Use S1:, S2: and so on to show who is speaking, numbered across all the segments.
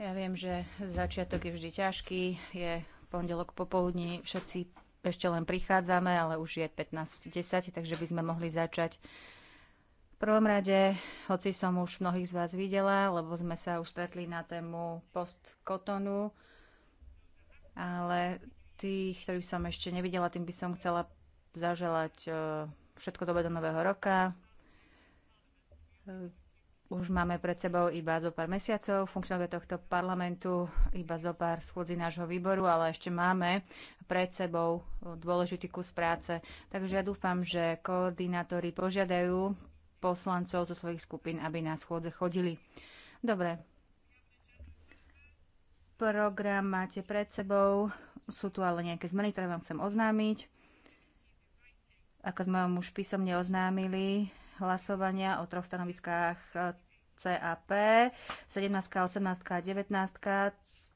S1: Ja viem, že začiatok je vždy ťažký, je pondelok popoludní, všetci ešte len prichádzame, ale už je 15.10, takže by sme mohli začať. V prvom rade, hoci som už mnohých z vás videla, lebo sme sa už stretli na tému post-kotonu, ale tých, ktorých som ešte nevidela, tým by som chcela zaželať eh, všetko dobe do nového roka. Eh, už máme pred sebou iba zo pár mesiacov funkčného tohto parlamentu, iba zo pár schôdzi nášho výboru, ale ešte máme pred sebou dôležitý kus práce. Takže ja dúfam, že koordinátori požiadajú poslancov zo svojich skupín, aby na schôdze chodili. Dobre. Program máte pred sebou. Sú tu ale nejaké zmeny, ktoré vám chcem oznámiť. Ako sme vám už písomne oznámili, hlasovania o troch stanoviskách CAP. 17, 18 a 19.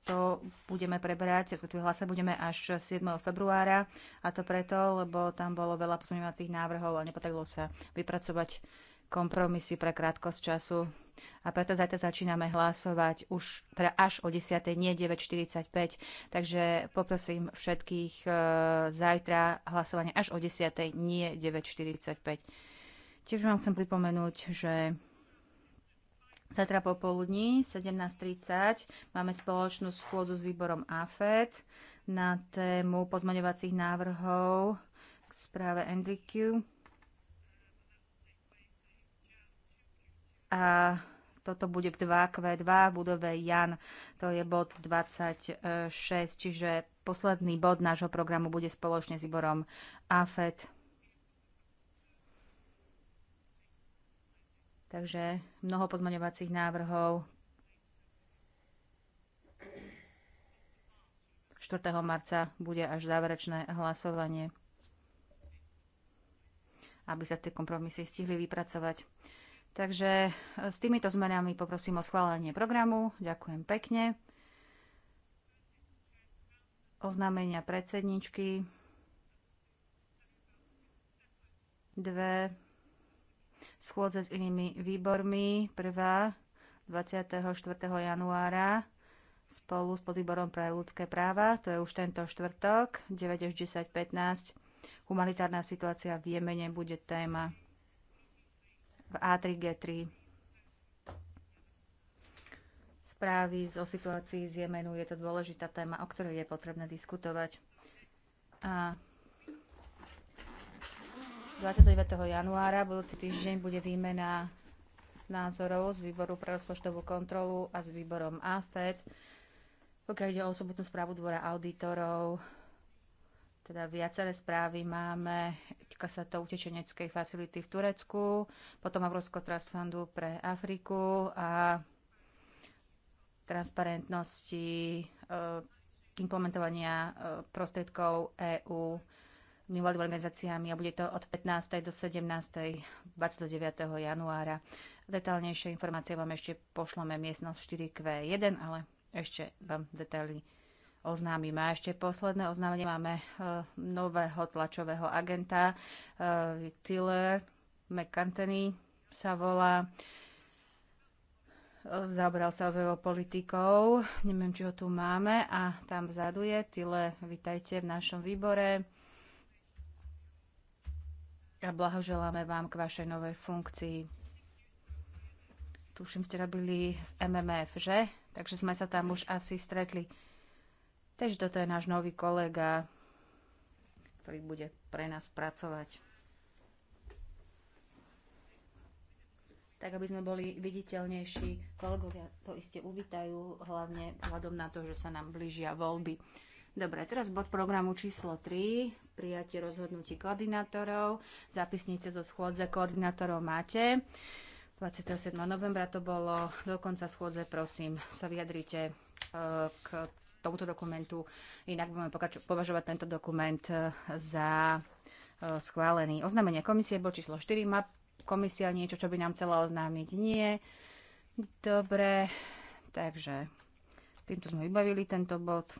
S1: To budeme prebrať, respektíve hlasa budeme až 7. februára. A to preto, lebo tam bolo veľa pozmeňovacích návrhov a nepodarilo sa vypracovať kompromisy pre krátkosť času. A preto zajtra začíname hlasovať už teda až o 10. nie 9.45. Takže poprosím všetkých e, zajtra hlasovanie až o 10. nie 9.45. Tiež vám chcem pripomenúť, že zatra popoludní 17.30 máme spoločnú schôdzu s výborom AFED na tému pozmaňovacích návrhov k správe Andrikiu. A toto bude v 2Q2 v budove Jan. To je bod 26, čiže posledný bod nášho programu bude spoločne s výborom AFED. Takže mnoho pozmaňovacích návrhov 4. marca bude až záverečné hlasovanie, aby sa tie kompromisy stihli vypracovať. Takže e, s týmito zmenami poprosím o schválenie programu. Ďakujem pekne. Oznámenia predsedničky. Dve schôdze s inými výbormi. Prvá 24. januára spolu s podvýborom pre ľudské práva, to je už tento štvrtok, 9 až 10, 15. Humanitárna situácia v Jemene bude téma v A3G3. Správy o situácii z Jemenu je to dôležitá téma, o ktorej je potrebné diskutovať. A 29. januára budúci týždeň bude výmena názorov z výboru pre rozpočtovú kontrolu a s výborom AFED, pokiaľ ide o osobitnú správu dvora auditorov. Teda viaceré správy máme, týka sa to utečeneckej facility v Turecku, potom Avrovského Trust Fundu pre Afriku a transparentnosti eh, eh, e, implementovania e, prostriedkov EÚ mimovládnymi organizáciami a bude to od 15. do 17. 29. januára. Detálnejšie informácie vám ešte pošleme miestnosť 4Q1, ale ešte vám detaily oznámime. A ešte posledné oznámenie máme e, nového tlačového agenta. Uh, e, Tiller McCantony sa volá. Uh, e, zaobral sa rozvojovou politikou. Neviem, či ho tu máme. A tam vzadu je. Tyle, vitajte v našom výbore a blahoželáme vám k vašej novej funkcii. Tuším, ste robili v MMF, že? Takže sme sa tam už asi stretli. Takže toto je náš nový kolega, ktorý bude pre nás pracovať. tak aby sme boli viditeľnejší. Kolegovia to iste uvítajú, hlavne vzhľadom na to, že sa nám blížia voľby. Dobre, teraz bod programu číslo 3, prijatie rozhodnutí koordinátorov, Zapisnice zo schôdze koordinátorov máte. 27. novembra to bolo, do konca schôdze prosím sa vyjadrite e, k tomuto dokumentu. Inak budeme považovať tento dokument e, za e, schválený. Oznámenie komisie bol číslo 4. Má komisia niečo, čo by nám chcela oznámiť? Nie. Dobre, takže týmto sme vybavili tento bod.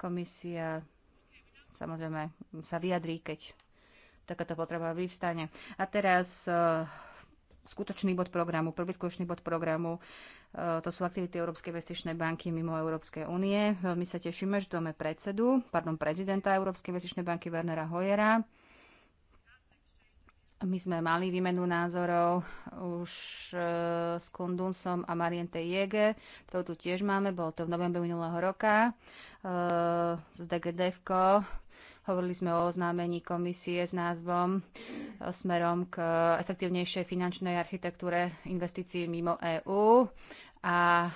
S1: Komisia samozrejme sa vyjadrí, keď takáto potreba vyvstane. A teraz e, skutočný bod programu, prvý skutočný bod programu, e, to sú aktivity Európskej investičnej banky mimo Európskej únie. Veľmi sa tešíme, že máme predsedu, pardon, prezidenta Európskej investičnej banky Wernera Hojera. My sme mali výmenu názorov už e, s Kundunsom a Mariente Jege, to tu tiež máme, bolo to v novembri minulého roka e, z dgdf -ko. Hovorili sme o oznámení komisie s názvom e, smerom k efektívnejšej finančnej architektúre investícií mimo EÚ a e,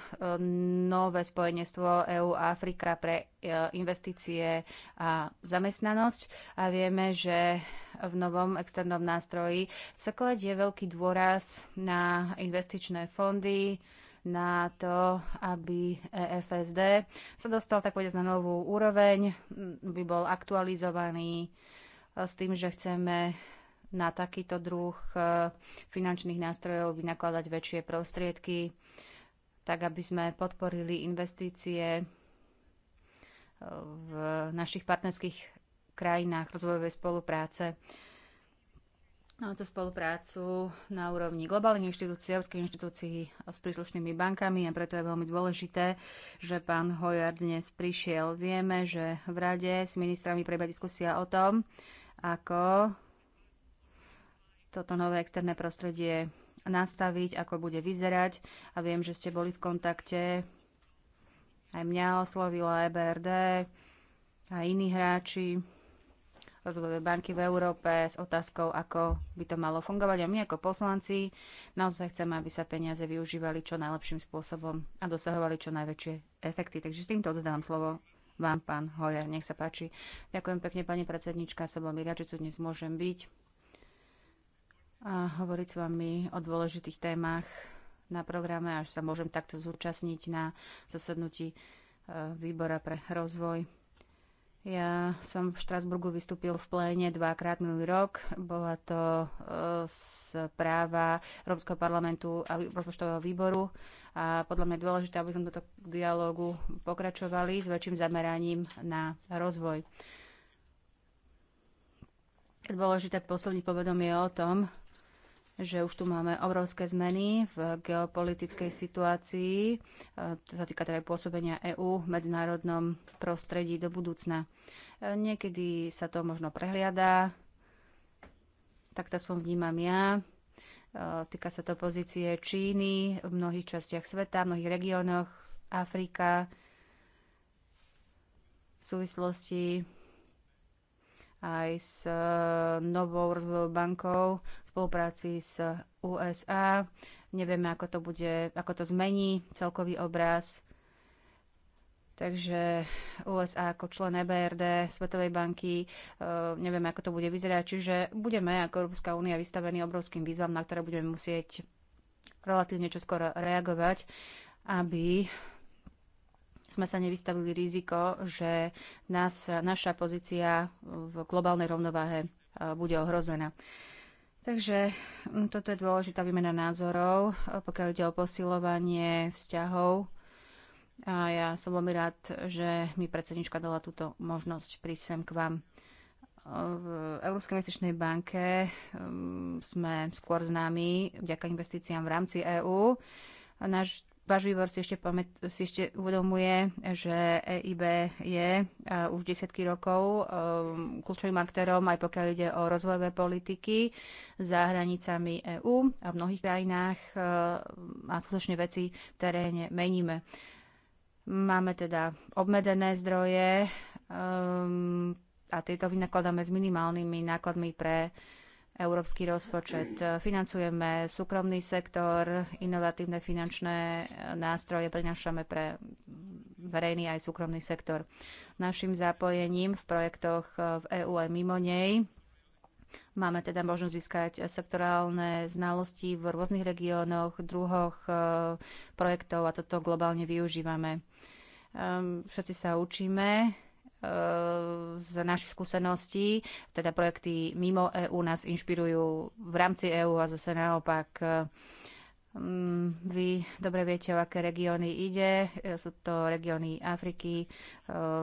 S1: nové spojenstvo EU-Afrika pre e, investície a zamestnanosť. A vieme, že v novom externom nástroji sa kladie veľký dôraz na investičné fondy, na to, aby EFSD sa dostal tak povedať na novú úroveň, by bol aktualizovaný e, s tým, že chceme na takýto druh finančných nástrojov vynakladať väčšie prostriedky tak aby sme podporili investície eh, v našich partnerských krajinách rozvojovej spolupráce. No, tú spoluprácu na úrovni globálnych inštitúcií, európskych inštitúcií s príslušnými bankami a preto je veľmi dôležité, že pán Hojar dnes prišiel. Vieme, že v rade s ministrami prebieha diskusia o tom, ako toto nové externé prostredie nastaviť, ako bude vyzerať. A viem, že ste boli v kontakte. Aj mňa oslovila EBRD a iní hráči rozvojové banky v Európe s otázkou, ako by to malo fungovať. A my ako poslanci naozaj chceme, aby sa peniaze využívali čo najlepším spôsobom a dosahovali čo najväčšie efekty. Takže s týmto oddávam slovo vám, pán Hojer. Nech sa páči. Ďakujem pekne, pani predsednička. Som veľmi rád, že tu dnes môžem byť a hovoriť s vami o dôležitých témach na programe, až sa môžem takto zúčastniť na zasadnutí e, výbora pre rozvoj. Ja som v Štrasburgu vystúpil v pléne dvakrát minulý rok. Bola to e, správa Európskeho parlamentu a rozpočtového výboru. A podľa mňa je dôležité, aby sme do toho dialógu pokračovali s väčším zameraním na rozvoj. Dôležité povedom povedomie o tom, že už tu máme obrovské zmeny v geopolitickej situácii, e, to sa týka teda aj pôsobenia EÚ v medzinárodnom prostredí do budúcna. E, niekedy sa to možno prehliada, tak to aspoň vnímam ja. E, týka sa to pozície Číny v mnohých častiach sveta, v mnohých regiónoch, Afrika, v súvislosti aj s e, novou rozvojovou bankou v spolupráci s USA. Nevieme, ako to, bude, ako to zmení celkový obraz. Takže USA ako člen EBRD, Svetovej banky, e, nevieme, ako to bude vyzerať. Čiže budeme ako Európska únia vystavení obrovským výzvam, na ktoré budeme musieť relatívne čoskoro reagovať, aby sme sa nevystavili riziko, že nás, naša pozícia v globálnej rovnováhe e, bude ohrozená. Takže toto je dôležitá výmena názorov, e, pokiaľ ide o posilovanie vzťahov. A ja som veľmi rád, že mi predsednička dala túto možnosť prísť sem k vám. E, v Európskej investičnej banke sme skôr známi vďaka investíciám v rámci EÚ. Náš Váš výbor si ešte, pamät, si ešte uvedomuje, že EIB je už desiatky rokov um, kľúčovým aktérom, aj pokiaľ ide o rozvojové politiky za hranicami EÚ a v mnohých krajinách uh, a skutočne veci v teréne meníme. Máme teda obmedzené zdroje um, a tieto vynakladáme s minimálnymi nákladmi pre uh, európsky rozpočet. Financujeme súkromný sektor, inovatívne finančné eh, nástroje prinašame pre verejný aj súkromný sektor. Našim zapojením v projektoch eh, v EÚ aj mimo nej Máme teda možnosť získať sektorálne znalosti v rôznych regiónoch, druhoch eh, projektov a toto globálne využívame. Ehm, všetci sa učíme z našich skúseností, teda projekty mimo EÚ nás inšpirujú v rámci EÚ a zase naopak mm, vy dobre viete, o aké regióny ide. Sú to regióny Afriky, e,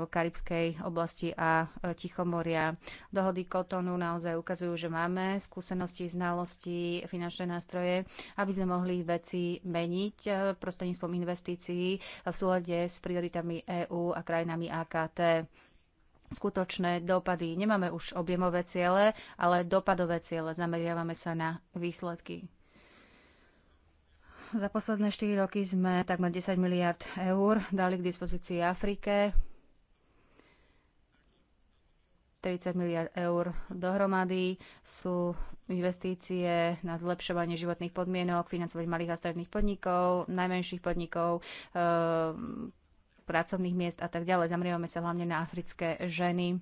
S1: Karibskej oblasti a e, Tichomoria. Dohody Kotonu naozaj ukazujú, že máme skúsenosti, znalosti, finančné nástroje, aby sme mohli veci meniť e, prostredníctvom investícií v súlade s prioritami EÚ a krajinami AKT skutočné dopady. Nemáme už objemové ciele, ale dopadové ciele. Zameriavame sa na výsledky. Za posledné 4 roky sme takmer 10 miliard eur dali k dispozícii Afrike. 30 miliard eur dohromady sú investície na zlepšovanie životných podmienok, financovať malých a stredných podnikov, najmenších podnikov, pracovných miest a tak ďalej. Zamrievame sa hlavne na africké ženy.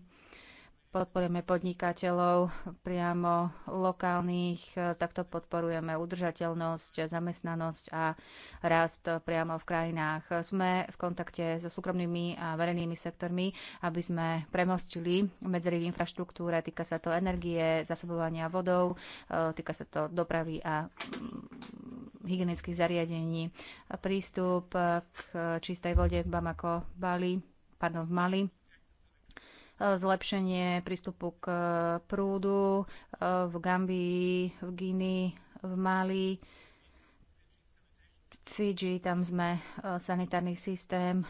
S1: Podporujeme podnikateľov priamo lokálnych, e, takto podporujeme udržateľnosť, zamestnanosť a rast priamo v krajinách. Sme v kontakte so súkromnými a verejnými sektormi, aby sme premostili medzery v infraštruktúre. Týka sa to energie, zasobovania vodou, e, týka sa to dopravy a mm, hygienických zariadení, prístup k čistej vode v Bamako, Bali, pardon, v Mali, zlepšenie prístupu k prúdu v Gambii, v Gini, v Mali, Fidži, tam sme e, sanitárny systém e,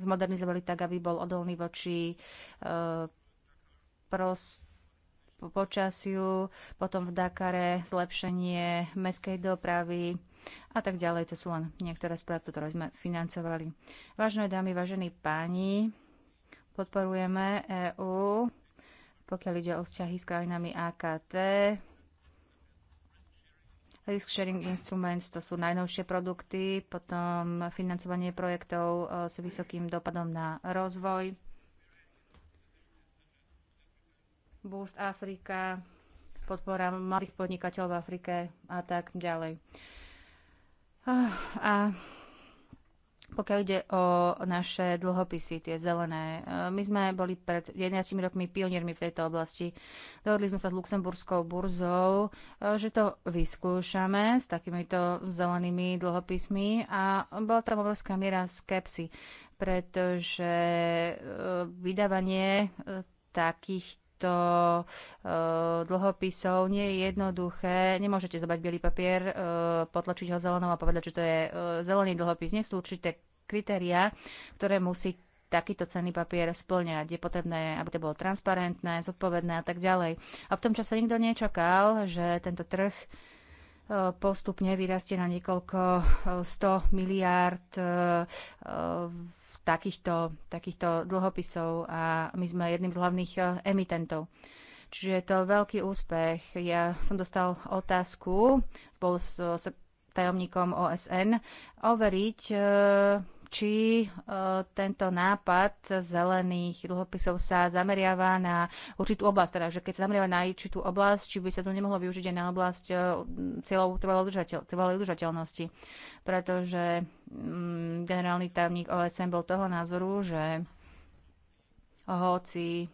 S1: zmodernizovali tak, aby bol odolný voči e, prost po počasiu, potom v Dakare zlepšenie meskej dopravy a tak ďalej. To sú len niektoré správy, ktoré sme financovali. Vážené dámy, vážení páni, podporujeme EÚ, pokiaľ ide o vzťahy s krajinami AKT. Risk Sharing Instruments, to sú najnovšie produkty, potom financovanie projektov e, s vysokým dopadom na rozvoj Boost Afrika, podpora malých podnikateľov v Afrike a tak ďalej. Ah, a pokiaľ ide o naše dlhopisy, tie zelené, eh, my sme boli pred 11 rokmi pioniermi v tejto oblasti. Dohodli sme sa s Luxemburskou burzou, eh, že to vyskúšame s takýmito zelenými dlhopismi a bola tam obrovská miera skepsy, pretože eh, vydávanie takých týchto uh, dlhopisov nie je jednoduché. Nemôžete zobrať biely papier, uh, potlačiť ho zelenou a povedať, že to je uh, zelený dlhopis. Nie sú určité kritéria, ktoré musí takýto cenný papier splňať. Je potrebné, aby to bolo transparentné, zodpovedné a tak ďalej. A v tom čase nikto nečakal, že tento trh postupne vyrastie na niekoľko 100 miliárd takýchto, takýchto dlhopisov a my sme jedným z hlavných e, emitentov. Čiže je to veľký úspech. Ja som dostal otázku spolu s so tajomníkom OSN overiť e, či e, tento nápad zelených dlhopisov sa zameriava na určitú oblasť, teda že keď sa zameriava na určitú oblasť, či by sa to nemohlo využiť aj na oblasť e, cieľov trvalej udržateľnosti. Pretože mm, generálny tajomník OSM bol toho názoru, že hoci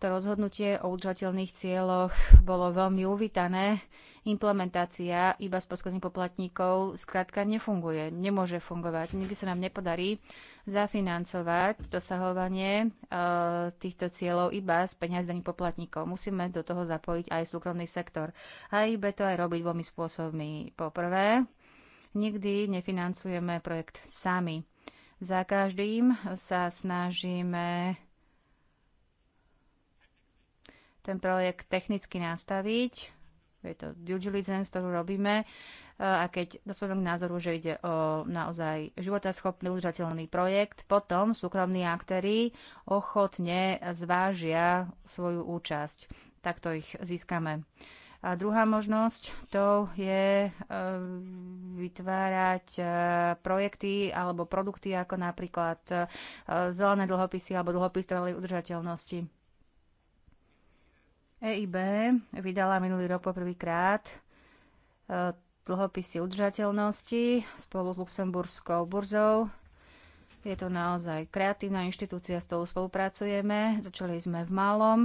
S1: to rozhodnutie o udržateľných cieľoch bolo veľmi uvítané, implementácia iba s podskotných poplatníkov skrátka nefunguje, nemôže fungovať. Nikdy sa nám nepodarí zafinancovať dosahovanie e, týchto cieľov iba z peniaz daných poplatníkov. Musíme do toho zapojiť aj súkromný sektor. A IB to aj robiť dvomi spôsobmi. Poprvé, nikdy nefinancujeme projekt sami. Za každým sa snažíme ten projekt technicky nastaviť, je to due diligence, ktorú robíme. E, a keď dospievame k názoru, že ide o naozaj životaschopný, udržateľný projekt, potom súkromní aktéry ochotne zvážia svoju účasť. Takto ich získame. A druhá možnosť to je e, vytvárať e, projekty alebo produkty ako napríklad e, zelené dlhopisy alebo dlhopisy udržateľnosti EIB vydala minulý rok poprvýkrát e, dlhopisy udržateľnosti spolu s Luxemburskou burzou. Je to naozaj kreatívna inštitúcia, s ktorou spolupracujeme. Začali sme v malom,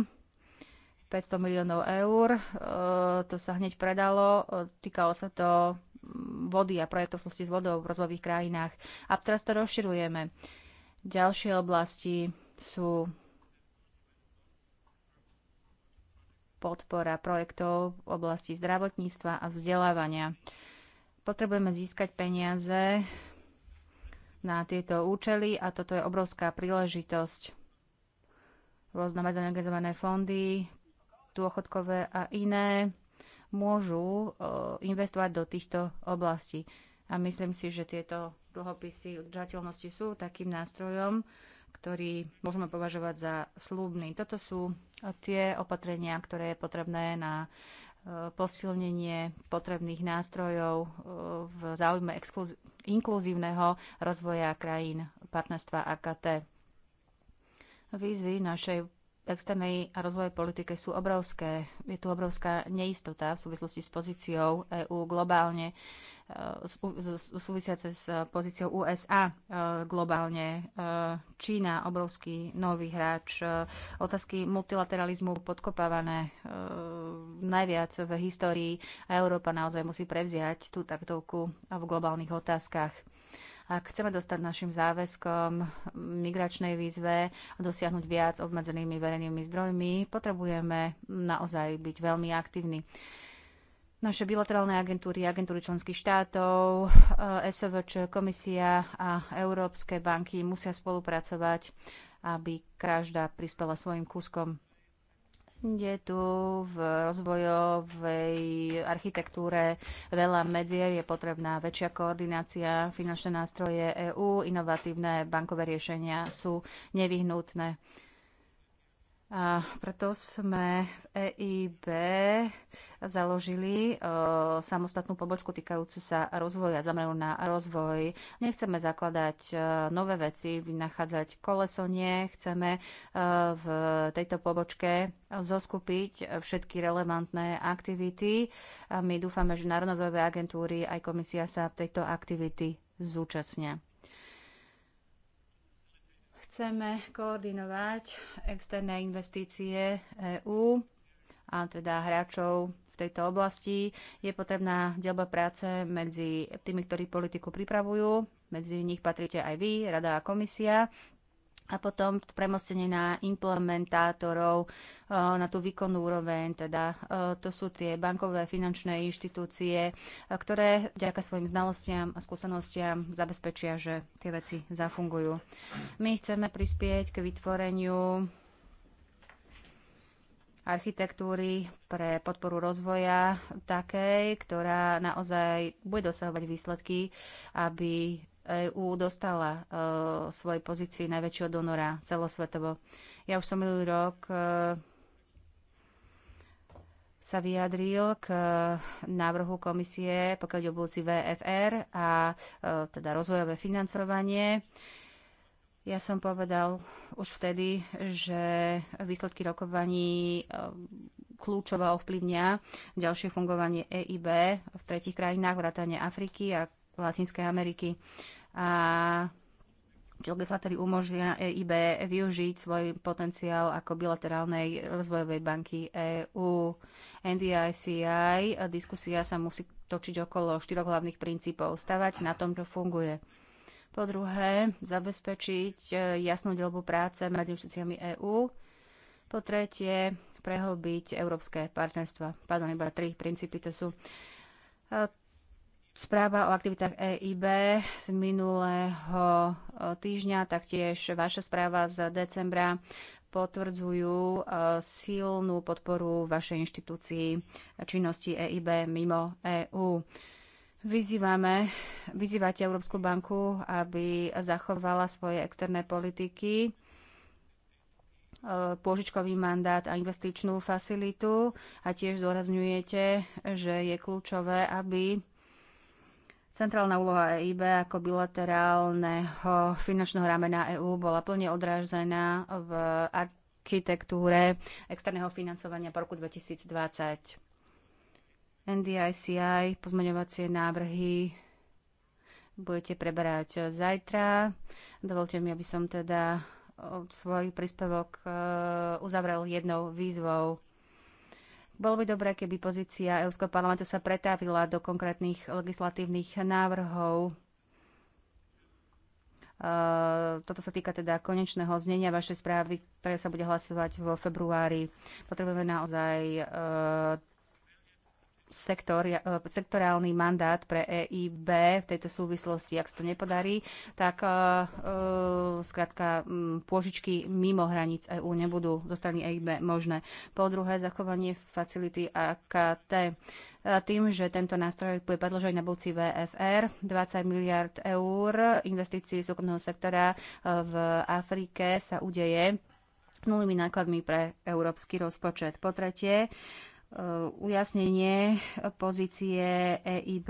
S1: 500 miliónov eur. E, to sa hneď predalo. E, týkalo sa to vody a projektov s vodou v rozvojových krajinách. A teraz to rozširujeme. Ďalšie oblasti sú podpora projektov v oblasti zdravotníctva a vzdelávania. Potrebujeme získať peniaze na tieto účely a toto je obrovská príležitosť. Rôzne medziorganizované fondy, dôchodkové a iné môžu e, investovať do týchto oblastí. A myslím si, že tieto dlhopisy udržateľnosti sú takým nástrojom, ktorý môžeme považovať za slúbny. Toto sú tie opatrenia, ktoré je potrebné na e, posilnenie potrebných nástrojov e, v záujme inkluzívneho rozvoja krajín partnerstva AKT. Výzvy našej externej a rozvojovej politike sú obrovské. Je tu obrovská neistota v súvislosti s pozíciou EÚ globálne, e, súvisiace s pozíciou USA e, globálne. E, Čína, obrovský nový hráč. Otázky multilateralizmu podkopávané najviac v histórii a Európa naozaj musí prevziať tú taktovku v globálnych otázkach ak chceme dostať našim záväzkom migračnej výzve a dosiahnuť viac obmedzenými verejnými zdrojmi, potrebujeme naozaj byť veľmi aktívni naše bilaterálne agentúry, agentúry členských štátov, eh, SVČ, komisia a európske banky musia spolupracovať, aby každá prispela svojim kúskom. Je tu v rozvojovej architektúre veľa medzier, je potrebná väčšia koordinácia, finančné nástroje EÚ, inovatívne bankové riešenia sú nevyhnutné. A preto sme v EIB založili e, samostatnú pobočku týkajúcu sa rozvoja, zameranú na rozvoj. Nechceme zakladať e, nové veci, vynachádzať koleso, nie. Chceme e, v tejto pobočke zoskupiť všetky relevantné aktivity. A my dúfame, že Národnozvojové agentúry aj komisia sa tejto aktivity zúčastnia. Chceme koordinovať externé investície EÚ a teda hráčov v tejto oblasti. Je potrebná delba práce medzi tými, ktorí politiku pripravujú, medzi nich patríte aj vy, Rada a komisia, a potom premostenie na implementátorov, eh, na tú výkonnú úroveň, teda eh, to sú tie bankové finančné inštitúcie, eh, ktoré vďaka svojim znalostiam a skúsenostiam zabezpečia, že tie veci zafungujú. My chceme prispieť k vytvoreniu architektúry pre podporu rozvoja takej, ktorá naozaj bude dosahovať výsledky, aby EU dostala uh, svojej pozícii najväčšieho donora celosvetovo. Ja už som minulý rok uh, sa vyjadril k e, návrhu komisie, pokiaľ je budúci VFR a uh, teda rozvojové financovanie. Ja som povedal už vtedy, že výsledky rokovaní kľúčová kľúčovo ovplyvňa ďalšie fungovanie EIB v tretich krajinách, vrátane Afriky a Latinskej Ameriky. Uh, a či legislatóri umožnia EIB využiť svoj potenciál ako bilaterálnej rozvojovej banky EÚ. NDICI, diskusia sa musí točiť okolo štyroch hlavných princípov. Stavať na tom, čo funguje. Po druhé, zabezpečiť e, jasnú delbu práce medzi inštitúciami EÚ. Po tretie, prehlbiť európske partnerstva. Pardon, iba tri princípy to sú. E, Správa o aktivitách EIB z minulého e, týždňa, taktiež vaša správa z decembra potvrdzujú e, silnú podporu vašej inštitúcii činnosti EIB mimo EÚ. Vyzývame, vyzývate Európsku banku, aby zachovala svoje externé politiky, e, pôžičkový mandát a investičnú facilitu a tiež zdôrazňujete, že je kľúčové, aby Centrálna úloha EIB ako bilaterálneho finančného ramena EÚ bola plne odrážená v architektúre externého financovania po roku 2020. NDICI, pozmeňovacie návrhy budete preberať zajtra. Dovolte mi, aby som teda svoj príspevok e, uzavrel jednou výzvou. Bolo by dobré, keby pozícia Európskeho parlamentu sa pretávila do konkrétnych legislatívnych návrhov. E, toto sa týka teda konečného znenia vašej správy, ktoré sa bude hlasovať vo februári. Potrebujeme naozaj e, sektor, e, sektorálny mandát pre EIB v tejto súvislosti, ak sa to nepodarí, tak uh, skrátka pôžičky mimo hraníc EÚ nebudú zo strany EIB možné. Po druhé, zachovanie facility AKT tým, že tento nástroj bude predložený na budúci VFR, 20 miliard eur investícií súkromného sektora v Afrike sa udeje s nulými nákladmi pre európsky rozpočet. Po tretie, uh, ujasnenie pozície EIB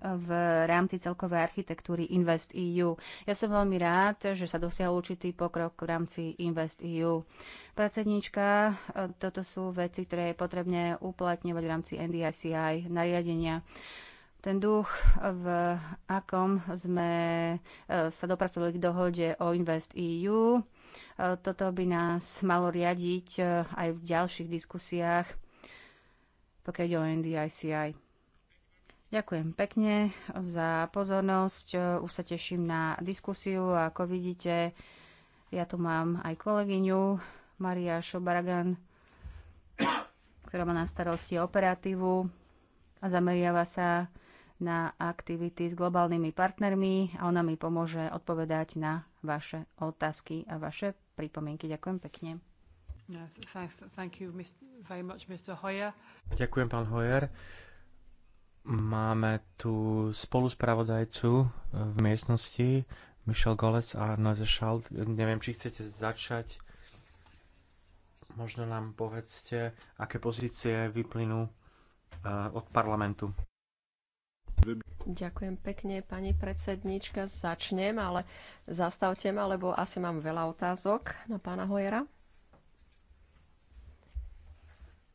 S1: v rámci celkovej architektúry Invest EU. Ja som veľmi rád, že sa dosiahol určitý pokrok v rámci Invest EU. Predsednička, toto sú veci, ktoré je potrebné uplatňovať v rámci NDICI nariadenia ten duch, v akom sme e, sa dopracovali k dohode o Invest EU. E, toto by nás malo riadiť e, aj v ďalších diskusiách pokiaľ ide o NDICI. Ďakujem pekne za pozornosť. Už sa teším na diskusiu. A ako vidíte, ja tu mám aj kolegyňu Maria Šobaragan, ktorá má na starosti operatívu a zameriava sa na aktivity s globálnymi partnermi a ona mi pomôže odpovedať na vaše otázky a vaše pripomienky. Ďakujem pekne. No,
S2: Ďakujem, pán Hoyer. Máme tu spoluspravodajcu eh, v miestnosti, Michel Golec a Noise Schalt. Neviem, či chcete začať. Možno nám povedzte, aké pozície vyplynú eh, od parlamentu.
S3: Ďakujem pekne, pani predsednička. Začnem, ale zastavte ma, lebo asi mám veľa otázok na pána Hojera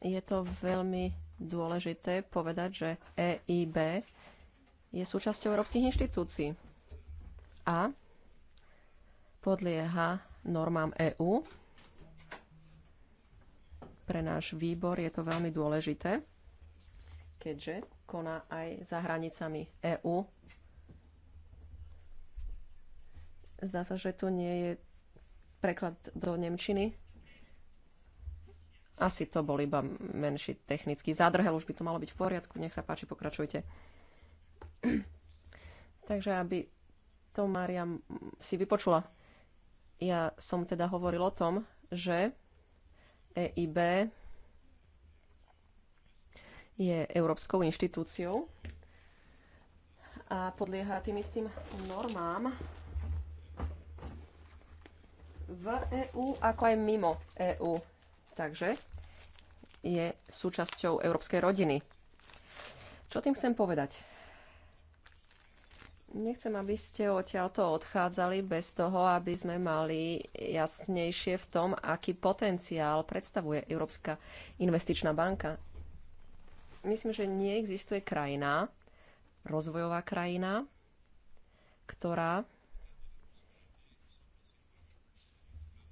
S3: je to veľmi dôležité povedať, že EIB je súčasťou európskych inštitúcií a podlieha normám EÚ. Pre náš výbor je to veľmi dôležité, keďže koná aj za hranicami EÚ. Zdá sa, že tu nie je preklad do Nemčiny. Asi to bol iba menší technický zadrhel, už by to malo byť v poriadku. Nech sa páči, pokračujte. Takže aby to Mária si vypočula. Ja som teda hovoril o tom, že EIB je európskou inštitúciou a podlieha tým istým normám v EÚ ako aj mimo EÚ. Takže je súčasťou európskej rodiny. Čo tým chcem povedať? Nechcem, aby ste odtiaľto odchádzali bez toho, aby sme mali jasnejšie v tom, aký potenciál predstavuje Európska investičná banka. Myslím, že neexistuje krajina, rozvojová krajina, ktorá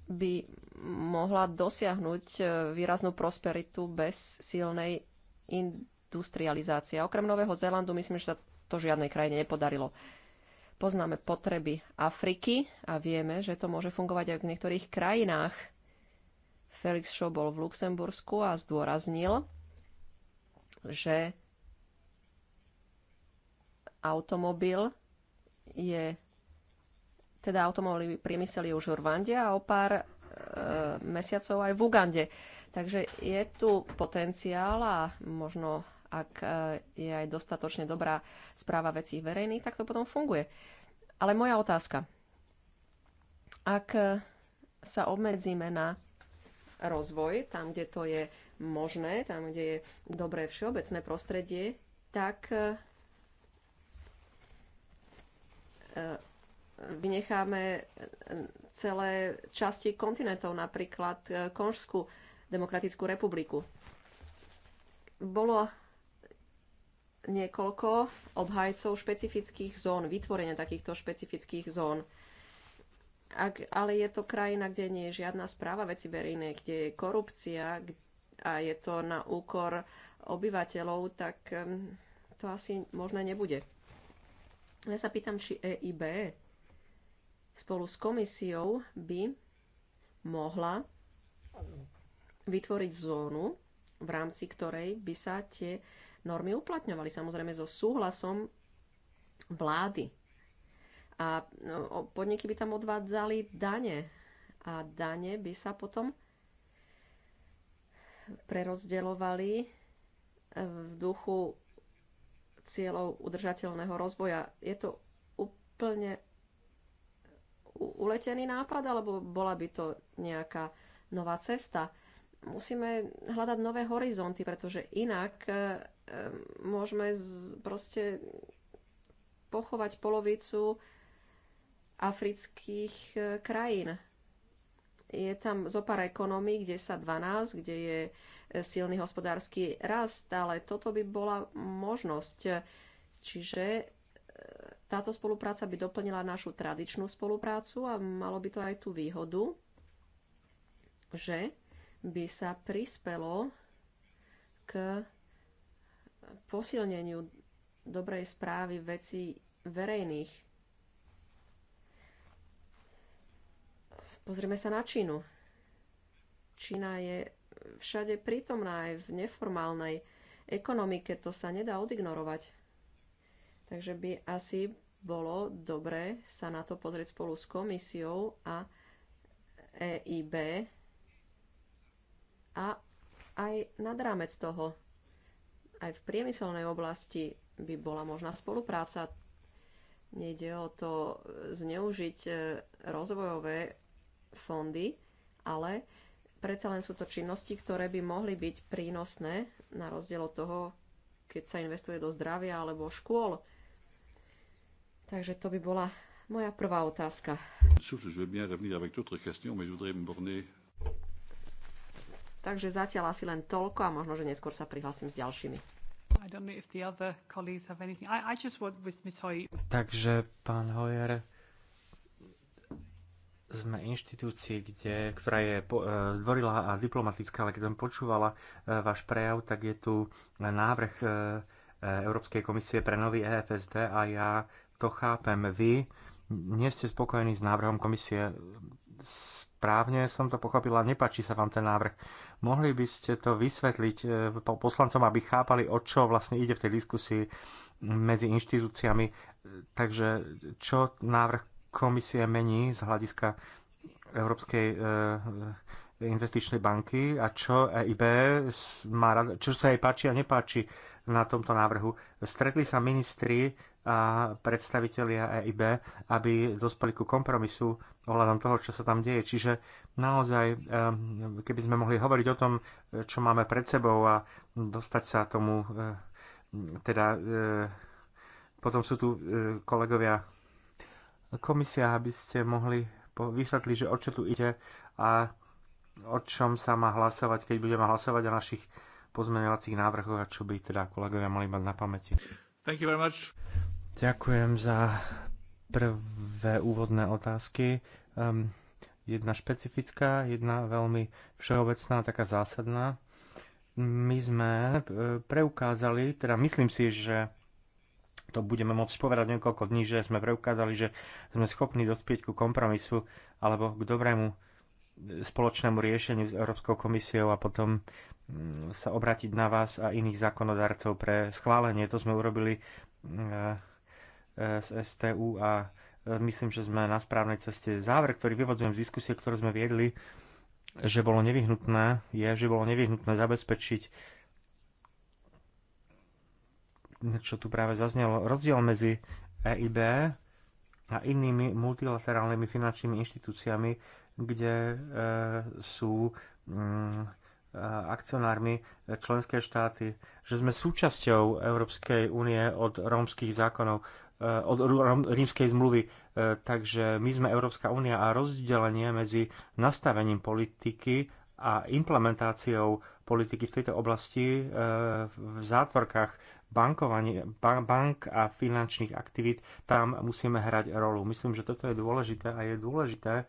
S3: by mohla dosiahnuť e, výraznú prosperitu bez silnej industrializácie. A okrem Nového Zélandu myslím, že sa to žiadnej krajine nepodarilo. Poznáme potreby Afriky a vieme, že to môže fungovať aj v niektorých krajinách. Felix Show bol v Luxembursku a zdôraznil, že automobil je teda automobilový priemysel je už v Rwande a o pár Eh, mesiacov aj v Ugande. Takže je tu potenciál a možno ak eh, je aj dostatočne dobrá správa vecí verejných, tak to potom funguje. Ale moja otázka. Ak eh, sa obmedzíme na rozvoj, tam, kde to je možné, tam, kde je dobré všeobecné prostredie, tak vynecháme celé časti kontinentov, napríklad e, Konžskú demokratickú republiku. Bolo niekoľko obhajcov špecifických zón, vytvorenia takýchto špecifických zón. Ak, ale je to krajina, kde nie je žiadna správa veci verejné, kde je korupcia a je to na úkor obyvateľov, tak to asi možné nebude. Ja sa pýtam, či EIB spolu s komisiou by mohla vytvoriť zónu, v rámci ktorej by sa tie normy uplatňovali, samozrejme so súhlasom vlády. A no, podniky by tam odvádzali dane. A dane by sa potom prerozdeľovali e, v duchu cieľov udržateľného rozvoja. Je to úplne uletený nápad, alebo bola by to nejaká nová cesta. Musíme hľadať nové horizonty, pretože inak e, e, môžeme proste pochovať polovicu afrických e, krajín. Je tam zo pár ekonomí, kde sa 12, kde je silný hospodársky rast, ale toto by bola možnosť. Čiže táto spolupráca by doplnila našu tradičnú spoluprácu a malo by to aj tú výhodu, že by sa prispelo k posilneniu dobrej správy veci verejných. Pozrieme sa na Čínu. Čína je všade prítomná aj v neformálnej ekonomike, to sa nedá odignorovať. Takže by asi bolo dobre sa na to pozrieť spolu s komisiou a EIB a aj nad rámec toho. Aj v priemyselnej oblasti by bola možná spolupráca. Nejde o to zneužiť e, rozvojové fondy, ale predsa len sú to činnosti, ktoré by mohli byť prínosné, na rozdiel od toho, keď sa investuje do zdravia alebo škôl Takže to by bola moja prvá otázka. Takže zatiaľ asi len toľko a možno, že neskôr sa prihlasím s ďalšími.
S2: Takže, pán Hoyer, sme inštitúcii, kde, ktorá je e, zdvorilá a diplomatická, ale keď som počúvala e, váš prejav, tak je tu návrh e, Európskej komisie pre nový EFSD a ja to chápem. Vy nie ste spokojení s návrhom komisie. Správne som to pochopila, nepáči sa vám ten návrh. Mohli by ste to vysvetliť e, poslancom, aby chápali, o čo vlastne ide v tej diskusii medzi inštitúciami. E, takže čo návrh komisie mení z hľadiska Európskej e, investičnej banky a čo EIB má rada, čo sa jej páči a nepáči na tomto návrhu. Stretli sa ministri a predstavitelia EIB, aby dospeli ku kompromisu ohľadom toho, čo sa tam deje. Čiže naozaj, eh, keby sme mohli hovoriť o tom, eh, čo máme pred sebou a dostať sa tomu, eh, teda potom sú tu kolegovia komisia, aby ste mohli vysvetliť, že o čo tu ide a o čom sa má hlasovať, keď budeme hlasovať o našich pozmeňovacích návrhoch a čo by teda kolegovia mali mať na pamäti.
S1: Thank you very much.
S2: Ďakujem za prvé úvodné otázky. Um, jedna špecifická, jedna veľmi všeobecná, taká zásadná. My sme e, preukázali, teda myslím si, že to budeme môcť povedať niekoľko dní, že sme preukázali, že sme schopní dospieť ku kompromisu alebo k dobrému e, spoločnému riešeniu s Európskou komisiou a potom mm, sa obratiť na vás a iných zákonodarcov pre schválenie. To sme urobili mm, e, z STU a e, myslím, že sme na správnej ceste. Záver, ktorý vyvodzujem z diskusie, ktorú sme viedli, že bolo nevyhnutné, je, že bolo nevyhnutné zabezpečiť čo tu práve zaznelo, rozdiel medzi EIB a inými multilaterálnymi finančnými inštitúciami, kde e, sú mm, e, akcionármi členské štáty, že sme súčasťou Európskej únie od rómskych zákonov E, od rímskej zmluvy. E, takže my sme Európska únia a rozdelenie medzi nastavením politiky a implementáciou politiky v tejto oblasti e, v zátvorkách bankovanie, bank a finančných aktivít, tam musíme hrať rolu. Myslím, že toto je dôležité a je dôležité,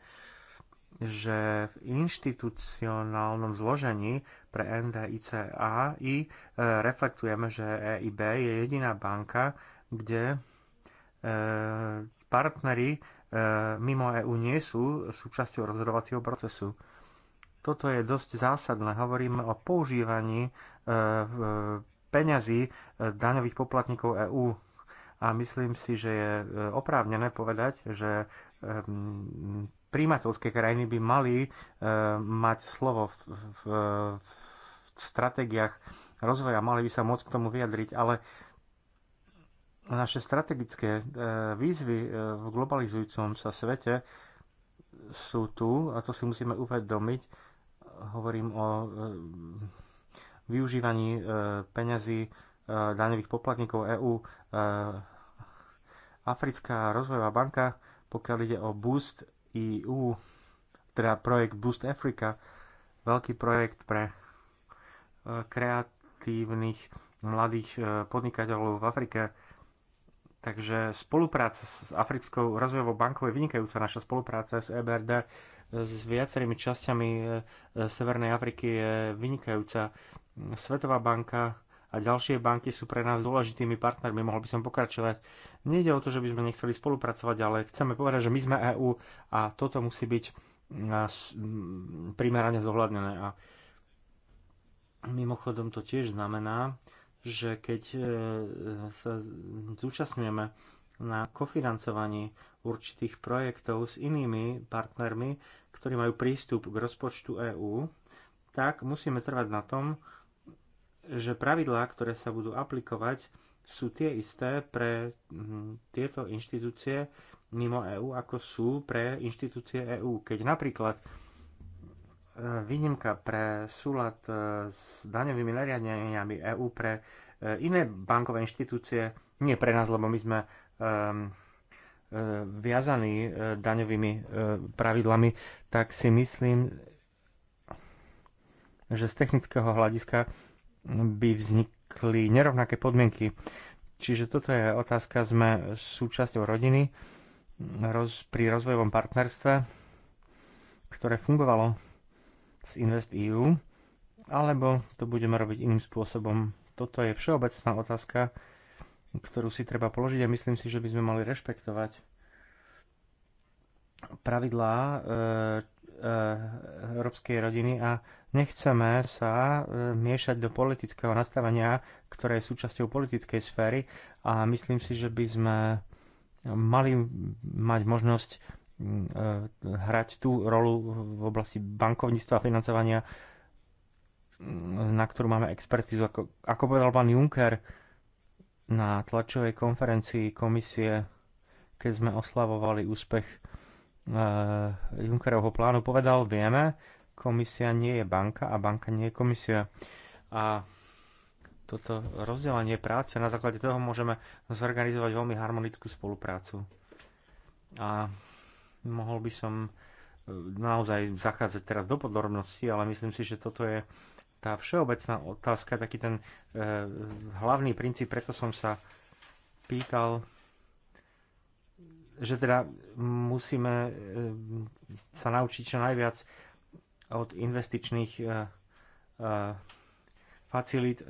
S2: že v inštitucionálnom zložení pre NDICA i reflektujeme, že EIB je jediná banka, kde Eh, partnery eh, mimo EÚ nie sú súčasťou rozhodovacieho procesu. Toto je dosť zásadné. Hovoríme o používaní eh, peňazí daňových poplatníkov EÚ. A myslím si, že je oprávnené povedať, že príjmateľské krajiny by mali mať slovo v, v, v stratégiách rozvoja, mali by sa môcť k tomu vyjadriť, ale naše strategické e, výzvy e, v globalizujúcom sa svete sú tu a to si musíme uvedomiť. Hovorím o e, využívaní peňazí daňových poplatníkov EÚ. Africká rozvojová banka, pokiaľ ide o Boost EU, teda projekt Boost Africa, veľký projekt pre kreatívnych mladých podnikateľov v Afrike, Takže spolupráca s Africkou rozvojovou bankou je vynikajúca naša spolupráca s EBRD s viacerými časťami eh, Severnej Afriky je vynikajúca. Svetová banka a ďalšie banky sú pre nás dôležitými partnermi, mohol by som pokračovať. Nejde o to, že by sme nechceli spolupracovať, ale chceme povedať, že my sme EÚ a toto musí byť eh, mm, primerane zohľadnené. A mimochodom to tiež znamená, že keď e, sa zúčastňujeme na kofinancovaní určitých projektov s inými partnermi, ktorí majú prístup k rozpočtu EÚ, tak musíme trvať na tom, že pravidlá, ktoré sa budú aplikovať, sú tie isté pre tieto inštitúcie mimo EÚ, ako sú pre inštitúcie EÚ. Keď napríklad E, výnimka pre súlad e, s daňovými nariadeniami EÚ pre e, iné bankové inštitúcie, nie pre nás, lebo my sme viazaní daňovými pravidlami, tak si myslím, že z technického hľadiska by vznikli nerovnaké podmienky. Čiže toto je otázka, sme súčasťou rodiny roz, pri rozvojovom partnerstve, ktoré fungovalo z InvestEU, alebo to budeme robiť iným spôsobom. Toto je všeobecná otázka, ktorú si treba položiť a myslím si, že by sme mali rešpektovať pravidlá e, e, európskej rodiny a nechceme sa e, miešať do politického nastavenia, ktoré je súčasťou politickej sféry a myslím si, že by sme mali mať možnosť E, hrať tú rolu v oblasti bankovníctva a financovania, na ktorú máme expertizu. Ako, ako povedal pán Juncker na tlačovej konferencii komisie, keď sme oslavovali úspech e, Junckerovho plánu, povedal, vieme, komisia nie je banka a banka nie je komisia. A toto rozdelenie práce, na základe toho môžeme zorganizovať veľmi harmonickú spoluprácu. A Mohol by som e, naozaj zachádzať teraz do podrobností, ale myslím si, že toto je tá všeobecná otázka, taký ten e, hlavný princíp, preto som sa pýtal, že teda musíme e, sa naučiť čo najviac od investičných e, e, facilít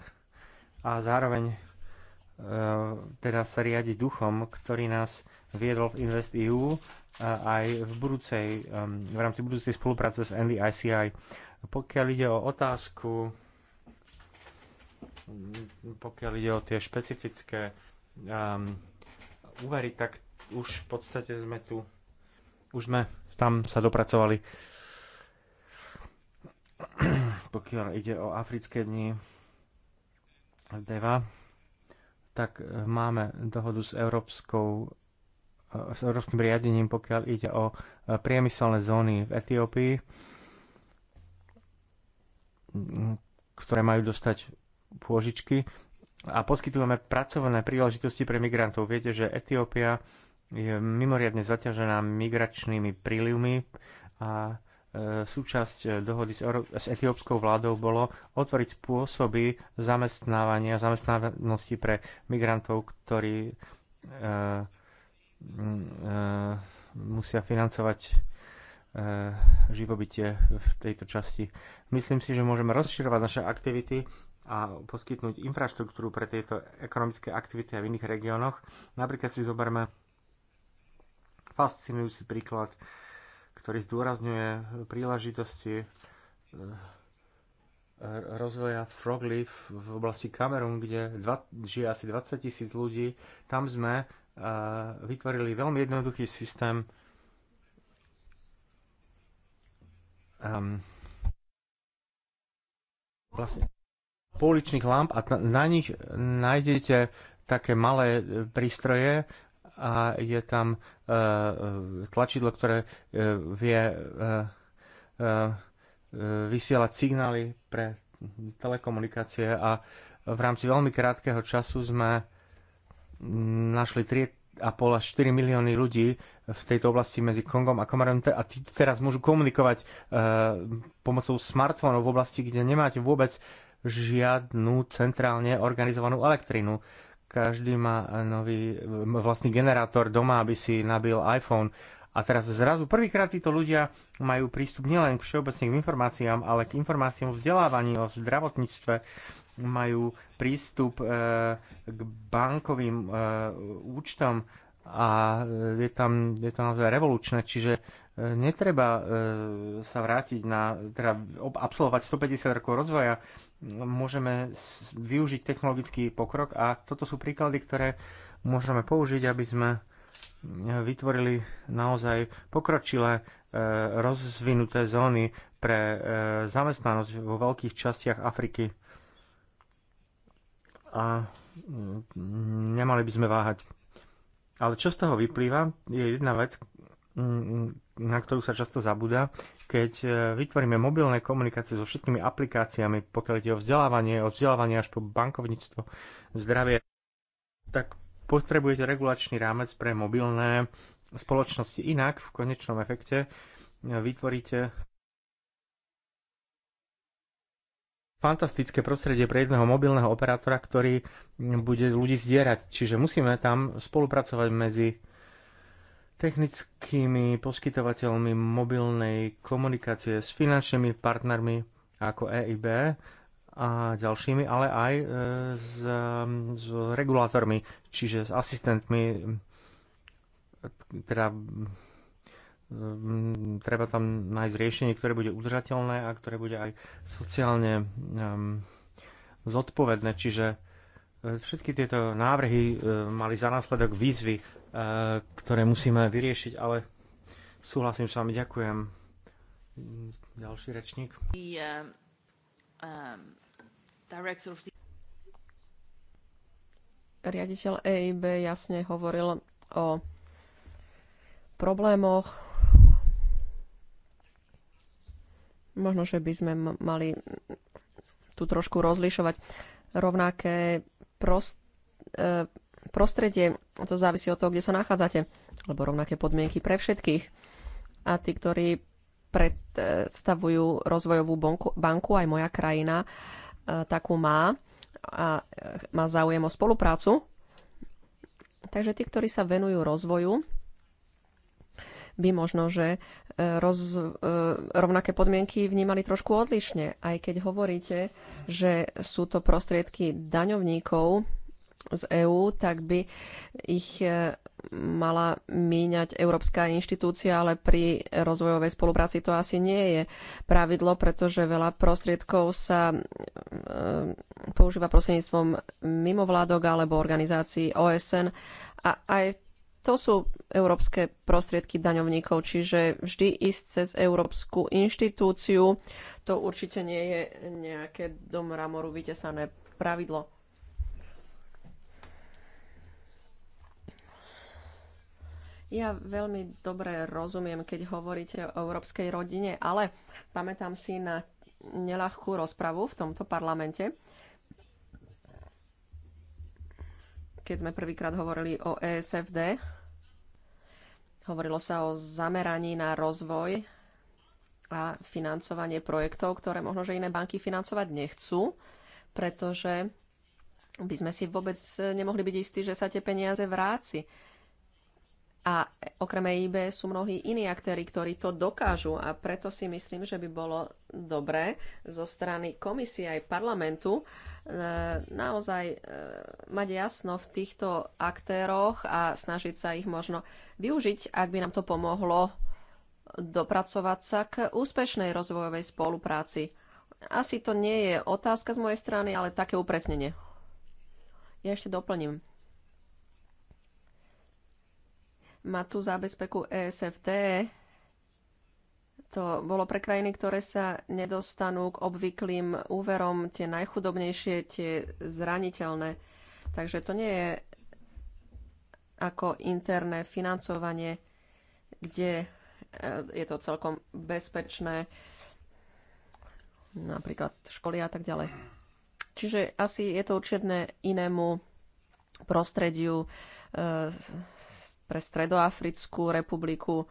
S2: a zároveň e, teda sa riadiť duchom, ktorý nás viedol v InvestEU eh, aj v, budúcej, v rámci budúcej spolupráce s NDICI. Pokiaľ ide o otázku, mm, pokiaľ ide o tie špecifické um, úvery, tak už v podstate sme tu, už sme tam sa dopracovali. Pokiaľ ide o africké dni DEVA, tak eh, máme dohodu s Európskou s európskym riadením, pokiaľ ide o e, priemyselné zóny v Etiópii, mm, ktoré majú dostať pôžičky a poskytujeme pracovné príležitosti pre migrantov. Viete, že Etiópia je mimoriadne zaťažená migračnými prílivmi a e, súčasť e, dohody s etiópskou vládou bolo otvoriť spôsoby zamestnávania, zamestnanosti pre migrantov, ktorí E, musia financovať e, živobytie v tejto časti. Myslím si, že môžeme rozširovať naše aktivity a poskytnúť infraštruktúru pre tieto ekonomické aktivity aj v iných regiónoch. Napríklad si zoberme fascinujúci príklad, ktorý zdôrazňuje príležitosti e, rozvoja Frogleaf v oblasti Kamerun, kde dva, žije asi 20 tisíc ľudí. Tam sme vytvorili veľmi jednoduchý systém um, vlastne pouličných lamp a na nich nájdete také malé e, prístroje a je tam uh, tlačidlo, ktoré uh, vie uh, vysielať signály pre telekomunikácie a v rámci veľmi krátkeho času sme našli 3,5 až 4 milióny ľudí v tejto oblasti medzi Kongom a Komarom a tí teraz môžu komunikovať eh, pomocou smartfónov v oblasti, kde nemáte vôbec žiadnu centrálne organizovanú elektrinu. Každý má nový eh, vlastný generátor doma, aby si nabil iPhone. A teraz zrazu prvýkrát títo ľudia majú prístup nielen k všeobecným informáciám, ale k informáciám o vzdelávaní, o zdravotníctve, majú prístup e, k bankovým e, účtom a je tam, je tam naozaj revolučné, čiže e, netreba sa vrátiť na, teda absolvovať 150 rokov rozvoja, môžeme využiť technologický pokrok a toto sú príklady, ktoré môžeme použiť, aby sme vytvorili naozaj pokročilé rozvinuté zóny pre zamestnanosť vo veľkých častiach Afriky a mm, nemali by sme váhať. Ale čo z toho vyplýva, je jedna vec, mm, na ktorú sa často zabúda, keď e, vytvoríme mobilné komunikácie so všetkými aplikáciami, pokiaľ ide o vzdelávanie, od vzdelávania až po bankovníctvo, zdravie, tak potrebujete regulačný rámec pre mobilné spoločnosti. Inak v konečnom efekte e, vytvoríte fantastické prostredie pre jedného mobilného operátora, ktorý bude ľudí zdierať. Čiže musíme tam spolupracovať medzi technickými poskytovateľmi mobilnej komunikácie s finančnými partnermi ako EIB a ďalšími, ale aj e, s, s regulátormi, čiže s asistentmi, teda Mm, treba tam nájsť riešenie, ktoré bude udržateľné a ktoré bude aj sociálne um, zodpovedné. Čiže e, všetky tieto návrhy e, mali za následok výzvy, e, ktoré musíme vyriešiť, ale súhlasím s vami, ďakujem. Ďalší rečník.
S1: Um, um,
S3: Riaditeľ EIB jasne hovoril o problémoch, Možno, že by sme mali tu trošku rozlišovať rovnaké prost, e, prostredie, to závisí od toho, kde sa nachádzate, alebo rovnaké podmienky pre všetkých. A tí, ktorí predstavujú rozvojovú banku, banku aj moja krajina e, takú má a e, má záujem o spoluprácu. Takže tí, ktorí sa venujú rozvoju, by možno, že e, roz, e, rovnaké podmienky vnímali trošku odlišne. Aj keď hovoríte, že sú to prostriedky daňovníkov z EÚ, tak by ich e, mala míňať európska inštitúcia, ale pri rozvojovej spolupráci to asi nie je pravidlo, pretože veľa prostriedkov sa e, používa prostredníctvom mimovládok alebo organizácií OSN a aj to sú európske prostriedky daňovníkov, čiže vždy ísť cez európsku inštitúciu. To určite nie je nejaké do mramoru vytesané pravidlo. Ja veľmi dobre rozumiem, keď hovoríte o európskej rodine, ale pamätám si na neľahkú rozpravu v tomto parlamente keď sme prvýkrát hovorili o ESFD. Hovorilo sa o zameraní na rozvoj a financovanie projektov, ktoré možno, že iné banky financovať nechcú, pretože by sme si vôbec nemohli byť istí, že sa tie peniaze vráci a okrem EIB sú mnohí iní aktéry, ktorí to dokážu a preto si myslím, že by bolo dobré zo strany komisie aj parlamentu e, naozaj e, mať jasno v týchto aktéroch a snažiť sa ich možno využiť, ak by nám to pomohlo dopracovať sa k úspešnej rozvojovej spolupráci. Asi to nie je otázka z mojej strany, ale také upresnenie. Ja ešte doplním má tu zábezpeku ESFT. To bolo pre krajiny, ktoré sa nedostanú k obvyklým úverom, tie najchudobnejšie, tie zraniteľné. Takže to nie je ako interné financovanie, kde e, je to celkom bezpečné, napríklad školy a tak ďalej. Čiže asi je to určené inému prostrediu, e, pre Stredoafrickú republiku.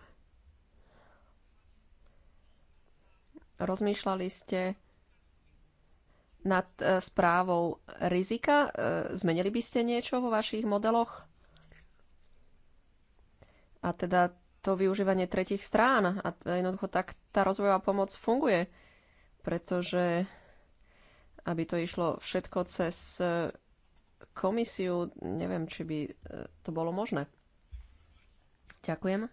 S3: Rozmýšľali ste nad e, správou rizika? E, zmenili by ste niečo vo vašich modeloch? A teda to využívanie tretich strán. A jednoducho tak tá rozvojová pomoc funguje, pretože aby to išlo všetko cez e, komisiu, neviem, či by to bolo možné. Ďakujem.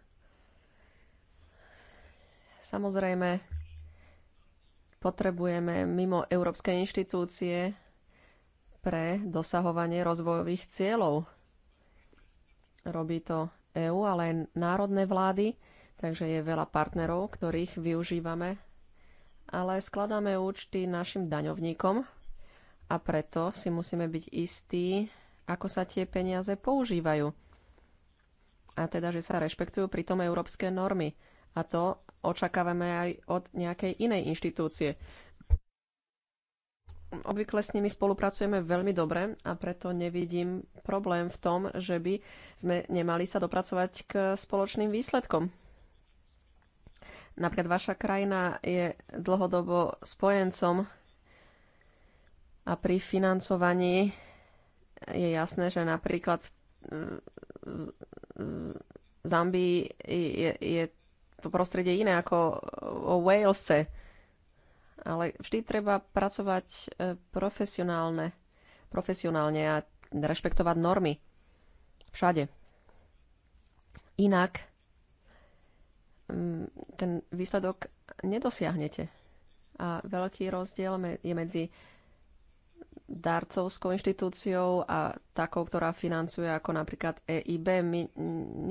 S3: Samozrejme, potrebujeme mimo európske inštitúcie pre dosahovanie rozvojových cieľov. Robí to EÚ, ale aj národné vlády, takže je veľa partnerov, ktorých využívame, ale skladáme účty našim daňovníkom a preto si musíme byť istí, ako sa tie peniaze používajú a teda, že sa rešpektujú pritom európske normy. A to očakávame aj od nejakej inej inštitúcie. Obvykle s nimi spolupracujeme veľmi dobre a preto nevidím problém v tom, že by sme nemali sa dopracovať k spoločným výsledkom. Napríklad vaša krajina je dlhodobo spojencom a pri financovaní je jasné, že napríklad Zambii je, je to prostredie iné ako o Walese. Ale vždy treba pracovať e, profesionálne, profesionálne a rešpektovať normy. Všade. Inak ten výsledok nedosiahnete. A veľký rozdiel je medzi darcovskou inštitúciou a takou, ktorá financuje ako napríklad EIB. My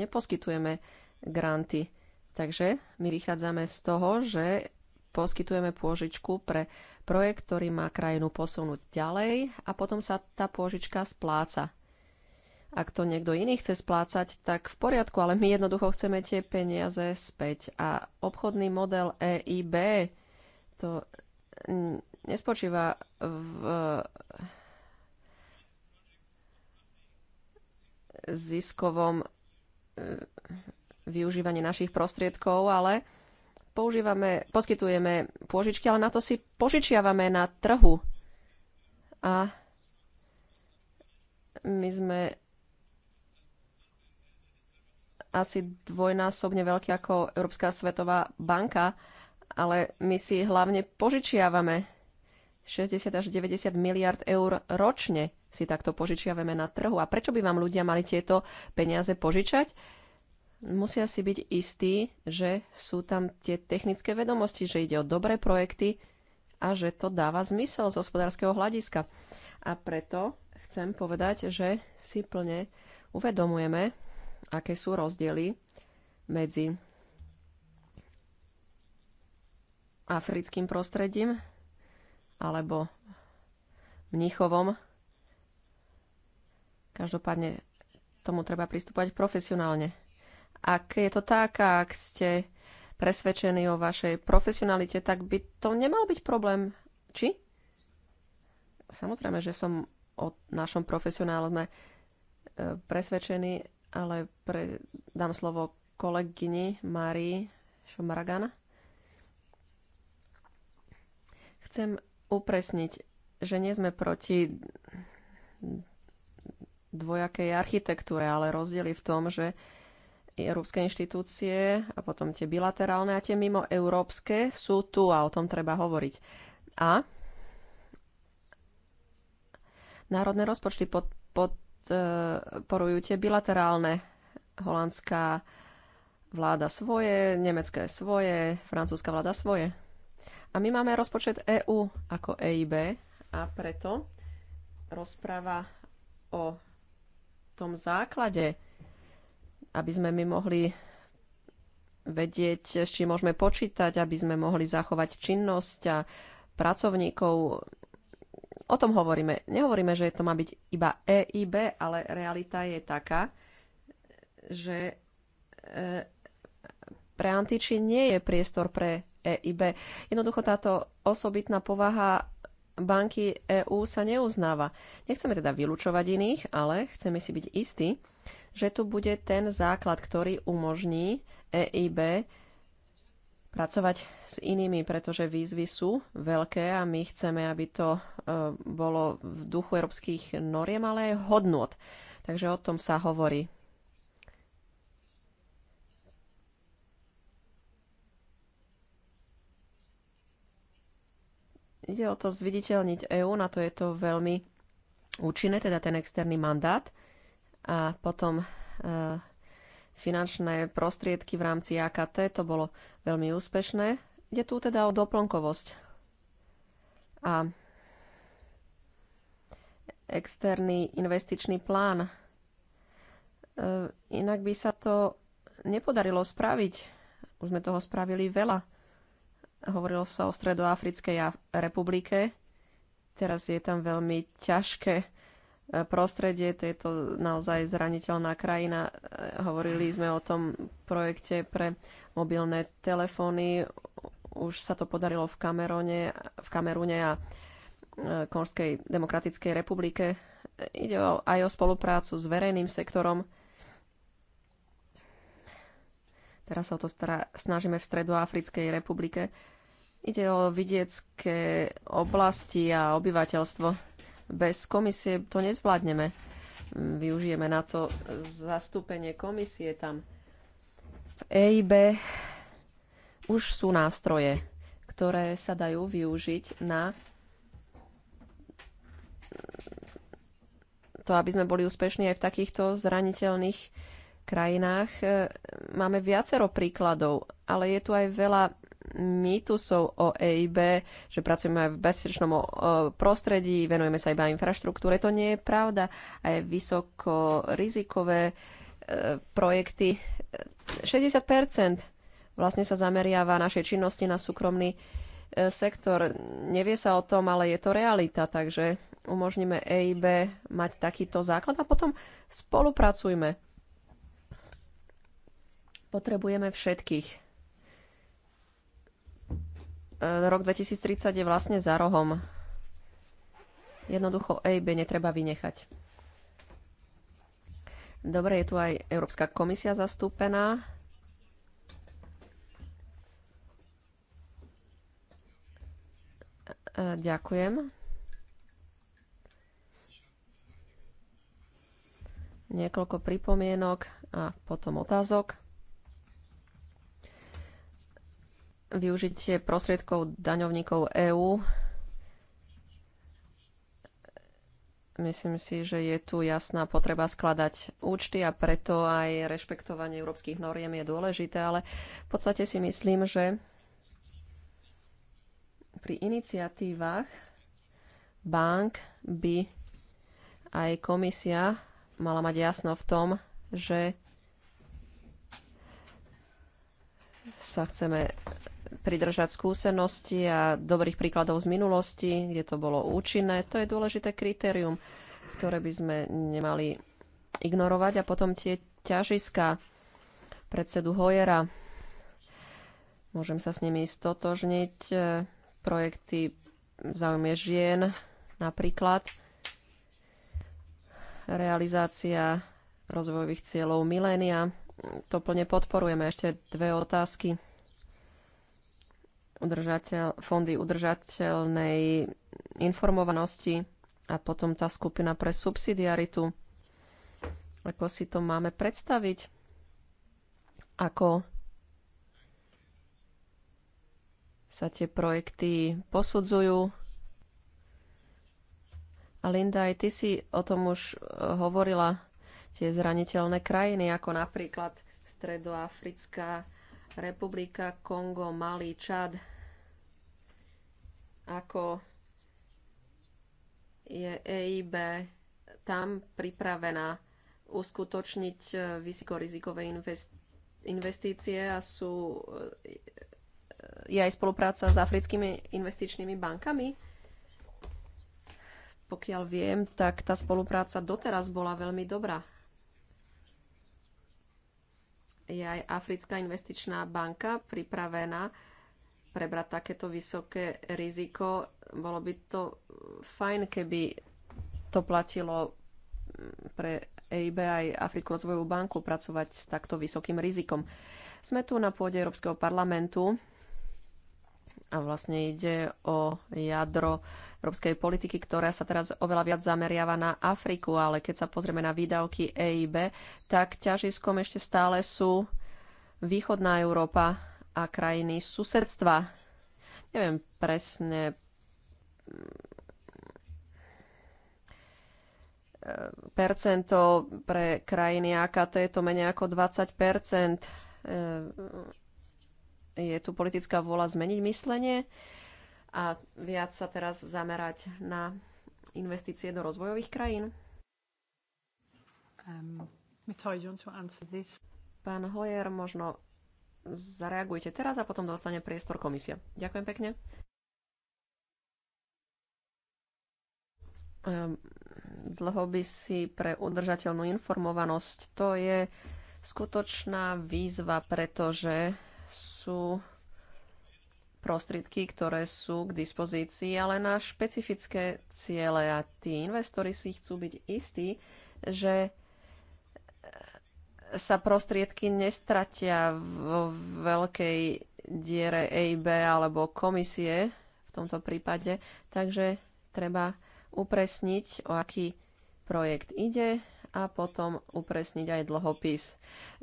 S3: neposkytujeme granty. Takže my vychádzame z toho, že poskytujeme pôžičku pre projekt, ktorý má krajinu posunúť ďalej a potom sa tá pôžička spláca. Ak to niekto iný chce splácať, tak v poriadku, ale my jednoducho chceme tie peniaze späť. A obchodný model EIB to nespočíva v eh, ziskovom eh, využívaní našich prostriedkov, ale používame, poskytujeme pôžičky, ale na to si požičiavame na trhu. A my sme asi dvojnásobne veľký ako Európska svetová banka, ale my si hlavne požičiavame 60 až 90 miliard eur ročne si takto požičiavame na trhu. A prečo by vám ľudia mali tieto peniaze požičať? Musia si byť istí, že sú tam tie technické vedomosti, že ide o dobré projekty a že to dáva zmysel z hospodárskeho hľadiska. A preto chcem povedať, že si plne uvedomujeme, aké sú rozdiely medzi africkým prostredím, alebo Mnichovom. Každopádne tomu treba pristúpať profesionálne. Ak je to tak a ak ste presvedčení o vašej profesionalite, tak by to nemal byť problém. Či? Samozrejme, že som o našom profesionálne e, presvedčený, ale pre, dám slovo kolegyni Marii Šomaragana. Chcem upresniť, že nie sme proti dvojakej architektúre, ale rozdiel v tom, že európske inštitúcie a potom tie bilaterálne a tie mimo európske sú tu a o tom treba hovoriť. A národné rozpočty pod, podporujú e, tie bilaterálne. Holandská vláda svoje, nemecká je svoje, francúzska vláda svoje. A my máme rozpočet EÚ ako EIB a preto rozpráva o tom základe, aby sme my mohli vedieť, s čím môžeme počítať, aby sme mohli zachovať činnosť a pracovníkov. O tom hovoríme. Nehovoríme, že to má byť iba EIB, ale realita je taká, že e, pre Antiči nie je priestor pre EIB. Jednoducho táto osobitná povaha banky EÚ sa neuznáva. Nechceme teda vylúčovať iných, ale chceme si byť istí, že tu bude ten základ, ktorý umožní EIB pracovať s inými, pretože výzvy sú veľké a my chceme, aby to e, bolo v duchu európskych noriem, ale aj hodnot. Takže o tom sa hovorí. Ide o to zviditeľniť EÚ, na to je to veľmi účinné, teda ten externý mandát. A potom e, finančné prostriedky v rámci AKT, to bolo veľmi úspešné. Ide tu teda o doplnkovosť. A externý investičný plán. E, inak by sa to nepodarilo spraviť. Už sme toho spravili veľa Hovorilo sa o Stredoafrickej republike. Teraz je tam veľmi ťažké e, prostredie, to je to naozaj zraniteľná krajina. E, hovorili sme o tom projekte pre mobilné telefóny. Už sa to podarilo v, Kamerone, v Kamerune a e, Konžskej demokratickej republike. Ide aj o spoluprácu s verejným sektorom Teraz sa o to stará, snažíme v Stredoafrickej republike. Ide o vidiecké oblasti a obyvateľstvo. Bez komisie to nezvládneme. Využijeme na to zastúpenie komisie tam. V EIB už sú nástroje, ktoré sa dajú využiť na to, aby sme boli úspešní aj v takýchto zraniteľných krajinách máme viacero príkladov, ale je tu aj veľa mýtusov o EIB, že pracujeme aj v bezpečnom prostredí, venujeme sa iba infraštruktúre. To nie je pravda. Aj vysoko rizikové e, projekty. 60 vlastne sa zameriava našej činnosti na súkromný e, sektor. Nevie sa o tom, ale je to realita, takže umožníme EIB mať takýto základ a potom spolupracujme Potrebujeme všetkých. E, rok 2030 je vlastne za rohom. Jednoducho EIB netreba vynechať. Dobre, je tu aj Európska komisia zastúpená. E, ďakujem. Niekoľko pripomienok a potom otázok. využitie prostriedkov daňovníkov EÚ. Myslím si, že je tu jasná potreba skladať účty a preto aj rešpektovanie európskych noriem je dôležité, ale v podstate si myslím, že pri iniciatívach bank by aj komisia mala mať jasno v tom, že sa chceme pridržať skúsenosti a dobrých príkladov z minulosti, kde to bolo účinné. To je dôležité kritérium, ktoré by sme nemali ignorovať. A potom tie ťažiska predsedu Hojera. Môžem sa s nimi stotožniť. E, projekty v záujme žien napríklad. Realizácia rozvojových cieľov milénia. To plne podporujeme. Ešte dve otázky udržateľ, fondy udržateľnej informovanosti a potom tá skupina pre subsidiaritu. Ako si to máme predstaviť? Ako sa tie projekty posudzujú? A Linda, aj ty si o tom už e, hovorila, tie zraniteľné krajiny, ako napríklad Stredoafrická Republika Kongo, Mali, Čad, ako je EIB tam pripravená uskutočniť eh, vysokorizikové investície a sú eh, je aj spolupráca s africkými investičnými bankami. Pokiaľ viem, tak tá spolupráca doteraz bola veľmi dobrá je aj Africká investičná banka pripravená prebrať takéto vysoké riziko. Bolo by to fajn, keby to platilo pre EIB aj Afriku rozvojovú banku pracovať s takto vysokým rizikom. Sme tu na pôde Európskeho parlamentu a vlastne ide o jadro európskej politiky, ktorá sa teraz oveľa viac zameriava na Afriku, ale keď sa pozrieme na výdavky EIB, tak ťažiskom ešte stále sú východná Európa a krajiny susedstva. Neviem presne mm, percento pre krajiny AKT je to menej ako 20 percent e, je tu politická vôľa zmeniť myslenie a viac sa teraz zamerať na investície do rozvojových krajín? Um, Pán Hoyer, možno zareagujte teraz a potom dostane priestor komisia. Ďakujem pekne. Um, by si pre udržateľnú informovanosť. To je skutočná výzva, pretože sú prostriedky, ktoré sú k dispozícii, ale na špecifické ciele a tí investori si chcú byť istí, že e, sa prostriedky nestratia vo veľkej diere EIB alebo komisie v tomto prípade, takže treba upresniť, o aký projekt ide, a potom upresniť aj dlhopis.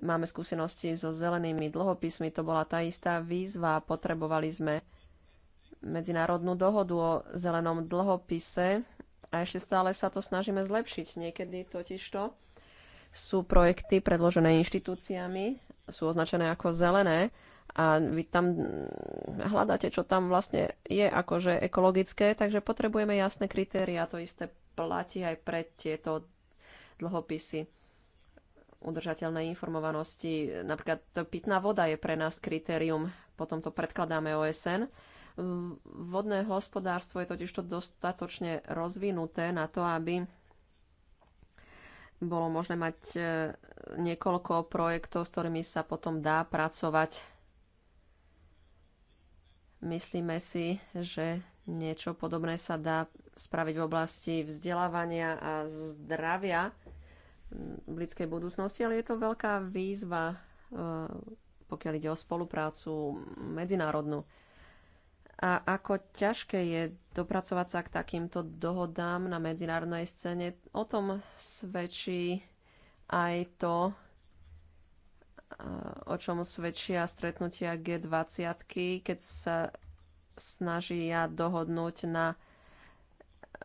S3: Máme skúsenosti so zelenými dlhopismi, to bola tá istá výzva. Potrebovali sme medzinárodnú dohodu o zelenom dlhopise a ešte stále sa to snažíme zlepšiť. Niekedy totižto sú projekty predložené inštitúciami, sú označené ako zelené a vy tam hľadáte, čo tam vlastne je akože ekologické, takže potrebujeme jasné kritéria. To isté platí aj pre tieto dlhopisy udržateľnej informovanosti. Napríklad pitná voda je pre nás kritérium, potom to predkladáme OSN. Vodné hospodárstvo je totiž to dostatočne rozvinuté na to, aby bolo možné mať e, niekoľko projektov, s ktorými sa potom dá pracovať. Myslíme si, že niečo podobné sa dá spraviť v oblasti vzdelávania a zdravia blízkej budúcnosti, ale je to veľká výzva, eh, pokiaľ ide o spoluprácu medzinárodnú. A ako ťažké je dopracovať sa k takýmto dohodám na medzinárodnej scéne, o tom svedčí aj to, eh, o čom svedčia stretnutia G20, keď sa snažia dohodnúť na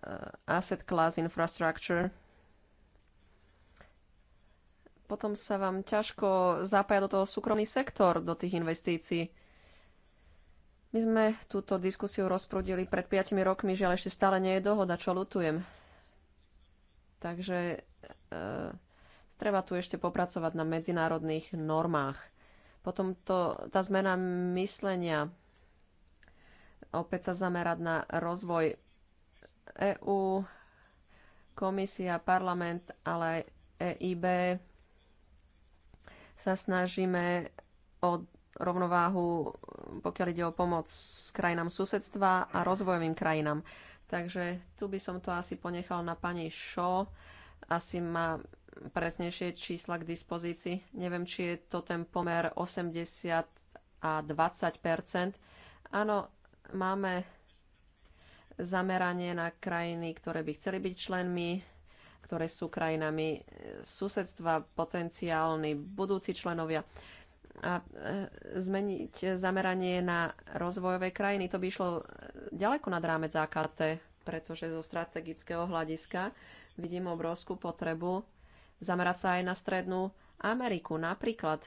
S3: eh, asset class infrastructure potom sa vám ťažko zapája do toho súkromný sektor, do tých investícií. My sme túto diskusiu rozprudili pred 5 rokmi, ale ešte stále nie je dohoda, čo lutujem. Takže e, treba tu ešte popracovať na medzinárodných normách. Potom to, tá zmena myslenia, opäť sa zamerať na rozvoj EÚ, komisia, parlament, ale aj e EIB sa snažíme o rovnováhu, pokiaľ ide o pomoc krajinám susedstva a rozvojovým krajinám. Takže tu by som to asi ponechal na pani Šo. Asi má presnejšie čísla k dispozícii. Neviem, či je to ten pomer 80 a 20 Áno, máme zameranie na krajiny, ktoré by chceli byť členmi ktoré sú krajinami e, susedstva, potenciálni budúci členovia. A e, zmeniť zameranie na rozvojové krajiny, to by išlo e, ďaleko nad rámec AKT, pretože zo strategického hľadiska vidím obrovskú potrebu zamerať sa aj na Strednú Ameriku. Napríklad,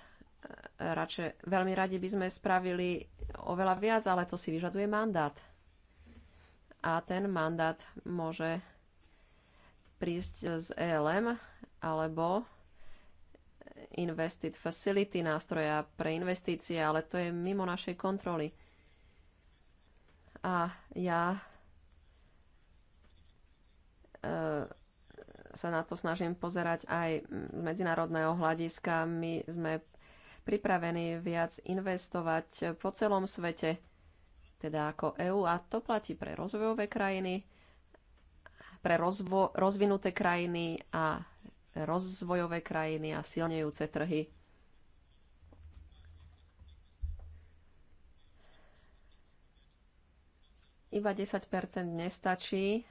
S3: radšej, veľmi radi by sme spravili oveľa viac, ale to si vyžaduje mandát. A ten mandát môže prísť z ELM alebo Invested Facility, nástroja pre investície, ale to je mimo našej kontroly. A ja e, sa na to snažím pozerať aj z medzinárodného hľadiska. My sme pripravení viac investovať po celom svete, teda ako EÚ, a to platí pre rozvojové krajiny, pre rozvo- rozvinuté krajiny a rozvojové krajiny a silnejúce trhy. Iba 10 nestačí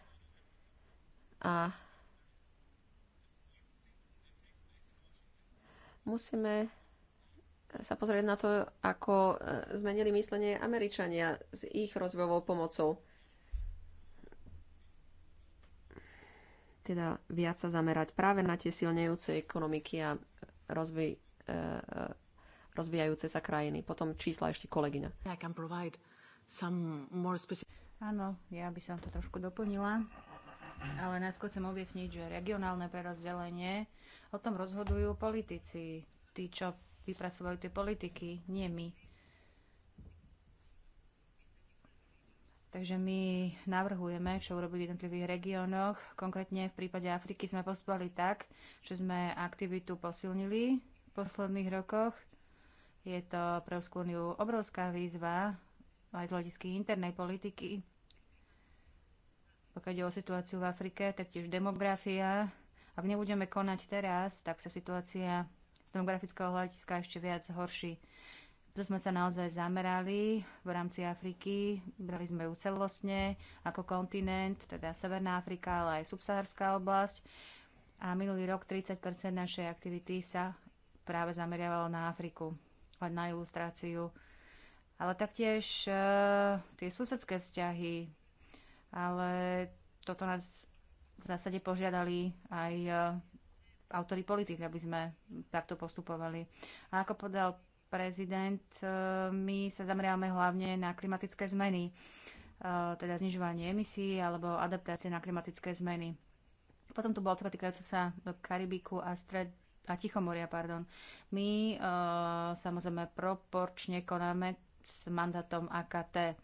S3: a musíme sa pozrieť na to, ako e, zmenili myslenie Američania s ich rozvojovou pomocou. teda viac sa zamerať práve na tie silnejúce ekonomiky a rozvoj, e, e rozvíjajúce sa krajiny. Potom čísla ešte kolegyňa.
S1: Áno, ja by som to trošku doplnila, ale najskôr chcem objasniť, že regionálne prerozdelenie o tom rozhodujú politici, tí, čo vypracovali tie politiky, nie my. Takže my navrhujeme, čo urobiť v jednotlivých regiónoch. Konkrétne v prípade Afriky sme postupovali tak, že sme aktivitu posilnili v posledných rokoch. Je to pre Úniu obrovská výzva aj z hľadiska internej politiky. Pokiaľ ide o situáciu v Afrike, tak tiež demografia. Ak nebudeme konať teraz, tak sa situácia z demografického hľadiska ešte viac horší to sme sa naozaj zamerali v rámci Afriky. Brali sme ju celostne ako kontinent, teda Severná Afrika, ale aj subsaharská oblasť. A minulý rok 30 našej aktivity sa práve zameriavalo na Afriku, len na ilustráciu. Ale taktiež uh, tie susedské vzťahy, ale toto nás v zásade požiadali aj uh, e, autory politik, aby sme takto postupovali. A ako povedal prezident, e, my sa zameriavame hlavne na klimatické zmeny, e, teda znižovanie emisí alebo adaptácie na klimatické zmeny. Potom tu bola otázka týkajúca sa do Karibiku a stred a Tichomoria, pardon. My e, samozrejme proporčne konáme s mandátom AKT.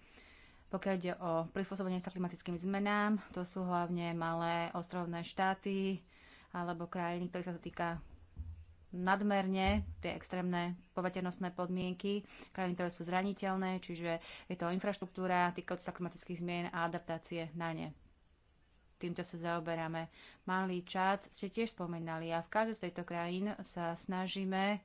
S1: Pokiaľ ide o prispôsobenie sa klimatickým zmenám, to sú hlavne malé ostrovné štáty alebo krajiny, ktoré sa to týka nadmerne tie extrémne poveternostné podmienky, krajiny, ktoré sú zraniteľné, čiže je to infraštruktúra týkajúca sa klimatických zmien a adaptácie na ne. Týmto sa zaoberáme. Malý čas ste tiež spomínali, a v každej z tejto krajín sa snažíme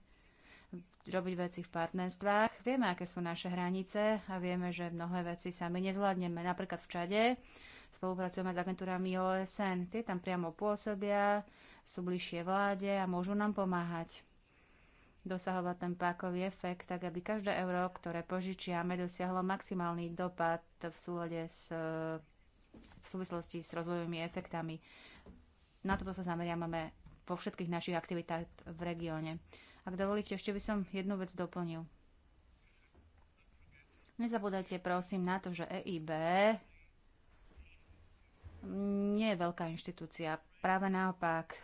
S1: robiť veci v partnerstvách. Vieme, aké sú naše hranice a vieme, že mnohé veci sa my nezvládneme. Napríklad v Čade spolupracujeme s agentúrami OSN. Tie tam priamo pôsobia, sú bližšie vláde a môžu nám pomáhať dosahovať ten pákový efekt, tak aby každé euro, ktoré požičiame, dosiahlo maximálny dopad v s, v súvislosti s rozvojovými efektami. Na toto sa zameriavame vo všetkých našich aktivitách v regióne. Ak dovolíte, ešte by som jednu vec doplnil. Nezabúdajte prosím na to, že EIB nie je veľká inštitúcia. Práve naopak,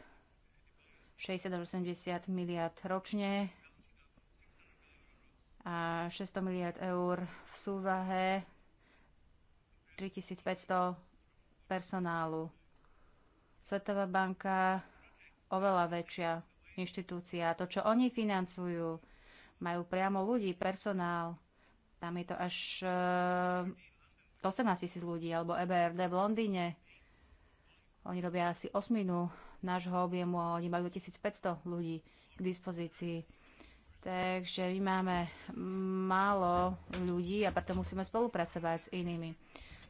S1: 60 80 miliard ročne a 600 miliard eur v súvahe 3500 personálu. Svetová banka oveľa väčšia inštitúcia. To, čo oni financujú, majú priamo ľudí, personál. Tam je to až 18 eh, tisíc ľudí, alebo EBRD v Londýne. Oni robia asi osminu nášho objemu, a oni majú 1500 ľudí k dispozícii. Takže my máme málo ľudí a preto musíme spolupracovať s inými.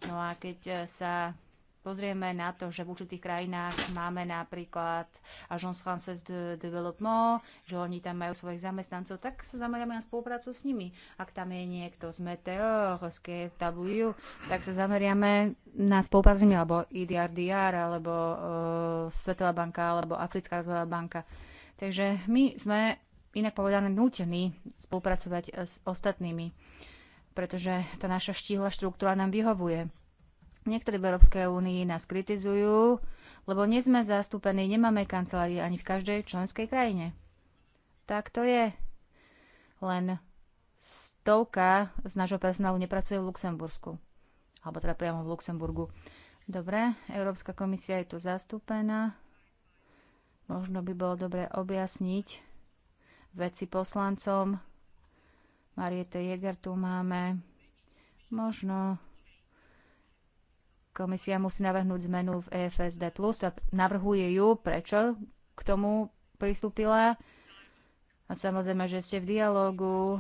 S1: No a keď sa pozrieme na to, že v určitých krajinách máme napríklad Agence Française de Développement, že oni tam majú svojich zamestnancov, tak sa zameriame na spoluprácu s nimi. Ak tam je niekto z Meteor, z KFW, tak sa zameriame na spoluprácu s nimi, alebo IDRDR, e alebo uh, Svetová banka, alebo Africká rozvojová banka. Takže my sme, inak povedané, nútení spolupracovať e, s ostatnými, pretože tá naša štíhla štruktúra nám vyhovuje. Niektorí v Európskej únii nás kritizujú, lebo nie sme zastúpení, nemáme kancelárie ani v každej členskej krajine. Tak to je. Len stovka z nášho personálu nepracuje v Luxembursku. Alebo teda priamo v Luxemburgu. Dobre, Európska komisia je tu zastúpená. Možno by bolo dobre objasniť veci poslancom. Mariete Jäger tu máme. Možno Komisia musí navrhnúť zmenu v EFSD+, navrhuje ju, prečo k tomu pristúpila. A samozrejme, že ste v dialogu.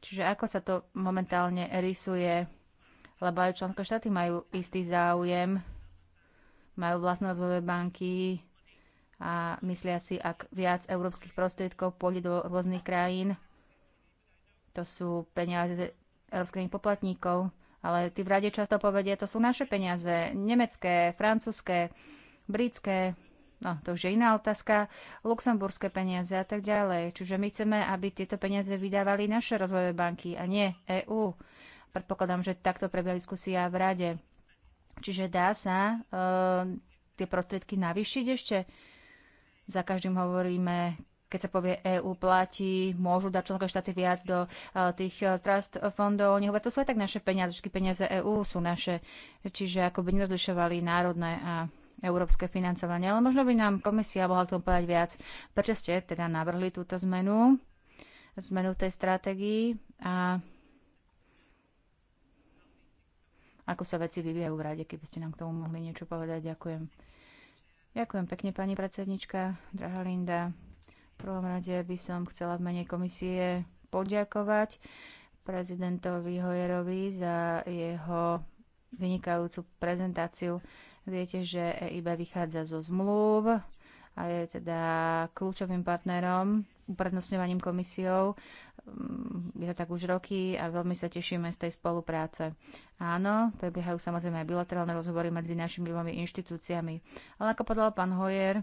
S1: Čiže ako sa to momentálne rysuje? Lebo aj členské štáty majú istý záujem, majú vlastné rozvojové banky a myslia si, ak viac európskych prostriedkov pôjde do rôznych krajín, to sú peniaze európskych poplatníkov, ale tí v rade často povedia, to sú naše peniaze, nemecké, francúzské, britské, no to už je iná otázka, luxemburské peniaze a tak ďalej. Čiže my chceme, aby tieto peniaze vydávali naše rozvojové banky a nie EÚ. Predpokladám, že takto prebieha diskusia v rade. Čiže dá sa e, tie prostriedky navýšiť ešte. Za každým hovoríme keď sa povie EÚ platí, môžu dať členské štáty viac do e, tých e, trust fondov. Oni hovoria, to sú aj tak naše peniaze, všetky peniaze EÚ sú naše. Čiže ako by nerozlišovali národné a európske financovanie. Ale možno by nám komisia mohla tomu povedať viac. Prečo ste teda navrhli túto zmenu, zmenu tej stratégii a ako sa veci vyvíjajú v rade, keby ste nám k tomu mohli niečo povedať. Ďakujem. Ďakujem pekne, pani predsednička, drahá Linda prvom rade by som chcela v mene komisie poďakovať prezidentovi Hojerovi za jeho vynikajúcu prezentáciu. Viete, že EIB vychádza zo zmluv a je teda kľúčovým partnerom, uprednostňovaním komisiou. Mm, je to tak už roky a veľmi sa tešíme z tej spolupráce. Áno, prebiehajú samozrejme aj bilaterálne rozhovory medzi našimi dvomi inštitúciami. Ale ako povedal pán Hojer,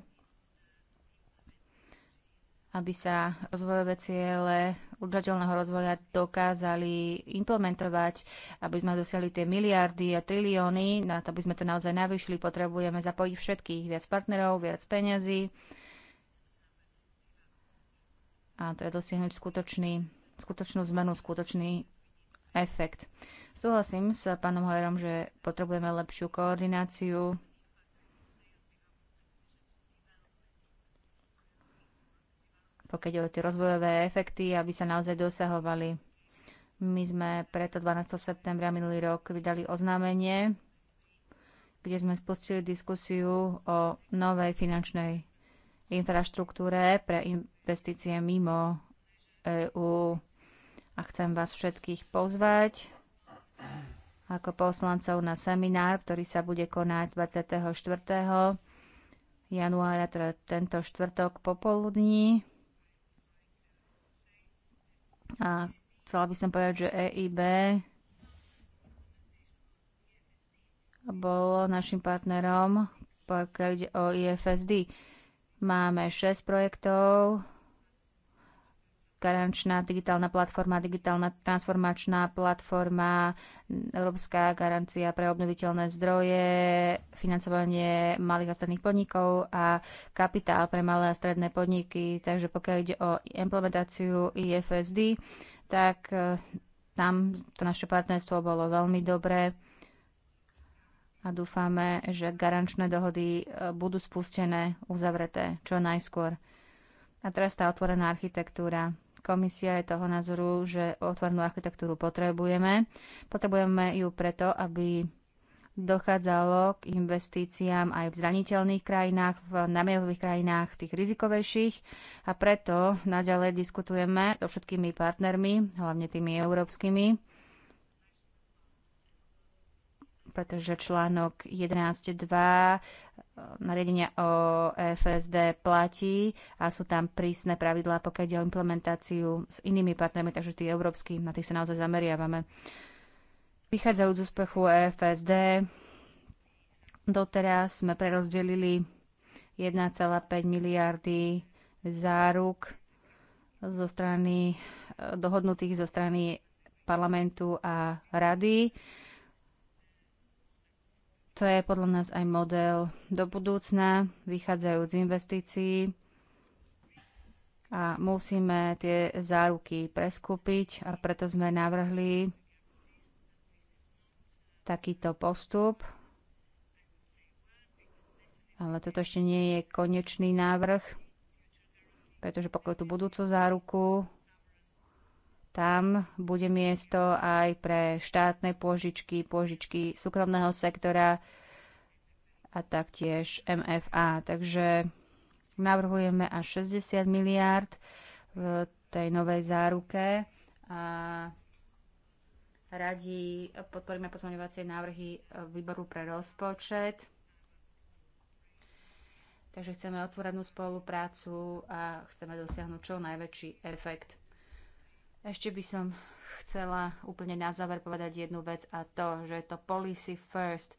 S1: aby sa rozvojové ciele udržateľného rozvoja dokázali implementovať, aby sme dosiahli tie miliardy a trilióny, na to, aby sme to naozaj navýšili, potrebujeme zapojiť všetkých, viac partnerov, viac peňazí a teda dosiahnuť skutočný, skutočnú zmenu, skutočný efekt. Súhlasím s pánom Hojerom, že potrebujeme lepšiu koordináciu pokiaľ o tie rozvojové efekty, aby sa naozaj dosahovali. My sme preto 12. septembra minulý rok vydali oznámenie, kde sme spustili diskusiu o novej finančnej infraštruktúre pre investície mimo EU. A chcem vás všetkých pozvať ako poslancov na seminár, ktorý sa bude konať 24. januára, teda tento štvrtok popoludní a chcela by som povedať, že EIB bol našim partnerom, pokiaľ ide o IFSD. Máme 6 projektov, garančná digitálna platforma, digitálna transformačná platforma, Európska garancia pre obnoviteľné zdroje, financovanie malých a stredných podnikov a kapitál pre malé a stredné podniky. Takže pokiaľ ide o implementáciu IFSD, tak e, tam to naše partnerstvo bolo veľmi dobré a dúfame, že garančné dohody e, budú spustené, uzavreté čo najskôr. A teraz tá otvorená architektúra. Komisia je toho názoru, že otvornú architektúru potrebujeme. Potrebujeme ju preto, aby dochádzalo k investíciám aj v zraniteľných krajinách, v namierových krajinách, tých rizikovejších a preto naďalej diskutujeme so všetkými partnermi, hlavne tými európskymi, pretože článok 11.2 eh, nariadenia o FSD platí a sú tam prísne pravidlá, pokiaľ ide o implementáciu s inými partnermi, takže tí európsky, na tých sa naozaj zameriavame. Vychádzajúc z úspechu EFSD, doteraz sme prerozdelili 1,5 miliardy záruk zo strany eh, dohodnutých zo strany parlamentu a rady. To je podľa nás aj model do budúcna, vychádzajúc z investícií a musíme tie záruky preskúpiť a preto sme navrhli takýto postup. Ale toto ešte nie je konečný návrh, pretože pokiaľ tú budúcu záruku tam bude miesto aj pre štátne pôžičky, pôžičky súkromného sektora a taktiež MFA. Takže navrhujeme až 60 miliárd v tej novej záruke a radi podporíme pozmeňovacie návrhy výboru pre rozpočet. Takže chceme otvorenú spoluprácu a chceme dosiahnuť čo najväčší efekt. Ešte by som chcela úplne na záver povedať jednu vec a to, že je to policy first,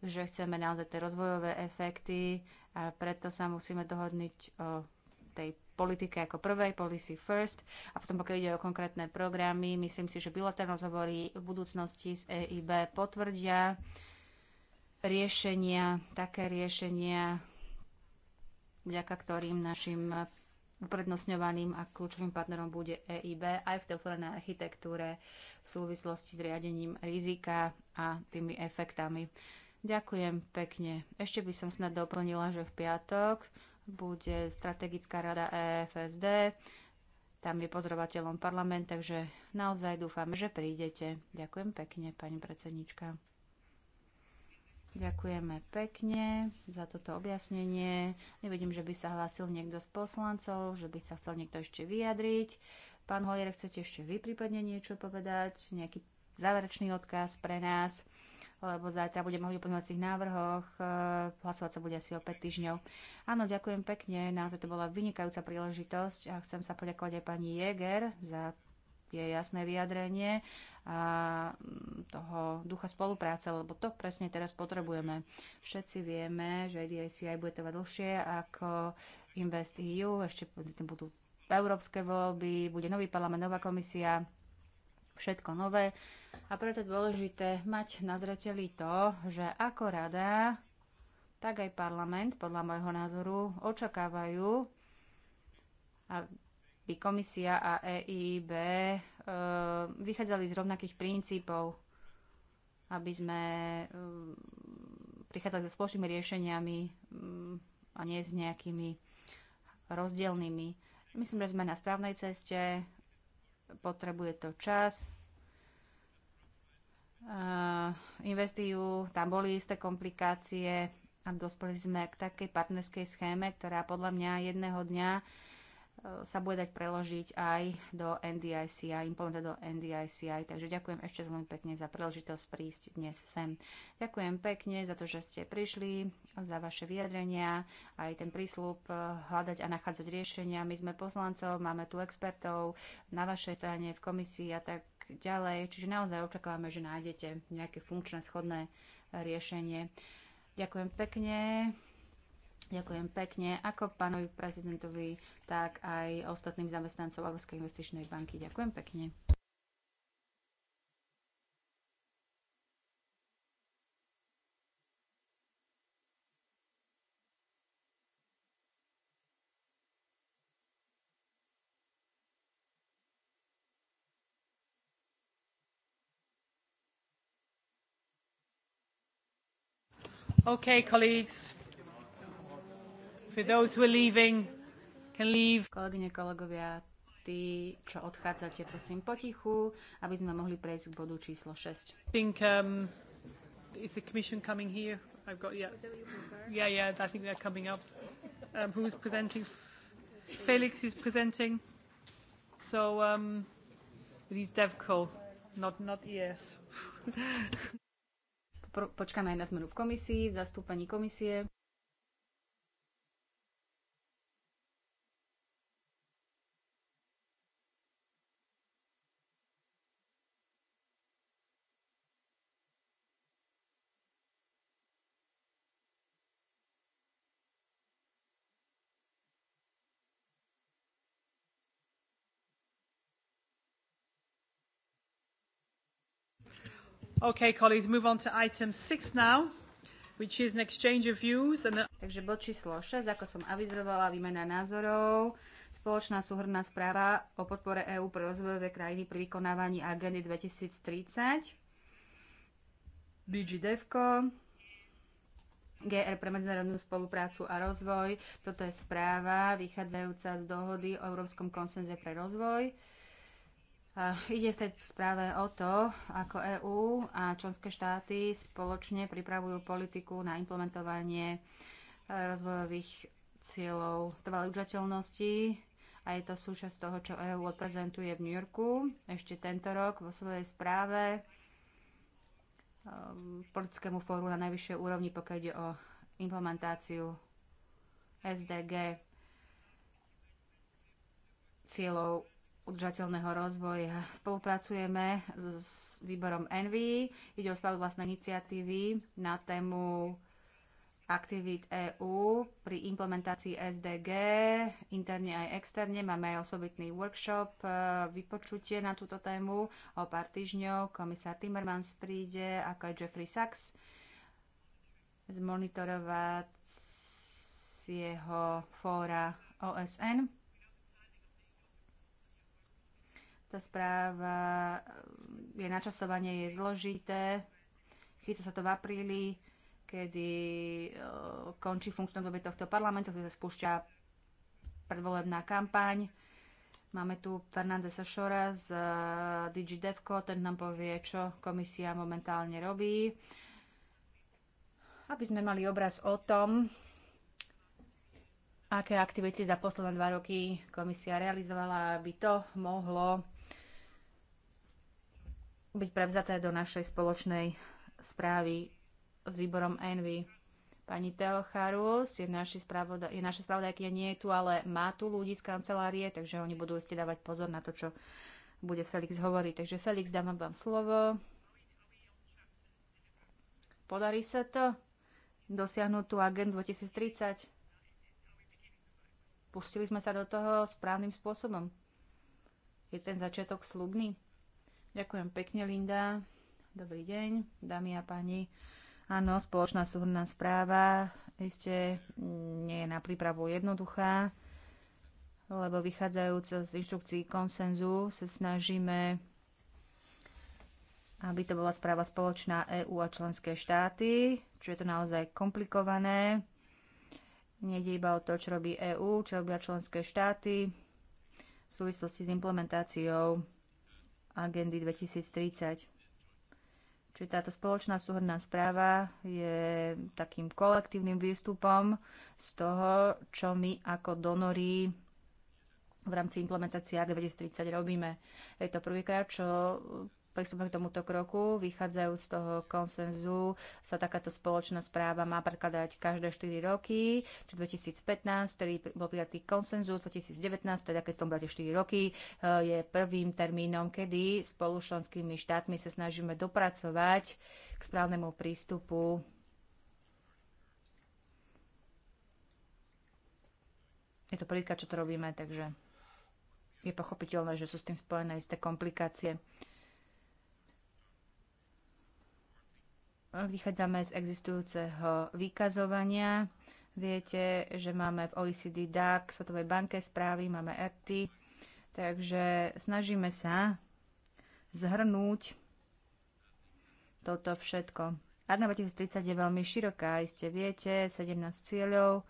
S1: že chceme naozaj tie rozvojové efekty a preto sa musíme dohodniť o tej politike ako prvej, policy first a potom pokiaľ ide o konkrétne programy, myslím si, že bilaterálne rozhovory v budúcnosti z EIB potvrdia riešenia, také riešenia, vďaka ktorým našim uprednostňovaným a kľúčovým partnerom bude EIB aj v tej otvorenej architektúre v súvislosti s riadením rizika a tými efektami. Ďakujem pekne. Ešte by som snad doplnila, že v piatok bude strategická rada EFSD. Tam je pozorovateľom parlament, takže naozaj dúfam, že prídete. Ďakujem pekne, pani predsednička. Ďakujeme pekne za toto objasnenie. Nevidím, že by sa hlásil niekto z poslancov, že by sa chcel niekto ešte vyjadriť. Pán Holier, chcete ešte vy prípadne niečo povedať? Nejaký záverečný odkaz pre nás? lebo zajtra budeme hovoriť o pozmeňovacích návrhoch, e, hlasovať sa bude asi o 5 týždňov. Áno, ďakujem pekne, naozaj to bola vynikajúca príležitosť a chcem sa poďakovať aj pani Jäger za jej jasné vyjadrenie Mm, toho ducha spolupráce, lebo to presne teraz potrebujeme. Všetci vieme, že EDICI bude trvať dlhšie ako Invest EU, ešte tým budú európske voľby, bude nový parlament, nová komisia, všetko nové. A preto je dôležité mať na zreteli to, že ako rada, tak aj parlament, podľa môjho názoru, očakávajú, aby komisia a EIB Eh, vychádzali z rovnakých princípov, aby sme eh, prichádzali so spoločnými riešeniami mm, a nie s nejakými rozdielnymi. Myslím, že sme na správnej ceste, potrebuje to čas. Eh, Investiu, tam boli isté komplikácie a dospeli sme k takej partnerskej schéme, ktorá podľa mňa jedného dňa sa bude dať preložiť aj do NDICI, implementovať do NDICI. Takže ďakujem ešte veľmi pekne za príležitosť prísť dnes sem. Ďakujem pekne za to, že ste prišli, za vaše vyjadrenia, aj ten prísľub eh, hľadať a nachádzať riešenia. My sme poslancov, máme tu expertov na vašej strane, v komisii a tak ďalej. Čiže naozaj očakávame, že nájdete nejaké funkčné, schodné riešenie. Ďakujem pekne. Ďakujem pekne, ako pánovi prezidentovi, tak aj ostatným zamestnancov Európskej investičnej banky. Ďakujem pekne. Okay, colleagues. Kolegyne, kolegovia, tí, čo odchádzate, prosím potichu, aby sme mohli prejsť k bodu číslo 6. Think, um, is the commission coming here? I've got, yeah. Yeah, yeah, I think they're coming up. Um, who's presenting? Felix is
S2: presenting.
S1: So, um, it is DevCo, not, not ES. Počkáme aj na zmenu v komisii, v zastúpení komisie. Okay, colleagues, move on to item 6 now, which is an exchange of views and a... Takže bod číslo 6, ako som avizovala, výmena názorov, spoločná súhrná správa o podpore EÚ pre rozvojové krajiny pri vykonávaní agendy 2030, DG DEVCO, GR pre medzinárodnú spoluprácu a rozvoj. Toto je správa vychádzajúca z dohody o Európskom konsenze pre rozvoj. Ide v tej správe o to, ako EÚ a členské štáty spoločne pripravujú politiku na implementovanie e, rozvojových cieľov trvalej udržateľnosti a je to súčasť toho, čo EÚ odprezentuje v New Yorku ešte tento rok vo svojej správe e, politickému fóru na najvyššej úrovni, pokiaľ ide o implementáciu SDG cieľov udržateľného rozvoja. Spolupracujeme s, s výborom Envy, ide o správu vlastnej iniciatívy na tému aktivít EÚ pri implementácii SDG, interne aj externe. Máme aj osobitný workshop, e, vypočutie na túto tému o pár týždňov. Komisár Timmermans príde, ako aj Jeffrey Sachs zmonitorovať jeho fóra OSN. Tá správa, um, je načasovanie je zložité, chyca sa to v apríli, kedy uh, končí funkčné obdobie tohto parlamentu, kde sa spúšťa predvolebná kampaň. Máme tu Fernandesa Šora z uh, DigiDevco, ten nám povie, čo komisia momentálne robí. Aby sme mali obraz o tom, aké aktivity za posledné dva roky komisia realizovala, aby to mohlo byť prevzaté do našej spoločnej správy s výborom Envy. Pani Teo Charus je, naši spravoda- je naša spravodajkynia, nie je tu, ale má tu ľudí z kancelárie, takže oni budú ste dávať pozor na to, čo bude Felix hovoriť. Takže Felix, dávam vám slovo. Podarí sa to? Dosiahnuť tú agendu 2030? Pustili sme sa do toho správnym spôsobom. Je ten začiatok slubný? Ďakujem pekne, Linda. Dobrý deň, dámy a páni. Áno, spoločná súhrná správa iste nie je na prípravu jednoduchá, lebo vychádzajúc z inštrukcií konsenzu sa snažíme, aby to bola správa spoločná EÚ a členské štáty, čo je to naozaj komplikované. Nejde iba o to, čo robí EÚ, čo robia členské štáty v súvislosti s implementáciou agendy 2030. Čiže táto spoločná súhrná správa je takým kolektívnym výstupom z toho, čo my ako donory v rámci implementácie AG 2030 robíme. Je to prvýkrát, čo pristúpime k tomuto kroku. Vychádzajú z toho konsenzu sa takáto spoločná správa má predkladať každé 4 roky, či 2015, ktorý bol prijatý konsenzu, 2019, teda keď som bráte 4 roky, e, je prvým termínom, kedy spolu s členskými štátmi sa snažíme dopracovať k správnemu prístupu Je to prvýkrát, čo to robíme, takže je pochopiteľné, že sú s tým spojené isté komplikácie. Vychádzame z existujúceho vykazovania. Viete, že máme v OECD DAC, Svetovej banke správy, máme e RT, takže snažíme sa zhrnúť toto všetko. Agna 2030 je veľmi široká, iste viete, 17 cieľov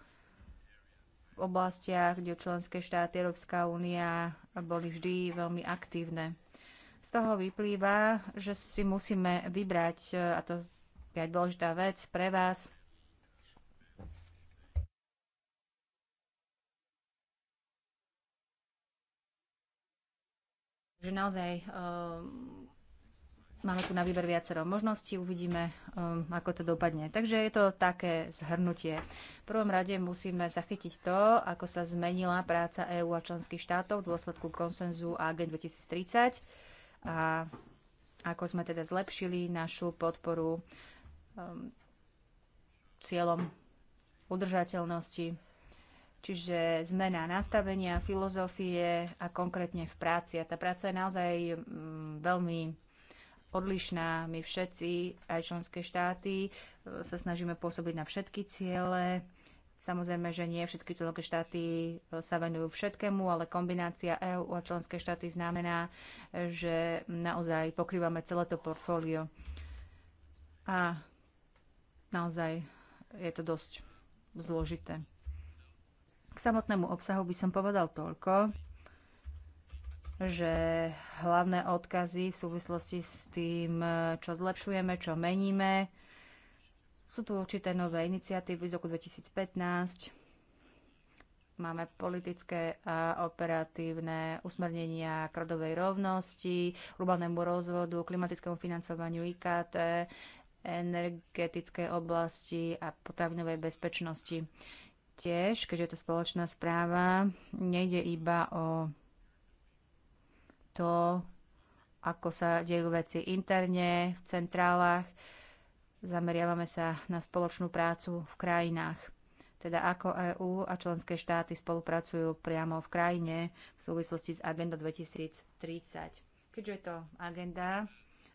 S1: v oblastiach, kde členské štáty Európska únia boli vždy veľmi aktívne. Z toho vyplýva, že si musíme vybrať, a to dôležitá vec pre vás. že naozaj um, máme tu na výber viacero možností, uvidíme, um, ako to dopadne. Takže je to také zhrnutie. V prvom rade musíme zachytiť to, ako sa zmenila práca EÚ a členských štátov v dôsledku konsenzu AG 2030 a ako sme teda zlepšili našu podporu um, cieľom udržateľnosti. Čiže zmena nastavenia, filozofie a konkrétne v práci. A tá práca je naozaj um, veľmi odlišná. My všetci, aj členské štáty, e, sa snažíme pôsobiť na všetky ciele. Samozrejme, že nie všetky členské štáty e, sa venujú všetkému, ale kombinácia EÚ a členské štáty znamená, e, že naozaj pokrývame celé to portfólio. A Naozaj je to dosť zložité. K samotnému obsahu by som povedal toľko, že hlavné odkazy v súvislosti s tým, čo zlepšujeme, čo meníme, sú tu určité nové iniciatívy z roku 2015. Máme politické a operatívne usmernenia k rodovej rovnosti, urbanému rozvodu, klimatickému financovaniu IKT, energetickej oblasti a potravinovej bezpečnosti. Tiež, keďže je to spoločná správa, nejde iba o to, ako sa dejú veci interne, v centrálach. Zameriavame sa na spoločnú prácu v krajinách. Teda ako EÚ a členské štáty spolupracujú priamo v krajine v súvislosti s Agenda 2030. Keďže je to agenda,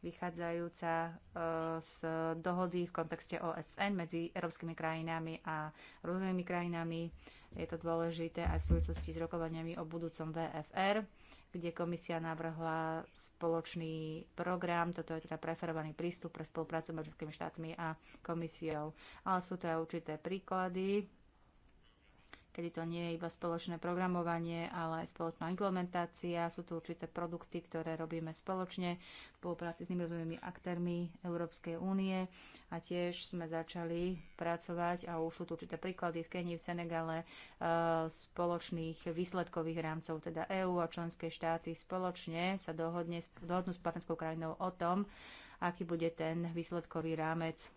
S1: vychádzajúca e, z dohody v kontexte OSN medzi európskymi krajinami a rôznymi krajinami. Je to dôležité aj v súvislosti s rokovaniami o budúcom VFR kde komisia navrhla spoločný program, toto je teda preferovaný prístup pre spoluprácu medzi všetkými štátmi a komisiou. Ale sú to aj určité príklady, kedy to nie je iba spoločné programovanie, ale aj spoločná implementácia. Sú tu určité produkty, ktoré robíme spoločne v spolupráci s nimi aktérmi Európskej únie a tiež sme začali pracovať a už sú tu určité príklady v Kenii, v Senegale eh, spoločných výsledkových rámcov, teda EÚ a členské štáty spoločne sa dohodne, dohodnú s partnerskou krajinou o tom, aký bude ten výsledkový rámec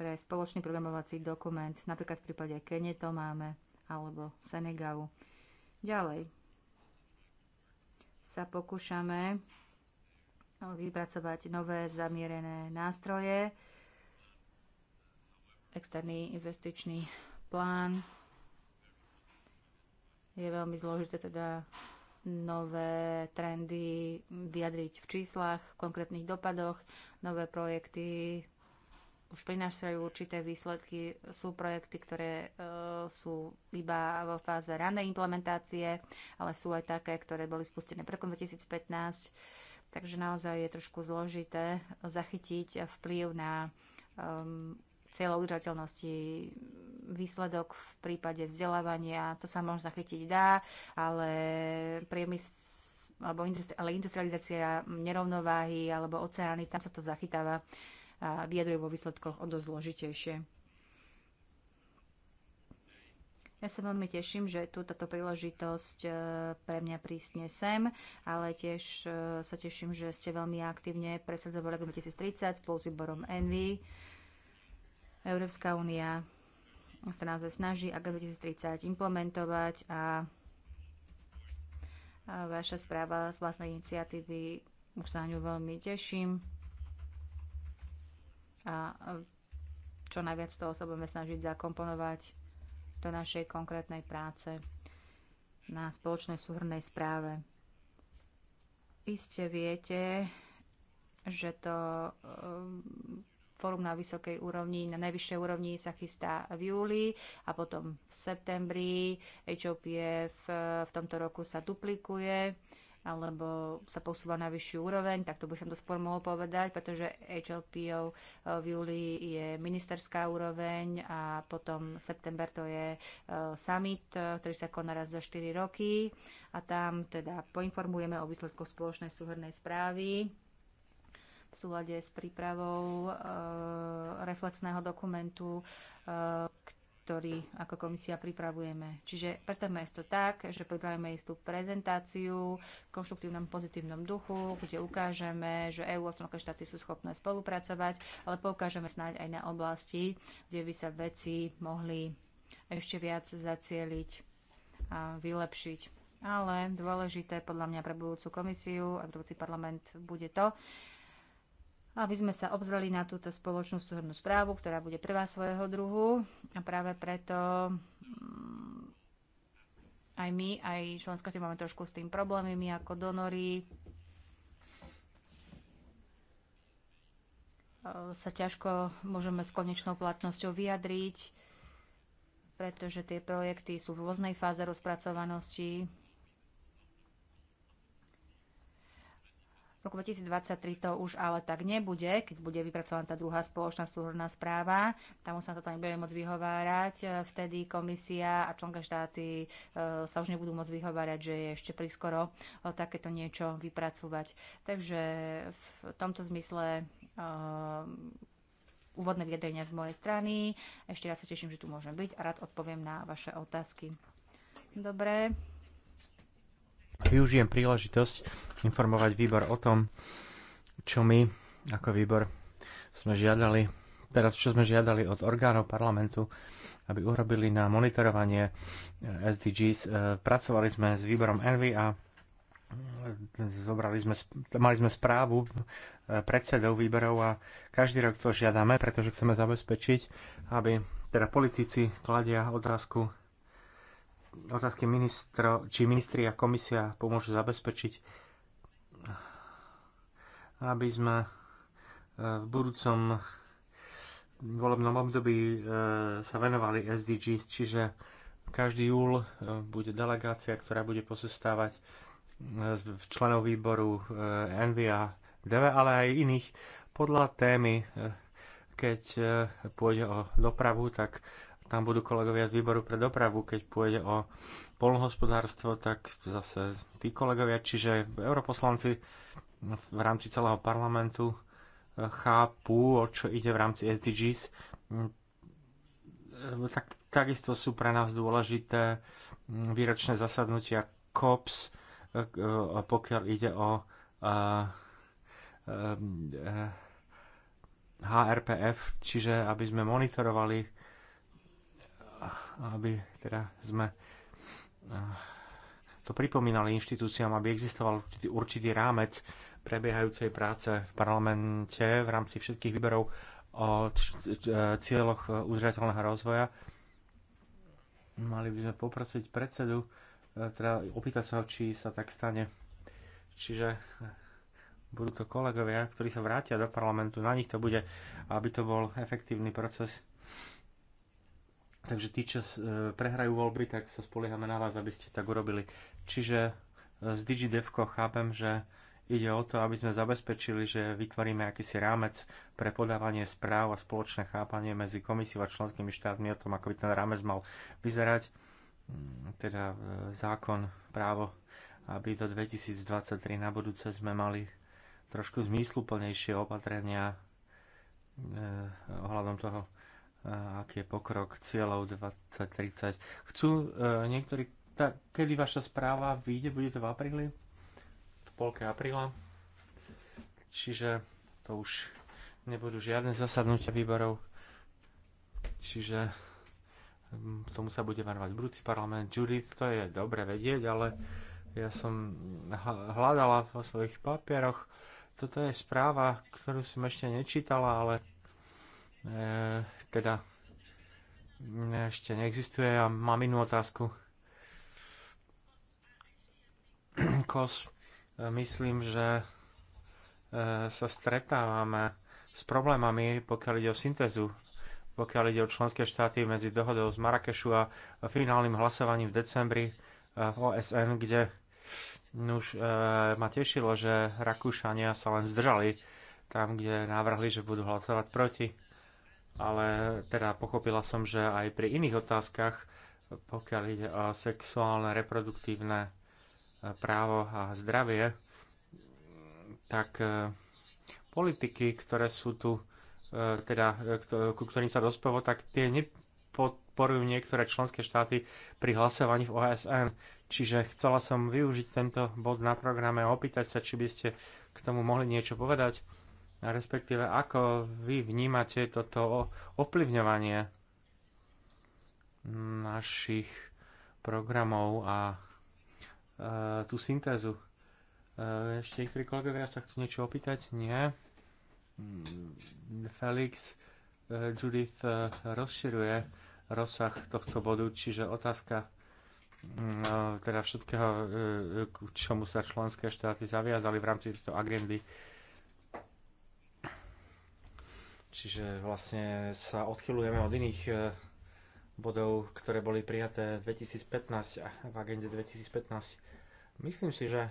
S1: pre spoločný programovací dokument. Napríklad v prípade Kenie to máme, alebo Senegalu. Ďalej sa pokúšame vypracovať nové zamierené nástroje, externý investičný plán. Je veľmi zložité teda nové trendy vyjadriť v číslach, v konkrétnych dopadoch, nové projekty už prinášajú určité výsledky. Sú projekty, ktoré e, sú iba vo fáze ranej implementácie, ale sú aj také, ktoré boli spustené prekom 2015. Takže naozaj je trošku zložité zachytiť vplyv na um, ehm, cieľov udržateľnosti výsledok v prípade vzdelávania, to sa možno zachytiť dá, ale priemysl alebo industri- ale industrializácia nerovnováhy alebo oceány, tam sa to zachytáva vyjadrujú vo výsledkoch o dosť zložitejšie. Ja sa veľmi teším, že tu táto príležitosť e, pre mňa prísne sem, ale tiež e, sa teším, že ste veľmi aktívne presadzovali 2030 spolu s výborom Envy. Európska únia sa naozaj snaží Agenda 2030 implementovať a, a vaša správa z vlastnej iniciatívy už sa na ňu veľmi teším a e, čo najviac toho sa budeme snažiť zakomponovať do našej konkrétnej práce na spoločnej súhrnej správe. Iste viete, že to e, fórum na vysokej úrovni, na najvyššej úrovni sa chystá v júli a potom v septembri. HOPF e, v tomto roku sa duplikuje alebo sa posúva na vyššiu úroveň, tak to by som to skôr mohol povedať, pretože HLPO eh, v júli je ministerská úroveň a potom september to je eh, summit, eh, ktorý sa koná raz za 4 roky a tam teda poinformujeme o výsledku spoločnej súhrnej správy v súlade s prípravou reflexného dokumentu, ktorý ako komisia pripravujeme. Čiže predstavme to tak, že pripravujeme istú prezentáciu v konštruktívnom pozitívnom duchu, kde ukážeme, že EÚ a členské štáty sú schopné spolupracovať, ale poukážeme snáď aj na oblasti, kde by sa veci mohli ešte viac zacieliť a vylepšiť. Ale dôležité podľa mňa pre budúcu komisiu a budúci parlament bude to, aby sme sa obzreli na túto spoločnú súhrnú správu, ktorá bude prvá svojho druhu. A práve preto mm, aj my, aj členské máme trošku s tým problémy. My ako donory e, sa ťažko môžeme s konečnou platnosťou vyjadriť, pretože tie projekty sú v rôznej fáze rozpracovanosti. V roku 2023 to už ale tak nebude, keď bude vypracovaná tá druhá spoločná súhrná správa. Tam už sa to nebude môcť vyhovárať. E, vtedy komisia a členské štáty e, sa už nebudú môcť vyhovárať, že je ešte prískoro e, takéto niečo vypracovať. Takže v tomto zmysle úvodné vyjadrenia z mojej strany. Ešte raz sa teším, že tu môžem byť a rád odpoviem na vaše otázky. Dobre,
S2: Využijem príležitosť informovať výbor o tom, čo my ako výbor sme žiadali, teraz čo sme žiadali od orgánov parlamentu, aby urobili na monitorovanie eh, SDGs. Eh, pracovali sme s výborom Envy a eh, zobrali sme, mali sme správu predsedov výberov a každý rok to žiadame, pretože chceme zabezpečiť, aby teda politici kladia otázku otázky ministro, či ministri a komisia pomôžu zabezpečiť, aby sme e, v budúcom volebnom období e, sa venovali SDGs, čiže každý júl e, bude delegácia, ktorá bude posestávať z členov výboru NVA, DV, ale aj iných podľa témy. Keď pôjde o dopravu, tak tam budú kolegovia z výboru pre dopravu, keď pôjde o polnohospodárstvo, tak zase tí kolegovia, čiže europoslanci v rámci celého parlamentu eh, chápu, o čo ide v rámci SDGs. Mm, eh, tak, takisto sú pre nás dôležité mm, výročné zasadnutia COPS, eh, pokiaľ ide o HRPF, čiže aby sme monitorovali aby teda sme eh, to pripomínali inštitúciám, aby existoval určitý, určitý rámec prebiehajúcej práce v parlamente v rámci všetkých výberov o eh, cieľoch udržateľného rozvoja. Mali by sme poprosiť predsedu, eh, teda opýtať sa či sa tak stane. Čiže budú to kolegovia, ktorí sa vrátia do parlamentu, na nich to bude, aby to bol efektívny proces. Takže tí, čo e, prehrajú voľby, tak sa spoliehame na vás, aby ste tak urobili. Čiže e, z DigiDevko chápem, že ide o to, aby sme zabezpečili, že vytvoríme akýsi rámec pre podávanie správ a spoločné chápanie medzi komisiou a členskými štátmi o tom, ako by ten rámec mal vyzerať, mm, teda e, zákon, právo, aby do 2023 na budúce sme mali trošku zmysluplnejšie opatrenia eh, ohľadom toho, aký je pokrok cieľov 2030. Chcú e, niektorí... Tá, kedy vaša správa vyjde? Bude to v apríli? V polke apríla? Čiže to už nebudú žiadne zasadnutia výborov. Čiže tomu sa bude venovať budúci parlament. Judith, to je dobre vedieť, ale ja som hľadala vo svojich papieroch. Toto je správa, ktorú som ešte nečítala, ale E, teda ešte neexistuje a mám inú otázku. Kos, e, myslím, že e, sa stretávame s problémami, pokiaľ ide o syntézu, pokiaľ ide o členské štáty medzi dohodou z Marrakešu a finálnym hlasovaním v decembri v OSN, kde no už ma tešilo, že Rakúšania sa len zdržali tam, kde navrhli, že budú hlasovať proti ale teda pochopila som, že aj pri iných otázkach, pokiaľ ide o sexuálne, reproduktívne e, právo a zdravie, tak e, politiky, ktoré sú tu, e, teda, ku ktorým sa dospelo, tak tie nepodporujú niektoré členské štáty pri hlasovaní v OSN. Čiže chcela som využiť tento bod na programe a opýtať sa, či by ste k tomu mohli niečo povedať respektíve ako vy vnímate toto ovplyvňovanie našich programov a e, tú syntézu. E, ešte niektorí kolegovia sa chcú niečo opýtať? Nie. Mm, Felix, e, Judith e, rozširuje rozsah tohto bodu, čiže otázka mm, e, teda všetkého, e, e, k čomu sa členské štáty zaviazali v rámci tejto agendy Čiže vlastne sa odchylujeme od iných e, bodov, ktoré boli prijaté v 2015 a v agende 2015. Myslím si, že e,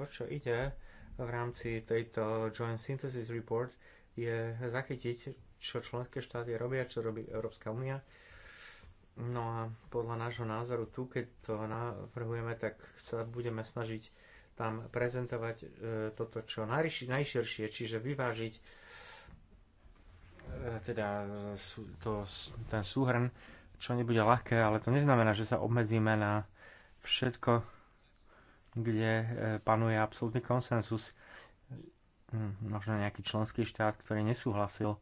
S2: o čo ide v rámci tejto Joint Synthesis Report je zachytiť, čo členské štáty robia, čo robí Európska únia. No a podľa nášho názoru tu, keď to navrhujeme, tak sa budeme snažiť tam prezentovať e, toto čo najširšie, čiže vyvážiť E, teda e, to, ten súhrn, čo nebude ľahké, ale to neznamená, že sa obmedzíme na všetko, kde e, panuje absolútny konsensus. Hm, možno nejaký členský štát, ktorý nesúhlasil hm,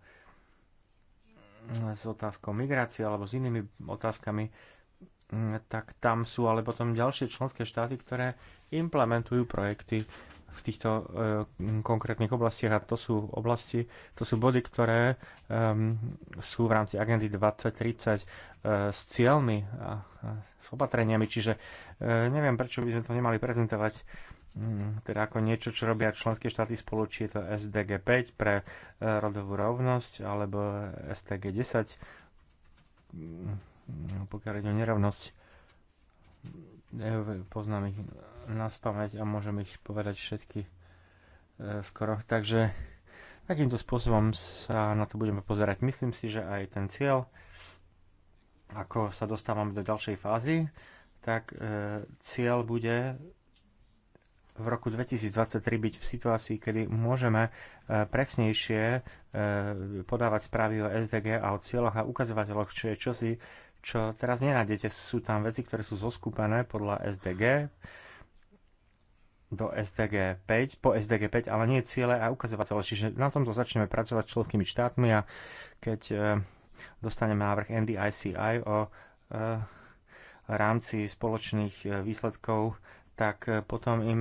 S2: s otázkou migrácie alebo s inými otázkami, hm, tak tam sú ale potom ďalšie členské štáty, ktoré implementujú projekty v týchto e, konkrétnych oblastiach a to sú oblasti, to sú body, ktoré e, sú v rámci agendy 2030 e, eh, s cieľmi a, a s opatreniami, čiže e, neviem, prečo by sme to nemali prezentovať mm, teda ako niečo, čo robia členské štáty spolu, či je to SDG 5 pre rodovú rovnosť, alebo STG 10, mm, pokiaľ ide o nerovnosť poznám ich na spameť a môžem ich povedať všetky e, skoro. Takže takýmto spôsobom sa na to budeme pozerať. Myslím si, že aj ten cieľ, ako sa dostávame do ďalšej fázy, tak e, cieľ bude v roku 2023 byť v situácii, kedy môžeme e, presnejšie podávať správy o SDG a o cieľoch a ukazovateľoch, čo je čosi, čo teraz nenájdete. Sú tam veci, ktoré sú zoskupené podľa SDG do SDG 5, po SDG 5, ale nie ciele a ukazovatele. Čiže na tomto začneme pracovať s členskými štátmi a keď e, dostaneme návrh NDICI o e, rámci spoločných e, výsledkov, tak e, potom, im,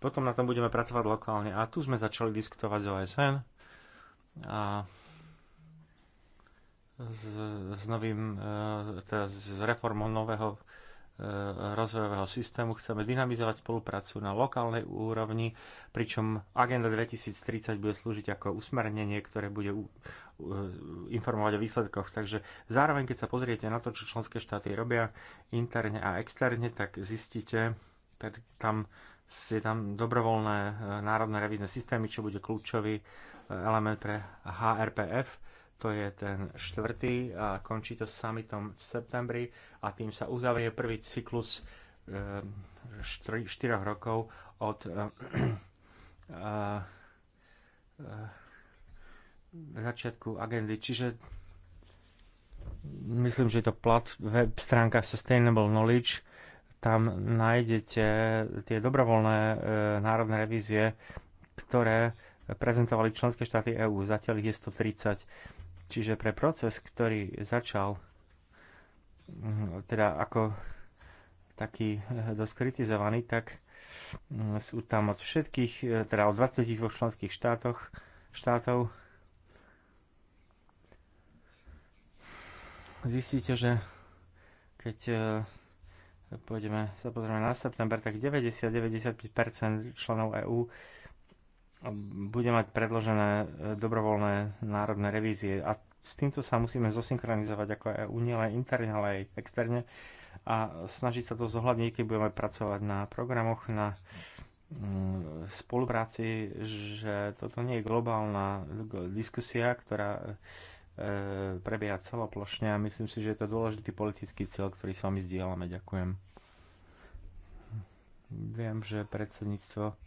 S2: potom na tom budeme pracovať lokálne. A tu sme začali diskutovať s OSN a s, s novým, e, teda s reformou nového e, rozvojového systému. Chceme dynamizovať spoluprácu na lokálnej úrovni, pričom Agenda 2030 bude slúžiť ako usmernenie, ktoré bude informovať o výsledkoch. Takže zároveň, keď sa pozriete na to, čo členské štáty robia interne a externe, tak zistíte, tak tam je tam dobrovoľné e, národné revízne systémy, čo bude kľúčový element pre HRPF to je ten štvrtý a končí to summitom v septembri a tým sa uzavrie prvý cyklus 4 eh, rokov od eh, eh, začiatku agendy. Čiže myslím, že je to plat, web stránka Sustainable Knowledge. Tam nájdete tie dobrovoľné e, národné revízie, ktoré prezentovali členské štáty EÚ. Zatiaľ ich je 130 Čiže pre proces, ktorý začal mhm, teda ako taký eh, dosť kritizovaný, tak mm, sú tam od všetkých, eh, teda od 20 členských štátoch, štátov. Zistíte, že keď eh, pôjdeme, sa pozrieme na september, tak 90-95% členov EÚ bude mať predložené e, dobrovoľné národné revízie. A s týmto sa musíme zosynchronizovať ako e nie len interne, ale aj externe a snažiť sa to zohľadniť, keď budeme pracovať na programoch, na mm, spolupráci, že toto nie je globálna diskusia, ktorá e, prebieha celoplošne a myslím si, že je to dôležitý politický cieľ, ktorý s vami zdieľame. Ďakujem. Viem, že predsedníctvo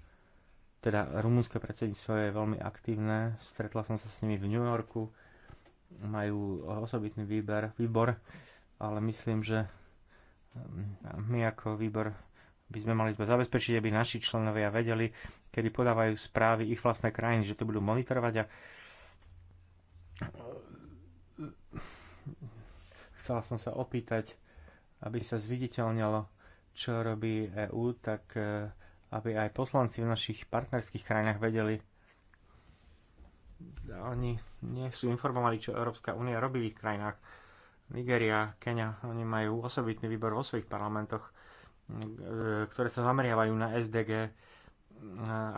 S2: teda rumunské predsedníctvo je veľmi aktívne, stretla som sa s nimi v New Yorku, majú osobitný výber, výbor, ale myslím, že mm, my ako výbor by sme mali sme zabezpečiť, aby naši členovia vedeli, kedy podávajú správy ich vlastné krajiny, že to budú monitorovať a e, chcela som sa opýtať, aby sa zviditeľnilo, čo robí EÚ, tak e, aby aj poslanci v našich partnerských krajinách vedeli, oni nie sú informovaní, čo Európska únia robí v ich krajinách. Nigeria, Kenia, oni majú osobitný výbor vo svojich parlamentoch, e, ktoré sa zameriavajú na SDG, e,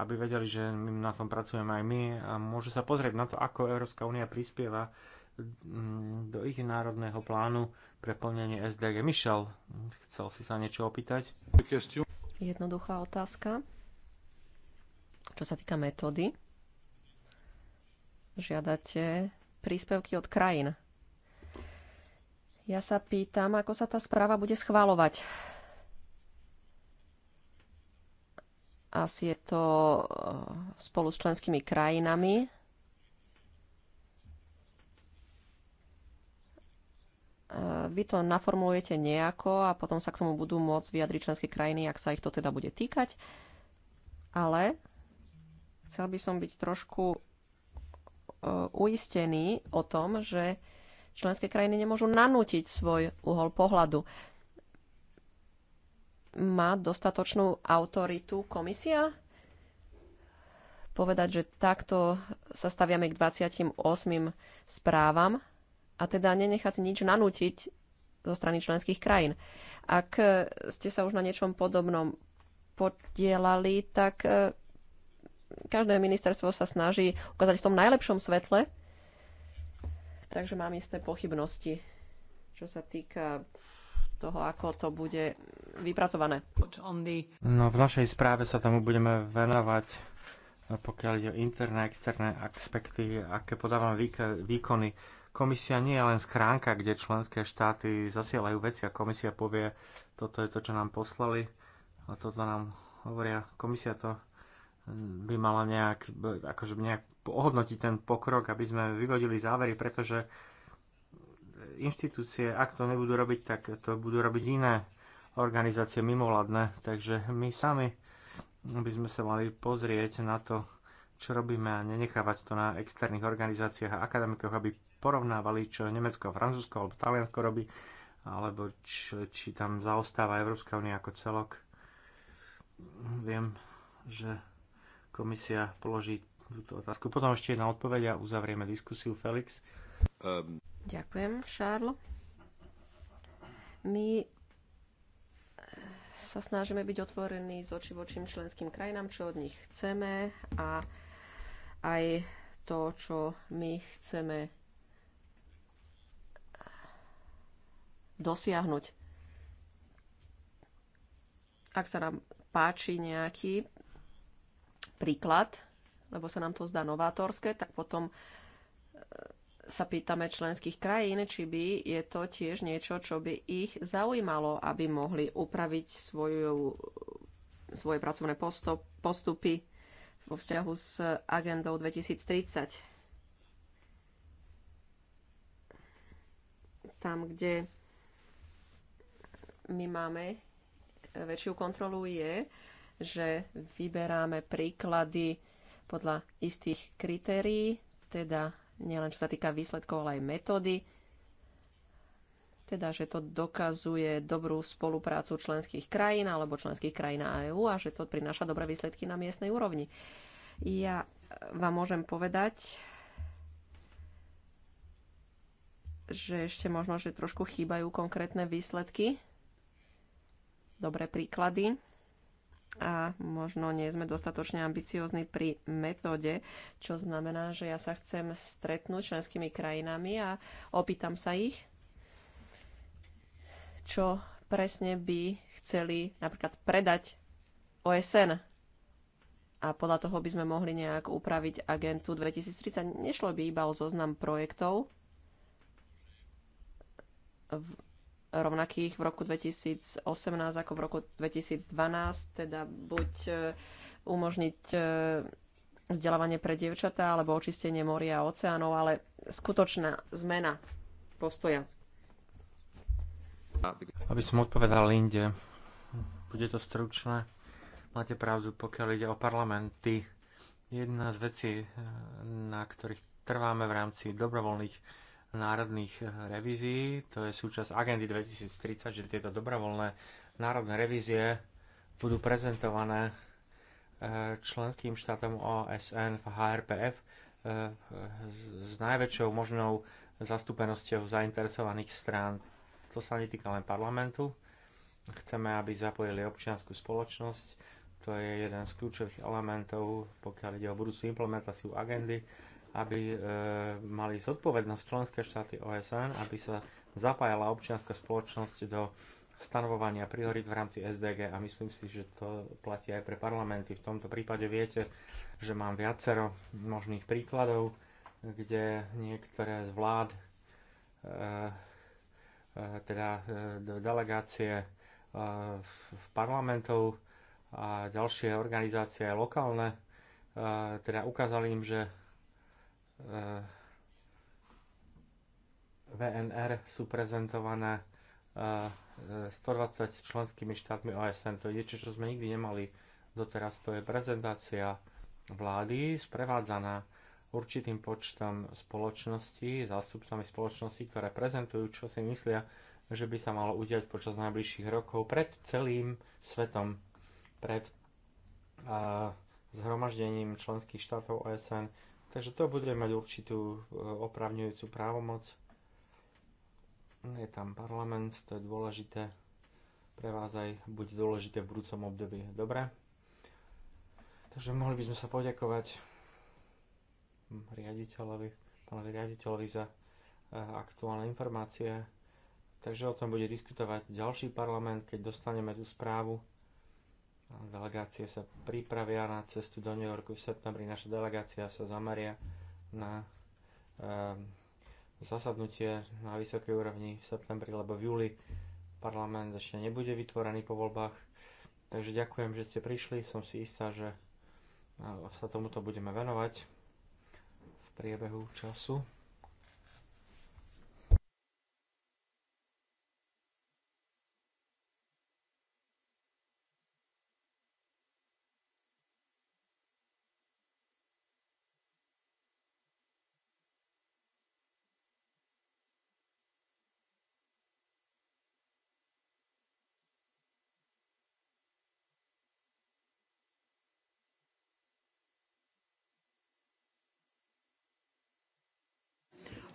S2: aby vedeli, že my na tom pracujeme aj my a môžu sa pozrieť na to, ako Európska únia prispieva mm, do ich národného plánu pre plnenie SDG. Michel, chcel si sa niečo opýtať?
S3: jednoduchá otázka. Čo sa týka metódy, žiadate príspevky od krajín. Ja sa pýtam, ako sa tá správa bude schváľovať. Asi je to eh, spolu s členskými krajinami, Eh, vy to naformulujete nejako a potom sa k tomu budú môcť vyjadriť členské krajiny, ak sa ich to teda bude týkať. Ale chcel by som byť trošku eh, uistený o tom, že členské krajiny nemôžu nanútiť svoj uhol pohľadu. Má dostatočnú autoritu komisia povedať, že takto sa staviame k 28 správam a teda nenechať si nič nanútiť zo strany členských krajín. Ak ste sa už na niečom podobnom podielali, tak e, každé ministerstvo sa snaží ukázať v tom najlepšom svetle, takže mám isté pochybnosti, čo sa týka toho, ako to bude vypracované.
S2: No, v našej správe sa tomu budeme venovať pokiaľ ide o interné a externé aspekty, aké podávame výkony Komisia nie je len schránka, kde členské štáty zasielajú veci a komisia povie, toto je to, čo nám poslali a toto nám hovoria. Komisia to by mala nejak, akože nejak ohodnotiť ten pokrok, aby sme vyvodili závery, pretože inštitúcie, ak to nebudú robiť, tak to budú robiť iné organizácie mimovladné. Takže my sami by sme sa mali pozrieť na to, čo robíme a nenechávať to na externých organizáciách a akademikoch, aby porovnávali, čo Nemecko, Francúzsko alebo Taliansko robí, alebo či, či tam zaostáva Európska únia ako celok. Viem, že komisia položí túto otázku. Potom ešte jedna odpoveď a uzavrieme diskusiu. Felix. Um.
S3: Ďakujem, Šárlo. My sa snažíme byť otvorení z oči vočím členským krajinám, čo od nich chceme a aj to, čo my chceme dosiahnuť. Ak sa nám páči nejaký príklad, lebo sa nám to zdá novátorské, tak potom e, sa pýtame členských krajín, či by je to tiež niečo, čo by ich zaujímalo, aby mohli upraviť svoju, svoje pracovné postup, postupy vo vzťahu s agendou 2030. Tam, kde my máme e, väčšiu kontrolu je, že vyberáme príklady podľa istých kritérií, teda nielen čo sa týka výsledkov, ale aj metódy, teda že to dokazuje dobrú spoluprácu členských krajín alebo členských krajín a EÚ a že to prináša dobré výsledky na miestnej úrovni. Ja e, vám môžem povedať, že ešte možno, že trošku chýbajú konkrétne výsledky dobré príklady a možno nie sme dostatočne ambiciózni pri metóde, čo znamená, že ja sa chcem stretnúť s členskými krajinami a opýtam sa ich, čo presne by chceli napríklad predať OSN. A podľa toho by sme mohli nejak upraviť agentu 2030. Nešlo by iba o zoznam projektov, rovnakých v roku 2018 ako v roku 2012, teda buď e, umožniť e, vzdelávanie pre dievčatá alebo očistenie moria a oceánov, ale skutočná zmena postoja.
S2: Aby som odpovedal Linde, bude to stručné. Máte pravdu, pokiaľ ide o parlamenty. Jedna z vecí, e, na ktorých trváme v rámci dobrovoľných národných eh, revízií. To je súčasť agendy 2030, že tieto dobrovoľné národné revízie budú prezentované eh, členským štátom OSN v HRPF eh, s najväčšou možnou zastúpenosťou zainteresovaných strán. To sa netýka len parlamentu. Chceme, aby zapojili občianskú spoločnosť. To je jeden z kľúčových elementov, pokiaľ ide o budúcu implementáciu agendy aby e, mali zodpovednosť členské štáty OSN, aby sa zapájala občianská spoločnosť do stanovovania priorit v rámci SDG a myslím si, že to platí aj pre parlamenty. V tomto prípade viete, že mám viacero možných príkladov, kde niektoré z vlád, e, e, teda delegácie v parlamentov a ďalšie organizácie lokálne, teda ukázali im, že Eh, VNR sú prezentované 120 eh, členskými štátmi OSN. To je niečo, čo sme nikdy nemali doteraz. To je prezentácia vlády sprevádzaná určitým počtom spoločností, zástupcami spoločností, ktoré prezentujú, čo si myslia, že by sa malo udiať počas najbližších rokov pred celým svetom, pred uh, zhromaždením členských štátov OSN Takže to bude mať určitú eh, opravňujúcu právomoc. Je tam parlament, to je dôležité pre vás aj bude dôležité v budúcom období. Dobre? Takže mohli by sme sa poďakovať hm, riaditeľovi, pánovi riaditeľovi za eh, aktuálne informácie. Takže o tom bude diskutovať ďalší parlament, keď dostaneme tú správu Delegácie sa pripravia na cestu do New Yorku v septembri. Naša delegácia sa zameria na um, zasadnutie na vysokej úrovni v septembri, lebo v júli parlament ešte nebude vytvorený po voľbách. Takže ďakujem, že ste prišli. Som si istá, že e, sa tomuto budeme venovať v priebehu času.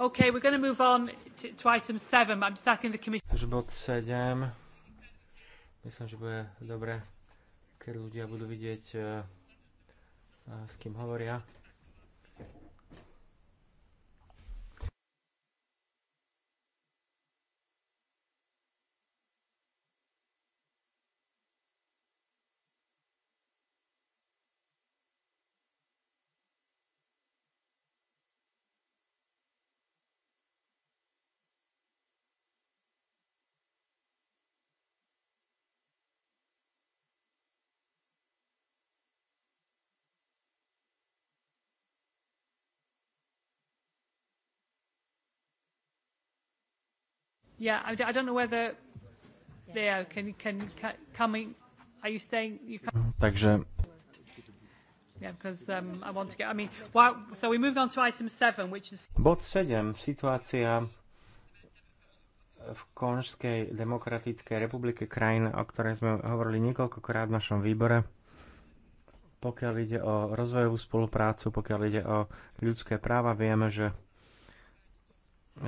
S1: Okay, we're going to move on to, to item 7. I'm starting the commission. Takže bod
S2: 7. Myslím, že bude dobré, keď ľudia budú vidieť, eh, eh, s kým hovoria. Yeah, I, I don't know whether Leo can can, can coming. Are you staying? You can... Takže. Yeah, because um, I want to get. I mean, why, so we moved on to item seven, which is. Bod 7, situácia v Konžskej demokratickej republike krajín, o ktorej sme hovorili niekoľkokrát v našom výbore, pokiaľ ide o rozvojovú spoluprácu, pokiaľ ide o ľudské práva, vieme, že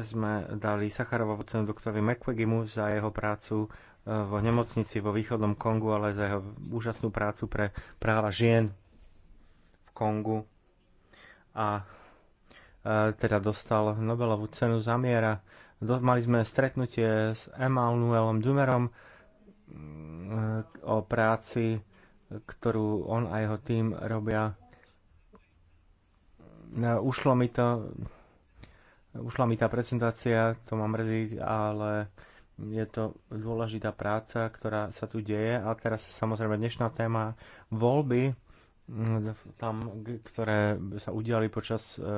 S2: sme dali Sacharovovu cenu doktorovi Mekwegimu za jeho prácu e, v nemocnici vo východnom Kongu, ale za jeho úžasnú prácu pre práva žien v Kongu. A e, teda dostal Nobelovú cenu za miera. Mali sme stretnutie s Emanuelom Dumerom mm, e, o práci, ktorú on a jeho tým robia. Ušlo mi to Ušla mi tá prezentácia, to mám mrzí, ale je to dôležitá práca, ktorá sa tu deje. A teraz samozrejme dnešná téma voľby, mm, tam, ktoré sa udiali počas e,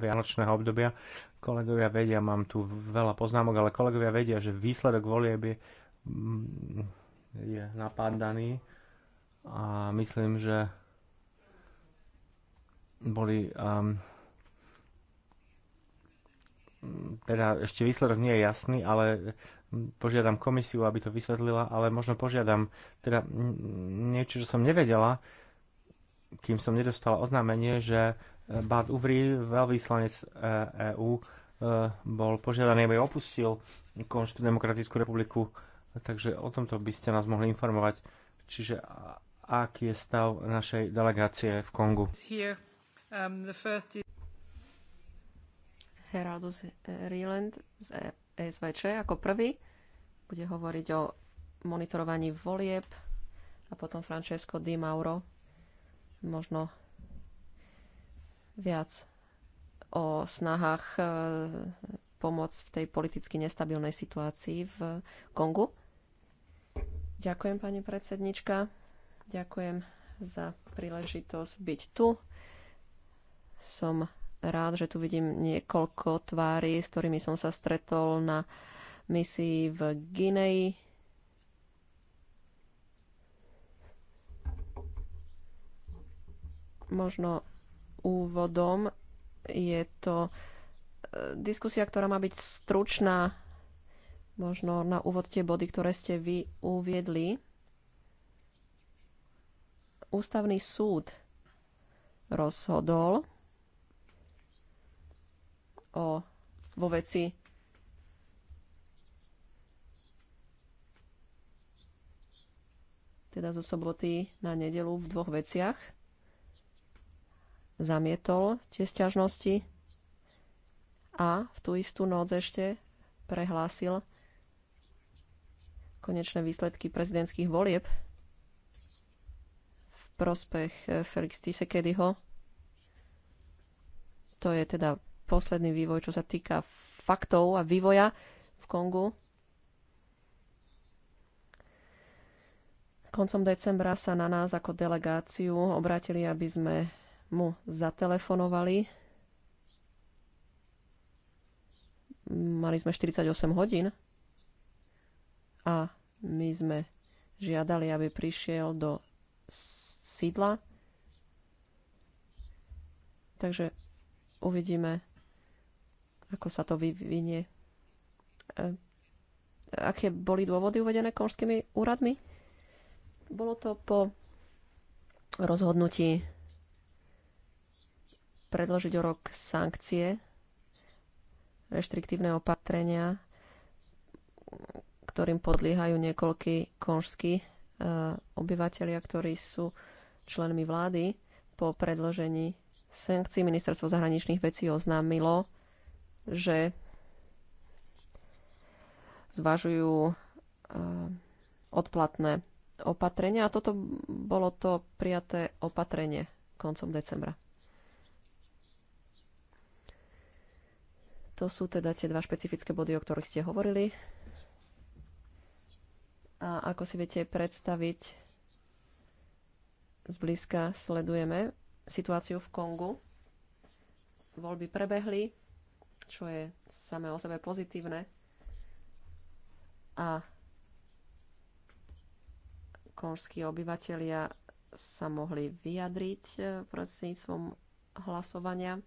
S2: vianočného obdobia. Kolegovia vedia, mám tu veľa poznámok, ale kolegovia vedia, že výsledok volieb je, mm, je napádaný a myslím, že boli um, teda ešte výsledok nie je jasný, ale požiadam komisiu, aby to vysvetlila, ale možno požiadam teda niečo, čo som nevedela, kým som nedostala oznámenie, že e, Bad Uvry, veľvyslanec EÚ, e e, bol požiadaný, aby opustil Konštú demokratickú republiku, takže o tomto by ste nás mohli informovať. Čiže aký je stav našej delegácie v Kongu? Um, first...
S3: Heraldus Rieland z ESVČ ako prvý. Bude hovoriť o monitorovaní volieb a potom Francesco Di Mauro možno viac o snahách e, pomôcť v tej politicky nestabilnej situácii v Kongu. Ďakujem, pani predsednička. Ďakujem za príležitosť byť tu. Som rád, že tu vidím niekoľko tvári, s ktorými som sa stretol na misii v Gineji. Možno úvodom je to e, diskusia, ktorá má byť stručná, možno na úvod tie body, ktoré ste vy uviedli. Ústavný súd rozhodol, o, vo veci teda zo soboty na nedelu v dvoch veciach. Zamietol tie sťažnosti a v tú istú noc ešte prehlásil konečné výsledky prezidentských volieb v prospech eh, Felix Tisekedyho. To je teda posledný vývoj, čo sa týka faktov a vývoja v Kongu. Koncom decembra sa na nás ako delegáciu obratili, aby sme mu zatelefonovali. Mali sme 48 hodín a my sme žiadali, aby prišiel do sídla. Takže uvidíme, ako sa to vyvinie. E, aké boli dôvody uvedené konžskými úradmi? Bolo to po rozhodnutí predložiť o rok sankcie, reštriktívne opatrenia, ktorým podliehajú niekoľky konžskí e, obyvateľia, ktorí sú členmi vlády. Po predložení sankcií ministerstvo zahraničných vecí oznámilo že zvažujú e, odplatné opatrenia a toto bolo to prijaté opatrenie koncom decembra. To sú teda tie dva špecifické body, o ktorých ste hovorili. A ako si viete predstaviť, zblízka sledujeme situáciu v Kongu. Voľby prebehli, čo je samé o sebe pozitívne. A konžskí obyvatelia sa mohli vyjadriť eh, prostredníctvom hlasovania.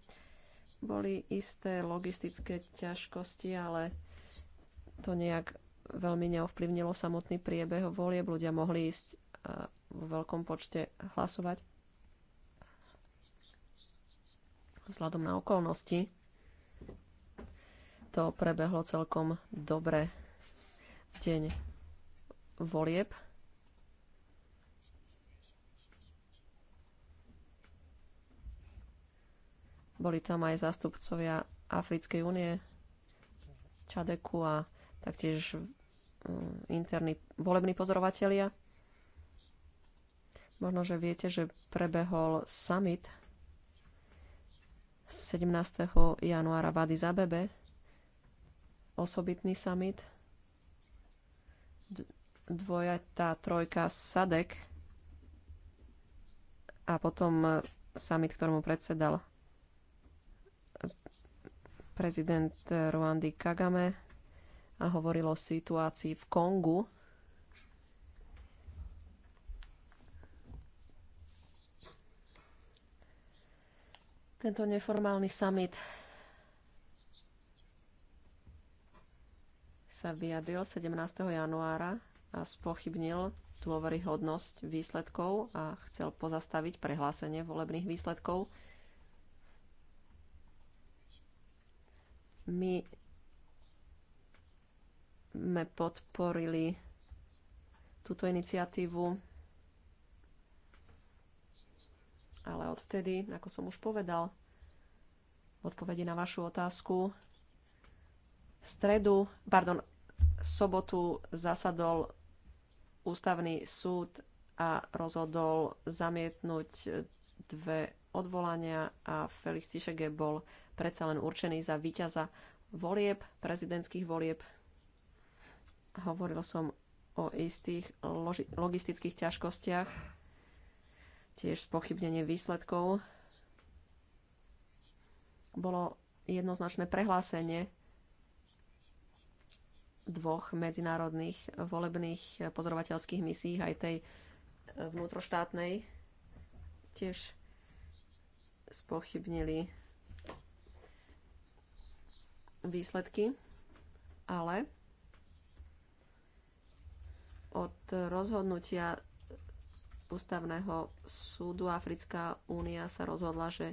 S3: Boli isté logistické ťažkosti, ale to nejak veľmi neovplyvnilo samotný priebeh volieb. Ľudia mohli ísť eh, vo veľkom počte hlasovať vzhľadom na okolnosti. To prebehlo celkom dobre deň volieb. Boli tam aj zástupcovia Africkej únie, Čadeku a taktiež mm, interní volební pozorovatelia. Možno, že viete, že prebehol summit 17. januára v Addis Abebe osobitný summit. tá trojka SADEK a potom e, summit, ktorému predsedal e, prezident e, Ruandy Kagame a hovoril o situácii v Kongu. Tento neformálny summit sa vyjadril 17. januára a spochybnil dôveryhodnosť výsledkov a chcel pozastaviť prehlásenie volebných výsledkov. My sme podporili túto iniciatívu, ale odvtedy, ako som už povedal, odpovedi na vašu otázku, stredu, pardon, sobotu zasadol ústavný súd a rozhodol zamietnúť dve odvolania a Felix Tišege bol predsa len určený za víťaza volieb, prezidentských volieb. Hovoril som o istých logistických ťažkostiach, tiež spochybnenie výsledkov. Bolo jednoznačné prehlásenie dvoch medzinárodných volebných pozorovateľských misií, aj tej e, vnútroštátnej, tiež spochybnili výsledky, ale od rozhodnutia ústavného súdu Africká únia sa rozhodla, že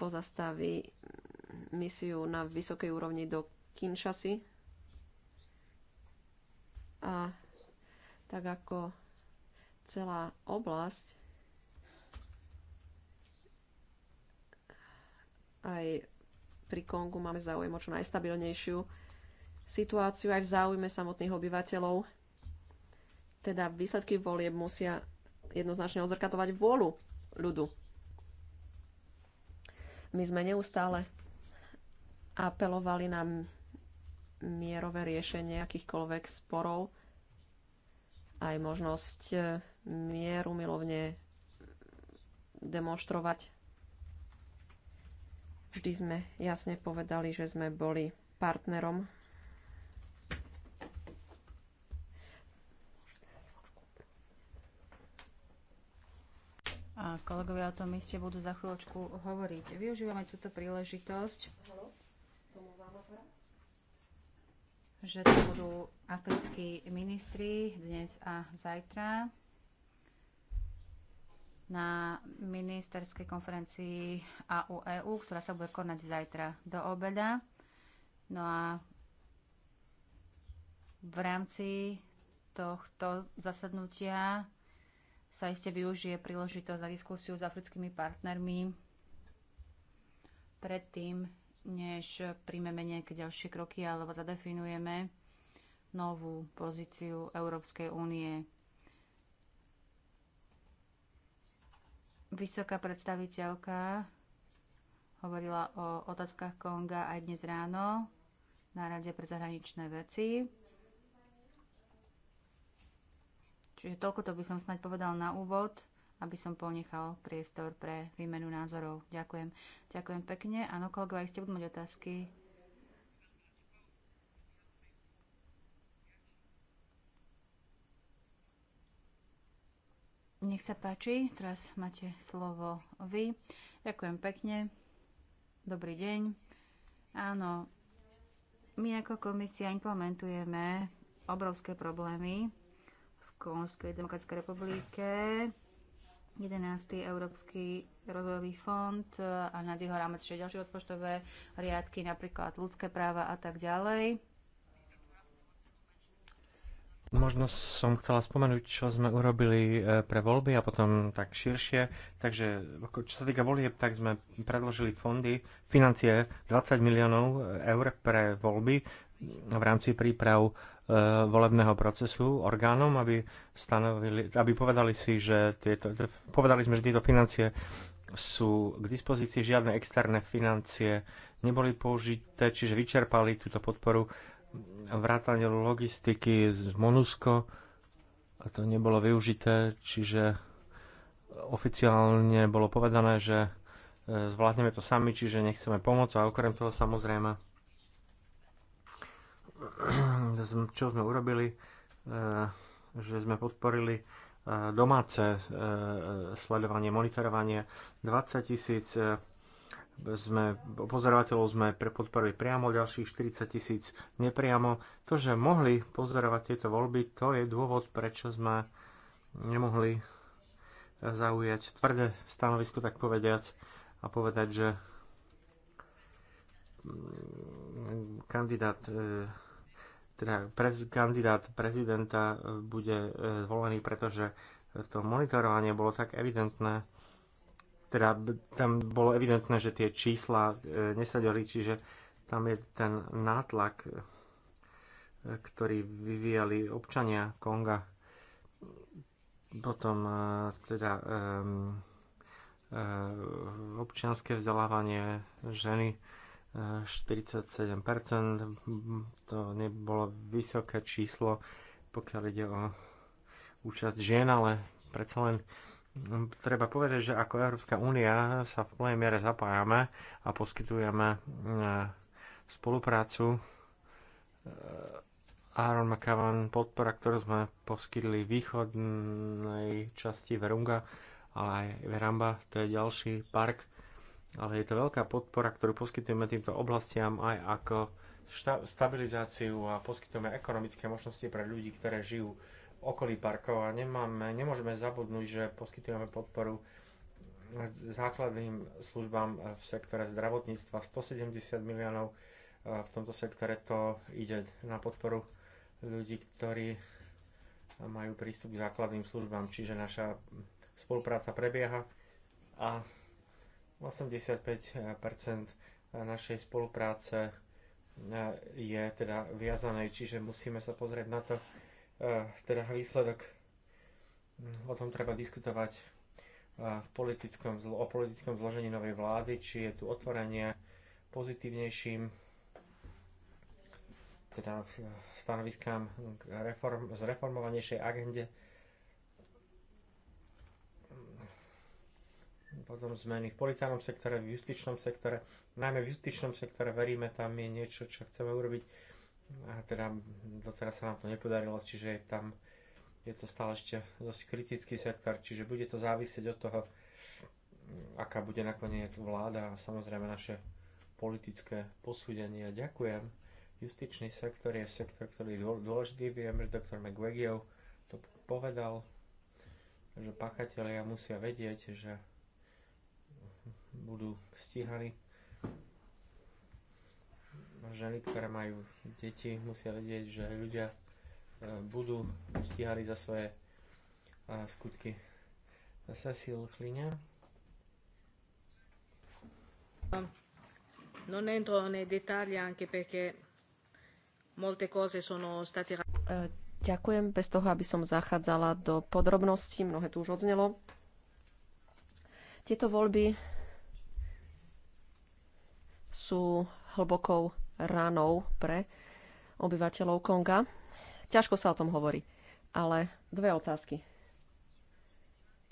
S3: pozastaví misiu na vysokej úrovni do Kinshasy. A tak ako celá oblasť aj pri Kongu máme záujem o čo najstabilnejšiu situáciu aj v záujme samotných obyvateľov. Teda výsledky volieb musia jednoznačne ozrkatovať vôľu ľudu. My sme neustále apelovali na mierové riešenie akýchkoľvek sporov, aj možnosť e, mieru milovne demonstrovať. Vždy sme jasne povedali, že sme boli partnerom
S1: A kolegovia o tom iste budú za chvíľočku hovoriť. Využívame túto príležitosť. Hello že to budú africkí ministri dnes a zajtra na ministerskej konferencii AUEU, e ktorá sa bude konať zajtra do obeda. No a v rámci tohto zasadnutia sa iste využije príležitosť na diskusiu s africkými partnermi predtým, než príjmeme nejaké ďalšie kroky alebo zadefinujeme novú pozíciu Európskej únie. Vysoká predstaviteľka hovorila o otázkach Konga aj dnes ráno na Rade pre zahraničné veci. Čiže toľko to by som snáď povedal na úvod aby som ponechal priestor pre výmenu názorov. Ďakujem. Ďakujem pekne. Áno, kolegovia, ste budú mať otázky. Nech sa páči, teraz máte slovo vy. Ďakujem pekne. Dobrý deň. Áno, my ako komisia implementujeme obrovské problémy v Konskej demokratickej republike 11. Európsky rozvojový fond e, a nad jeho rámec ešte ďalšie rozpočtové riadky, napríklad ľudské práva a tak ďalej.
S2: Možno som chcela spomenúť, čo sme urobili e, pre voľby a potom tak širšie. Takže čo sa týka volieb, tak sme predložili fondy, financie 20 miliónov e, eur pre voľby v rámci príprav E, volebného procesu orgánom, aby, stanovili, aby povedali, si, že tieto, povedali sme, že tieto financie sú k dispozícii, žiadne externé financie neboli použité, čiže vyčerpali túto podporu vrátanie logistiky z Monusko a to nebolo využité, čiže oficiálne bolo povedané, že e, zvládneme to sami, čiže nechceme pomôcť a okrem toho samozrejme čo sme urobili, e, že sme podporili e, domáce e, sledovanie, monitorovanie. 20 tisíc sme, pozorovateľov sme podporili priamo, ďalších 40 tisíc nepriamo. To, že mohli pozorovať tieto voľby, to je dôvod, prečo sme nemohli zaujať tvrdé stanovisko, tak povediac, a povedať, že mm, kandidát teda prez, kandidát prezidenta e, bude e, zvolený, pretože to monitorovanie bolo tak evidentné, teda tam bolo evidentné, že tie čísla e, nesadeli, čiže tam je ten nátlak, ktorý vyvíjali občania Konga. Potom teda občianské vzdelávanie ženy, 47%, to nebolo vysoké číslo, pokiaľ ide o účasť žien, ale predsa len hm, treba povedať, že ako Európska únia sa v plnej miere zapájame a poskytujeme hm, spoluprácu. E, Aaron McCavan, podpora, ktorú sme poskytli východnej časti Verunga, ale aj Veramba, to je ďalší park, ale je to veľká podpora, ktorú poskytujeme týmto oblastiam aj ako stabilizáciu a poskytujeme ekonomické možnosti pre ľudí, ktoré žijú v okolí parkov a nemáme, nemôžeme zabudnúť, že poskytujeme podporu základným službám v sektore zdravotníctva 170 miliónov e, v tomto sektore to ide na podporu ľudí, ktorí majú prístup k základným službám, čiže naša spolupráca prebieha a 85 našej spolupráce eh, je teda viazanej, čiže musíme sa pozrieť na to, eh, teda výsledok, mm, o tom treba diskutovať eh, v politickom, o politickom zložení novej vlády, či je tu otvorenie pozitívnejším teda stanoviskám reform, z zreformovanejšej agende potom zmeny v policajnom sektore, v justičnom sektore. Najmä v justičnom sektore veríme, tam je niečo, čo chceme urobiť. A teda doteraz sa nám to nepodarilo, čiže je tam je to stále ešte dosť kritický sektor, čiže bude to závisieť od toho, aká bude nakoniec vláda a samozrejme naše politické posúdenie. Ďakujem. Justičný sektor je sektor, ktorý je dôležitý. Viem, že doktor McGuegiov to povedal, že pachatelia musia vedieť, že budú stíhaní. Ženy, ktoré majú deti, musia vedieť, že ľudia e, budú stíhaní za svoje e, skutky. Zase si Klinia.
S3: Non entro nei dettagli anche perché molte cose sono state... E, ďakujem, bez toho, aby som zachádzala do podrobností, mnohé tu už odznelo. Tieto voľby sú hlbokou ranou pre obyvateľov Konga. Ťažko sa o tom hovorí, ale dve otázky.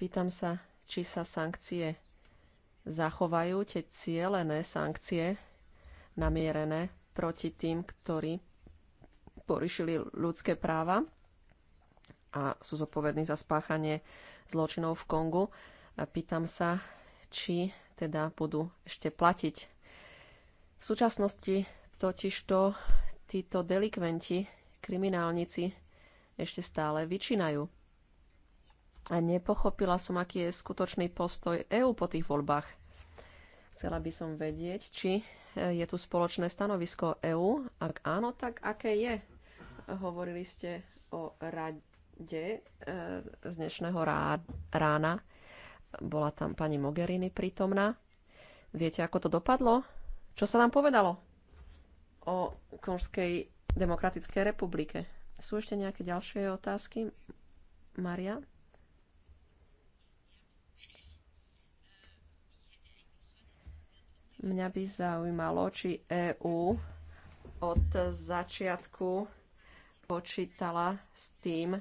S3: Pýtam sa, či sa sankcie zachovajú, tie cielené sankcie namierené proti tým, ktorí porišili ľudské práva a sú zodpovední za spáchanie zločinov v Kongu. A pýtam sa, či teda budú ešte platiť v súčasnosti totižto títo delikventi, kriminálnici, ešte stále vyčínajú. A nepochopila som, aký je skutočný postoj EÚ po tých voľbách. Chcela by som vedieť, či e, je tu spoločné stanovisko EÚ. Ak áno, tak aké je? Hovorili ste o rade e, z dnešného rána. Bola tam pani Mogherini prítomná. Viete, ako to dopadlo? Čo sa nám povedalo o Konžskej demokratickej republike? Sú ešte nejaké ďalšie otázky? Maria? Mňa by zaujímalo, či EÚ od začiatku počítala s tým,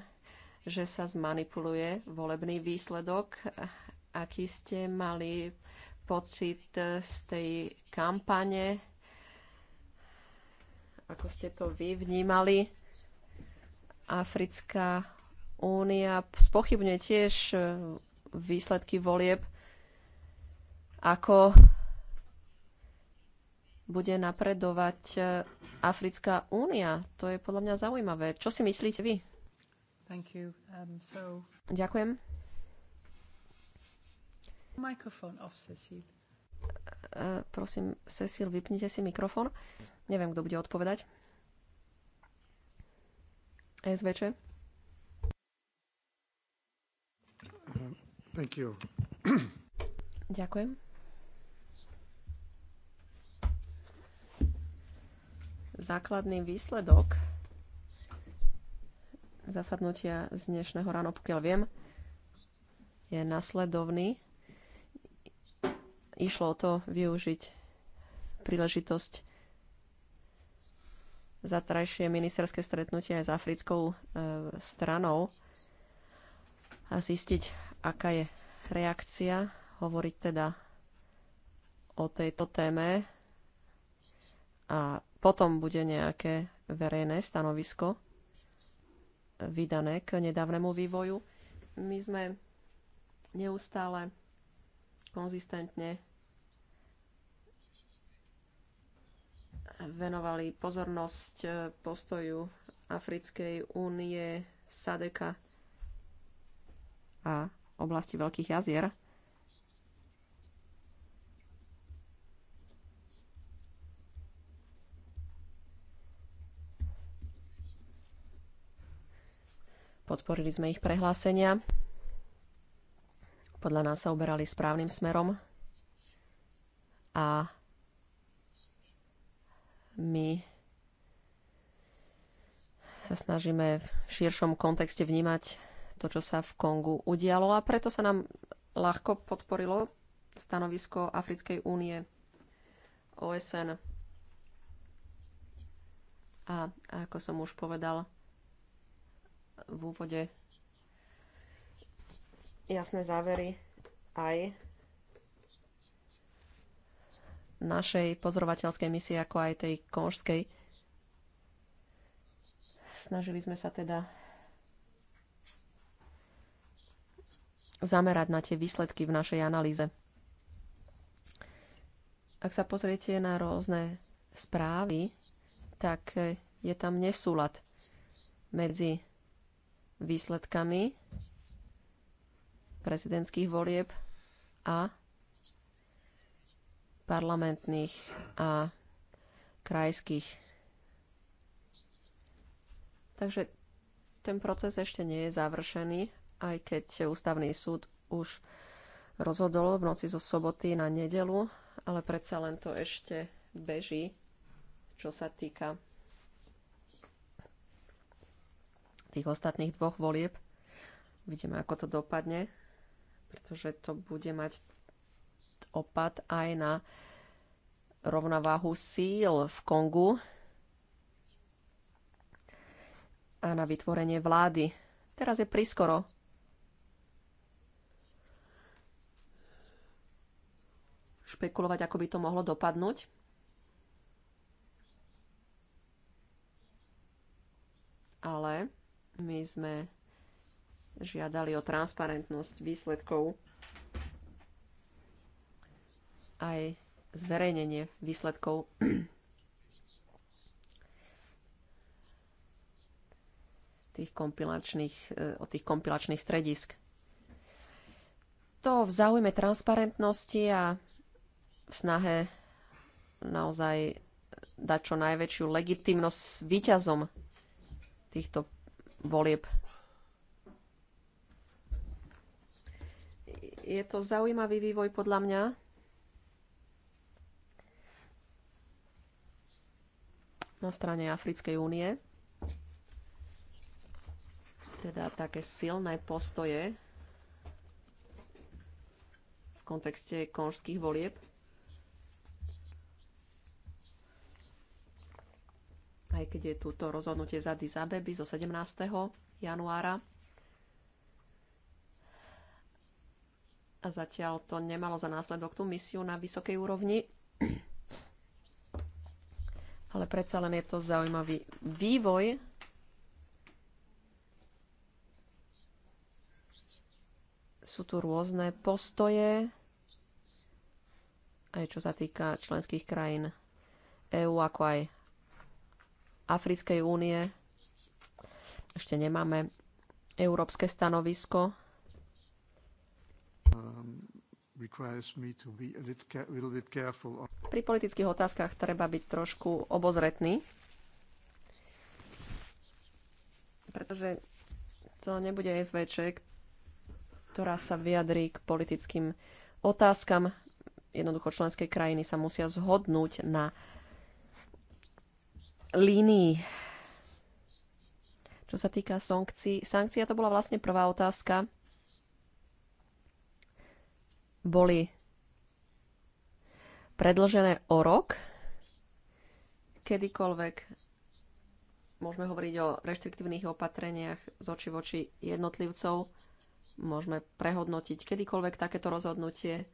S3: že sa zmanipuluje volebný výsledok. Aký ste mali pocit e, z tej kampane, ako ste to vy vnímali. Africká únia spochybňuje tiež e, výsledky volieb, ako bude napredovať e, Africká únia. To je podľa mňa zaujímavé. Čo si myslíte vy?
S1: Um, so...
S3: Ďakujem.
S2: Mikrofón off, Cecil.
S3: Uh, prosím, Cecil, vypnite si mikrofón. Neviem, kto bude odpovedať. SVČ. Thank you. Ďakujem. Základný výsledok zasadnutia z dnešného ráno, pokiaľ viem, je nasledovný išlo o to využiť príležitosť zatrajšie ministerské stretnutie aj s africkou e, stranou a zistiť, aká je reakcia, hovoriť teda o tejto téme a potom bude nejaké verejné stanovisko vydané k nedávnemu vývoju. My sme neustále konzistentne venovali pozornosť e, postoju Africkej únie, Sadeka a oblasti Veľkých jazier. Podporili sme ich prehlásenia. Podľa nás sa uberali správnym smerom a my sa snažíme v širšom kontexte vnímať to, čo sa v Kongu udialo a preto sa nám ľahko podporilo stanovisko Africkej únie OSN. A ako som už povedal v úvode, jasné závery aj našej pozorovateľskej misie, ako aj tej konžskej. Snažili sme sa teda zamerať na tie výsledky v našej analýze. Ak sa pozriete na rôzne správy, tak je tam nesúlad medzi výsledkami prezidentských volieb a parlamentných a krajských. Takže ten proces ešte nie je završený, aj keď ústavný súd už rozhodol v noci zo soboty na nedelu, ale predsa len to ešte beží, čo sa týka tých ostatných dvoch volieb. Vidíme, ako to dopadne, pretože to bude mať opad aj na rovnováhu síl v Kongu a na vytvorenie vlády. Teraz je priskoro. Špekulovať, ako by to mohlo dopadnúť. Ale my sme žiadali o transparentnosť výsledkov aj zverejnenie výsledkov. Tých kompilačných, e, od tých kompilačných stredisk. To v záujme transparentnosti a v snahe naozaj dať čo najväčšiu legitimnosť výťazom týchto volieb. Je to zaujímavý vývoj podľa mňa. na strane Africkej únie. Teda také silné postoje v kontekste konžských volieb. Aj keď je túto rozhodnutie za Dizabeby zo 17. januára, a zatiaľ to nemalo za následok tú misiu na vysokej úrovni ale predsa len je to zaujímavý vývoj. Sú tu rôzne postoje, aj čo sa týka členských krajín EÚ, ako aj Africkej únie. Ešte nemáme európske stanovisko pri politických otázkach treba byť trošku obozretný, pretože to nebude SVČ, ktorá sa vyjadrí k politickým otázkam. Jednoducho členské krajiny sa musia zhodnúť na línii. Čo sa týka sankcií, sankcia to bola vlastne prvá otázka, boli predlžené o rok. Kedykoľvek môžeme hovoriť o reštriktívnych opatreniach z oči voči jednotlivcov, môžeme prehodnotiť kedykoľvek takéto rozhodnutie.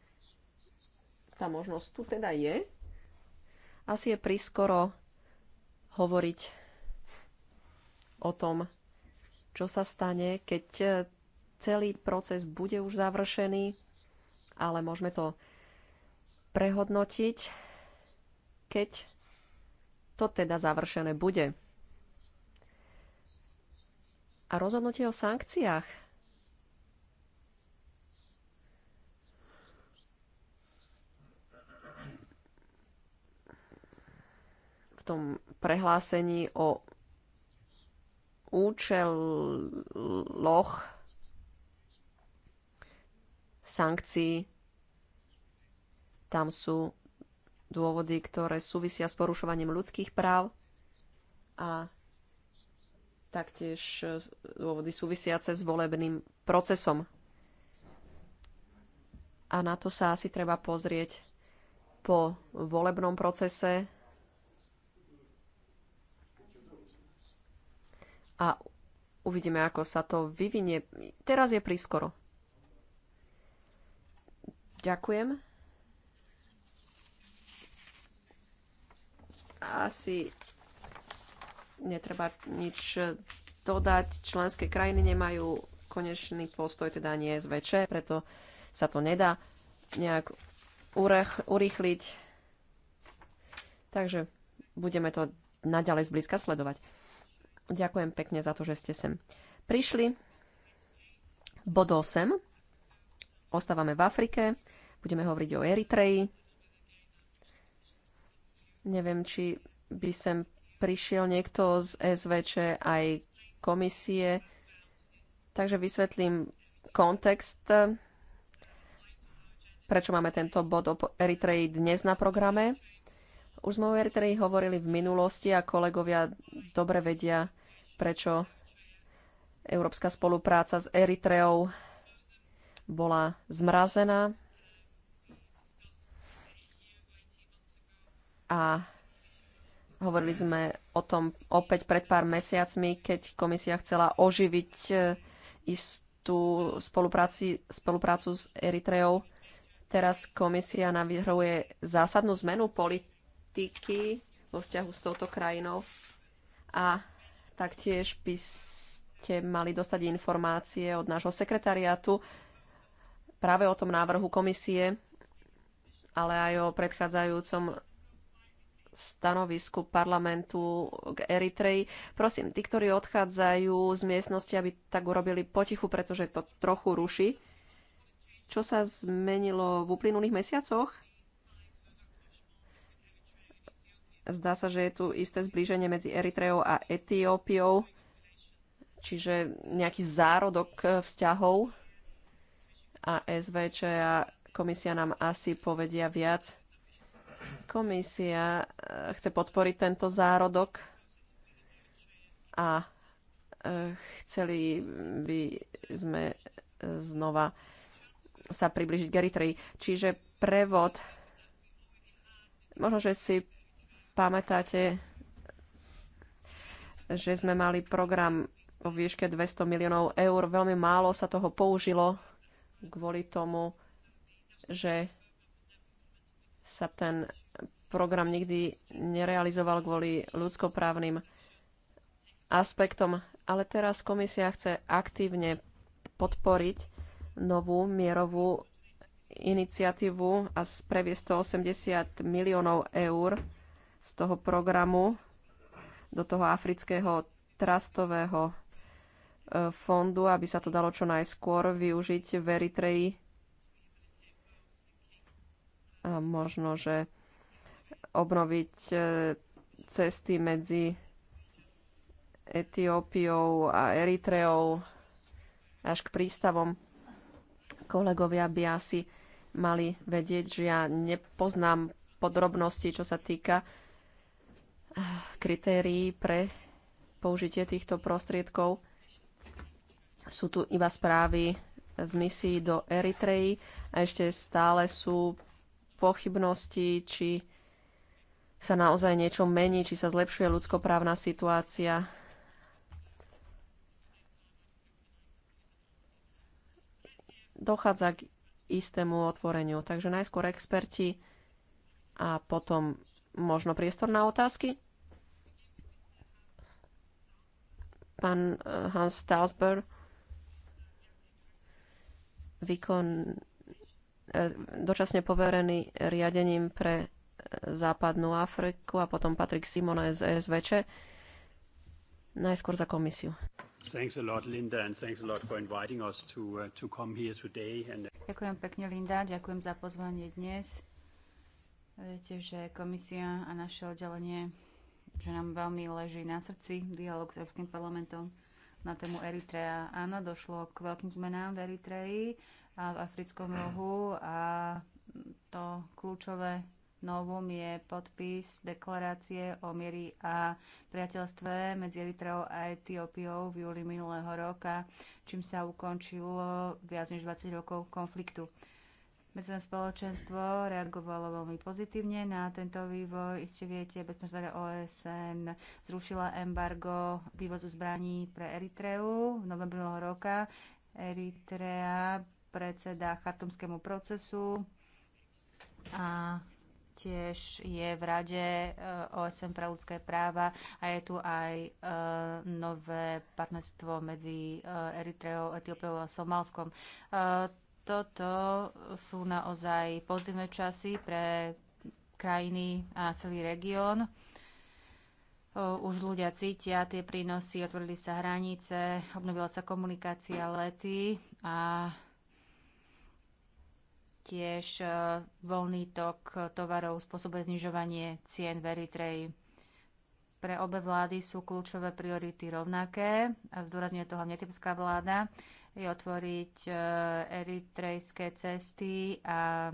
S3: Tá možnosť tu teda je. Asi je prískoro hovoriť o tom, čo sa stane, keď celý proces bude už završený, ale môžeme to prehodnotiť, keď to teda završené bude. A rozhodnutie o sankciách. V tom prehlásení o účeloch sankcií. Tam sú dôvody, ktoré súvisia s porušovaním ľudských práv a taktiež dôvody súvisiace s volebným procesom. A na to sa asi treba pozrieť po volebnom procese a uvidíme, ako sa to vyvinie. Teraz je prískoro. Ďakujem. Asi netreba nič dodať. Členské krajiny nemajú konečný postoj, teda nie je zväčšie, preto sa to nedá nejak urýchliť. Takže budeme to naďalej zblízka sledovať. Ďakujem pekne za to, že ste sem prišli. Bod 8. Ostávame v Afrike. Budeme hovoriť o Eritreji. Neviem, či by sem prišiel niekto z SVČ aj komisie. Takže vysvetlím kontext, prečo máme tento bod o Eritreji dnes na programe. Už sme o Eritreji hovorili v minulosti a kolegovia dobre vedia, prečo európska spolupráca s Eritreou bola zmrazená. A hovorili sme o tom opäť pred pár mesiacmi, keď komisia chcela oživiť e, istú spolupráci, spoluprácu s Eritreou. Teraz komisia navrhuje zásadnú zmenu politiky vo vzťahu s touto krajinou a taktiež by ste mali dostať informácie od nášho sekretariátu práve o tom návrhu komisie, ale aj o predchádzajúcom stanovisku parlamentu k Eritreji. Prosím, tí, ktorí odchádzajú z miestnosti, aby tak urobili potichu, pretože to trochu ruší. Čo sa zmenilo v uplynulých mesiacoch? Zdá sa, že je tu isté zblíženie medzi Eritreou a Etiópiou, čiže nejaký zárodok vzťahov. A SVČ a komisia nám asi povedia viac Komisia eh, chce podporiť tento zárodok a eh, chceli by sme eh, znova sa približiť k Eritreji. Čiže prevod, možno, že si pamätáte, že sme mali program o výške 200 miliónov eur. Veľmi málo sa toho použilo kvôli tomu, že sa ten program nikdy nerealizoval kvôli ľudskoprávnym aspektom. Ale teraz komisia chce aktívne podporiť novú mierovú iniciatívu a previesť 180 miliónov eur z toho programu do toho afrického trastového e, fondu, aby sa to dalo čo najskôr využiť v Eritreji možno, že obnoviť e, cesty medzi Etiópiou a Eritreou až k prístavom. Kolegovia by asi mali vedieť, že ja nepoznám podrobnosti, čo sa týka e, kritérií pre použitie týchto prostriedkov. Sú tu iba správy z misií do Eritreji a ešte stále sú pochybnosti, či sa naozaj niečo mení, či sa zlepšuje ľudskoprávna situácia. Dochádza k istému otvoreniu. Takže najskôr experti a potom možno priestor na otázky. Pán eh, Hans Stalsberg, výkon E, dočasne poverený riadením pre e, západnú Afriku a potom Patrik Simona z e SVČ. Najskôr za komisiu.
S2: Linda, a uh, uh,
S1: Ďakujem pekne, Linda, ďakujem za pozvanie dnes. Viete, že komisia a naše oddelenie, že nám veľmi leží na srdci dialog s Európskym parlamentom na tému Eritrea. Áno, došlo k veľkým zmenám v Eritreji v africkom rohu a to kľúčové novum je podpis deklarácie o miery a priateľstve medzi Eritreou a Etiópiou v júli minulého roka, čím sa ukončilo viac než 20 rokov konfliktu. Medzinárodné spoločenstvo reagovalo veľmi pozitívne na tento vývoj. Iste viete, bezpečná OSN zrušila embargo vývozu zbraní pre Eritreu v novembri roka. Eritrea predseda chartumskému procesu a tiež je v Rade eh, OSM pre ľudské práva a je tu aj eh, nové partnerstvo medzi eh, Eritreou, Etiópiou a Somálskom. Toto sú naozaj pozitívne časy pre krajiny a celý región. Už ľudia cítia tie prínosy, otvorili sa hranice, obnovila sa komunikácia lety a Taktiež e, voľný tok tovarov spôsobuje znižovanie cien v Eritreji. Pre obe vlády sú kľúčové priority rovnaké a zdôrazňuje to hlavne etiopská vláda, je otvoriť e, eritrejské cesty a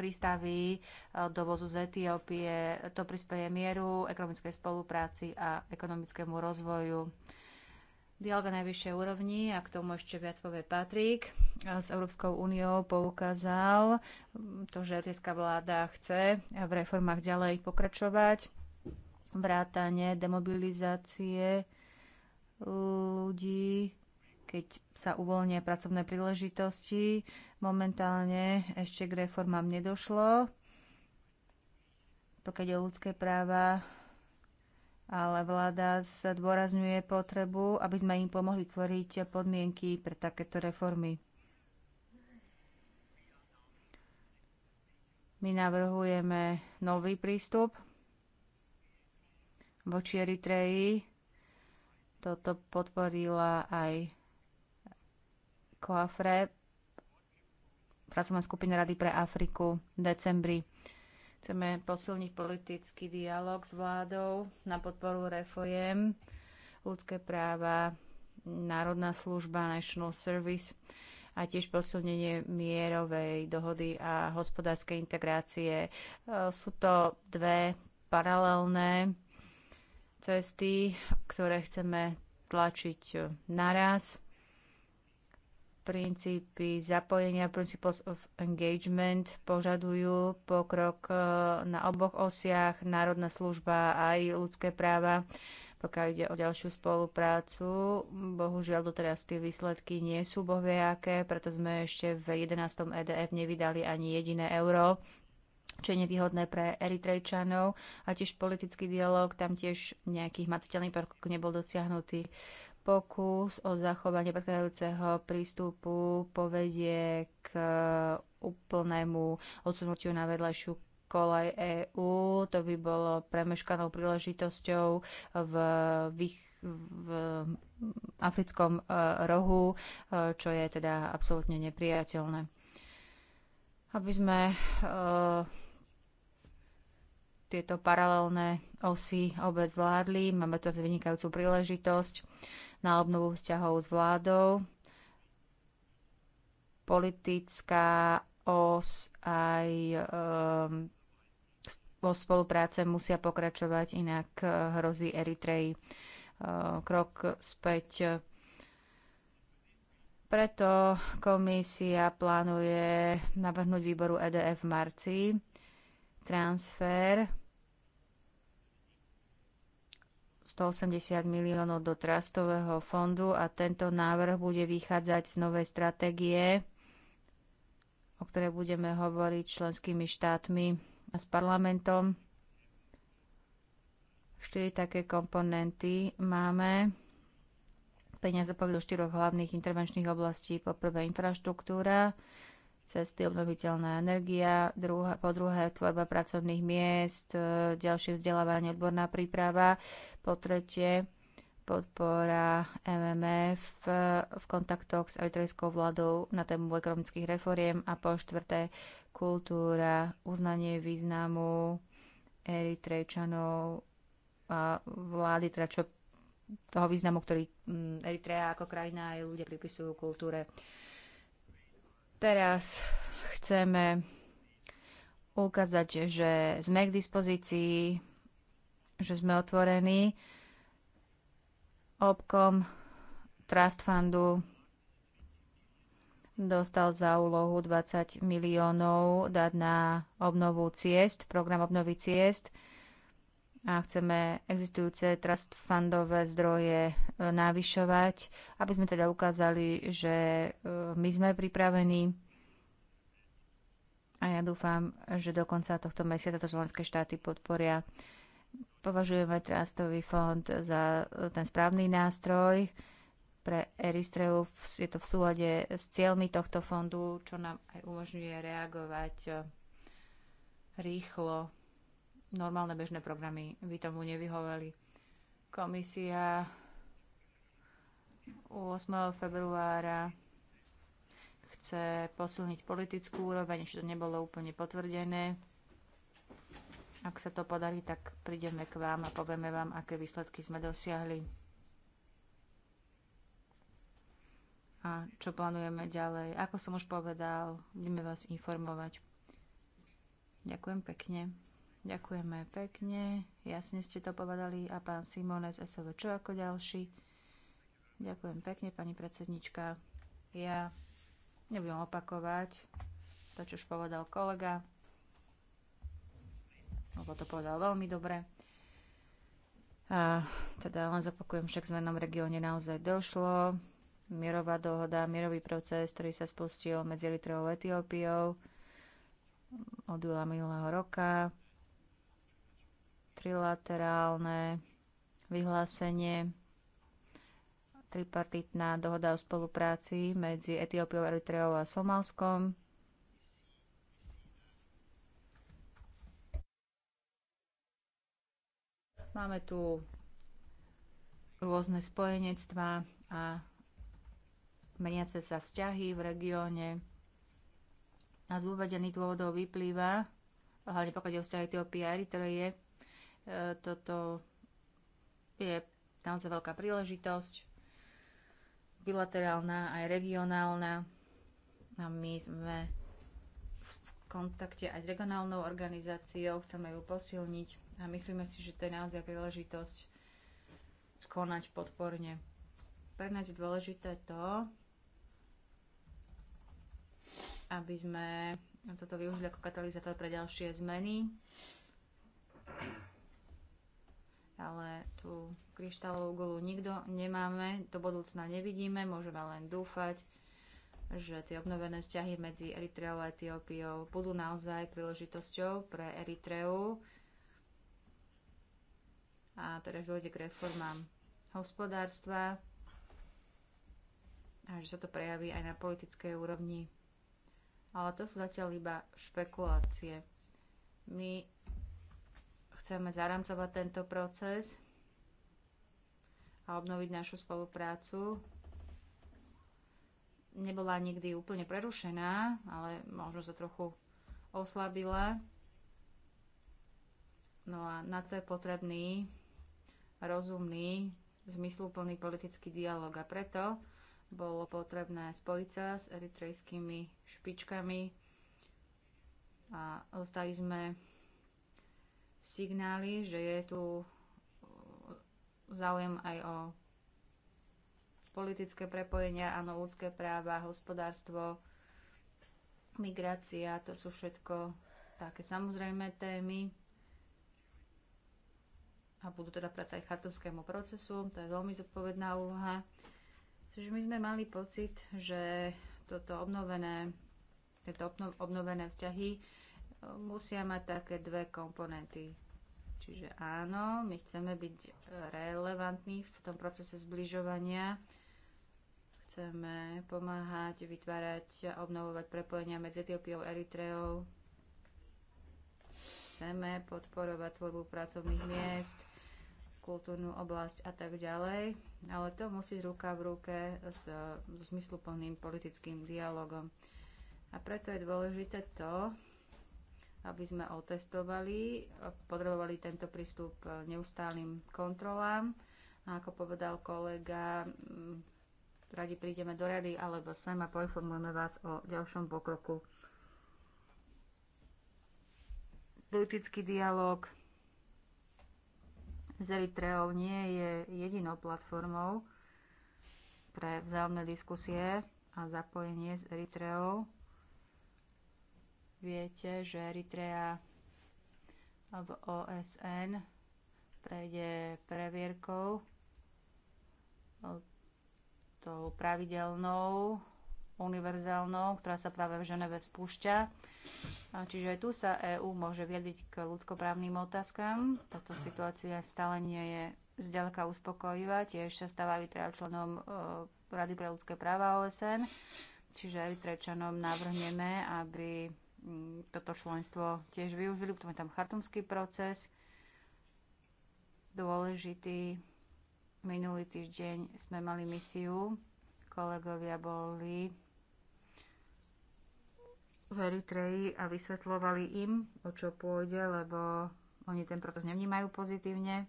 S1: prístavy e, dovozu z Etiópie. To prispieje mieru, ekonomickej spolupráci a ekonomickému rozvoju. Dialga najvyššie najvyššej úrovni a k tomu ešte viac povie Patrik s Európskou úniou poukázal to, že ruská vláda chce v reformách ďalej pokračovať, vrátanie demobilizácie ľudí, keď sa uvoľnia pracovné príležitosti. Momentálne ešte k reformám nedošlo. Pokiaľ je o ľudské práva, ale vláda zdôrazňuje potrebu, aby sme im pomohli tvoriť podmienky pre takéto reformy. My navrhujeme nový prístup voči Eritreji. Toto podporila aj COAFRE, pracovná skupina Rady pre Afriku v decembri. Chceme posilniť politický dialog s vládou na podporu reforiem, ľudské práva, národná služba, National Service a tiež posilnenie mierovej dohody a hospodárskej integrácie. E, sú to dve paralelné cesty, ktoré chceme tlačiť naraz princípy zapojenia, principles of engagement požadujú pokrok e, na oboch osiach, národná služba aj ľudské práva, pokiaľ ide o ďalšiu spoluprácu. Bohužiaľ doteraz tie výsledky nie sú bohviaké, preto sme ešte v 11. EDF nevydali ani jediné euro čo je nevýhodné pre Eritrejčanov a tiež politický dialog, tam tiež nejaký hmatiteľný prvok nebol dosiahnutý. Uh, Pokus o zachovanie predchádzajúceho prístupu povedie k e, úplnému odsunutiu na vedľajšiu kolej EÚ. To by bolo premeškanou príležitosťou v, v, v africkom e, rohu, e, čo je teda absolútne nepriateľné. Aby sme tieto paralelné osy obec vládli, máme tu vynikajúcu príležitosť na obnovu vzťahov s vládou. Politická os aj um, vo spolupráce musia pokračovať, inak e, hrozí Eritreji e, krok späť. Preto komisia plánuje navrhnúť výboru EDF v marci transfer 180 miliónov do trastového fondu a tento návrh bude vychádzať z novej stratégie, o ktorej budeme hovoriť členskými štátmi a s parlamentom. Štyri také komponenty máme. Peniaze pôjdu štyroch hlavných intervenčných oblastí. Po prvé infraštruktúra, cesty obnoviteľná energia, druhá, po druhé tvorba pracovných miest, e, ďalšie vzdelávanie, odborná príprava, po tretie, podpora MMF eh, v kontaktoch s eritrejskou vládou na tému ekonomických reforiem a po štvrté kultúra, uznanie významu Eritrejčanov a vlády, teda čo, toho významu, ktorý mm, Eritrea ako krajina aj ľudia pripisujú kultúre. Teraz chceme ukázať, že sme k dispozícii že sme otvorení obkom Trust Fundu dostal za úlohu 20 miliónov dať na obnovu ciest, program obnovy ciest a chceme existujúce trust fundové zdroje e, navyšovať, aby sme teda ukázali, že e, my sme pripravení a ja dúfam, že do konca tohto mesiaca to členské štáty podporia. Považujeme trastový fond za e, ten správny nástroj. Pre Eristreu je to v súlade s cieľmi tohto fondu, čo nám aj umožňuje reagovať e, rýchlo. Normálne bežné programy by tomu nevyhoveli. Komisia 8. februára chce posilniť politickú úroveň, čo to nebolo úplne potvrdené. Ak sa to podarí, tak prídeme k vám a povieme vám, aké výsledky sme dosiahli. A čo plánujeme ďalej. Ako som už povedal, budeme vás informovať. Ďakujem pekne. Ďakujeme pekne. Jasne ste to povedali. A pán Simone z SOVČ ako ďalší. Ďakujem pekne, pani predsednička. Ja nebudem opakovať to, čo už povedal kolega lebo to povedal veľmi dobre. A teda len zopakujem, však sme nám regióne naozaj došlo. Mierová dohoda, mierový proces, ktorý sa spustil medzi Eritreou a Etiópiou od júla minulého roka. Trilaterálne vyhlásenie, tripartitná dohoda o spolupráci medzi Etiópiou, Eritreou a Somálskom Máme tu rôzne spojenectvá a meniace sa vzťahy v regióne. A z uvedených dôvodov vyplýva, hlavne pokiaľ je o vzťah Etiópie a Eritreje, e, toto je naozaj veľká príležitosť, bilaterálna aj regionálna. A my sme v kontakte aj s regionálnou organizáciou, chceme ju posilniť. A myslíme si, že to je naozaj príležitosť konať podporne. Pre nás je dôležité to, aby sme toto využili ako katalizátor pre ďalšie zmeny. Ale tú kryštálovú gulu nikto nemáme, do budúcna nevidíme, môžeme len dúfať, že tie obnovené vzťahy medzi Eritreou a Etiópiou budú naozaj príležitosťou pre Eritreu a teda že dôjde k reformám hospodárstva a že sa to prejaví aj na politickej úrovni. Ale to sú zatiaľ iba špekulácie. My chceme zaramcovať tento proces a obnoviť našu spoluprácu. Nebola nikdy úplne prerušená, ale možno sa trochu oslabila. No a na to je potrebný rozumný, zmysluplný politický dialog. A preto bolo potrebné spojiť sa s eritrejskými špičkami a dostali sme signály, že je tu záujem aj o politické prepojenia, áno, ľudské práva, hospodárstvo, migrácia, to sú všetko také samozrejme témy a budú teda práca aj chartumskému procesu. To je veľmi zodpovedná úloha. Čiže my sme mali pocit, že toto obnovené, tieto obnovené vzťahy e, musia mať také dve komponenty. Čiže áno, my chceme byť relevantní v tom procese zbližovania, chceme pomáhať, vytvárať a obnovovať prepojenia medzi Etiópiou a Eritreou, chceme podporovať tvorbu pracovných miest, kultúrnu oblasť a tak ďalej, ale to musí ruka v ruke s, s zmysluplným politickým dialogom. A preto je dôležité to, aby sme otestovali, podrobovali tento prístup neustálým kontrolám. A ako povedal kolega, mm, radi prídeme do rady alebo sem a poinformujeme vás o ďalšom pokroku. Politický dialog, z Eritreou nie je jedinou platformou pre vzájomné diskusie a zapojenie s Eritreou. Viete, že Eritrea v OSN prejde previerkou tou pravidelnou univerzálnou, ktorá sa práve v Ženeve spúšťa. Čiže aj tu sa EÚ môže viediť k ľudskoprávnym otázkam. Táto situácia stále nie je zďaleka uspokojivá. Tiež sa stáva Eritrea členom e, Rady pre ľudské práva OSN. Čiže Eritrečanom navrhneme, aby mm, toto členstvo tiež využili. Potom je tam chartumský proces, dôležitý. Minulý týždeň sme mali misiu kolegovia boli v Eritreji a vysvetľovali im, o čo pôjde, lebo oni ten proces nevnímajú pozitívne.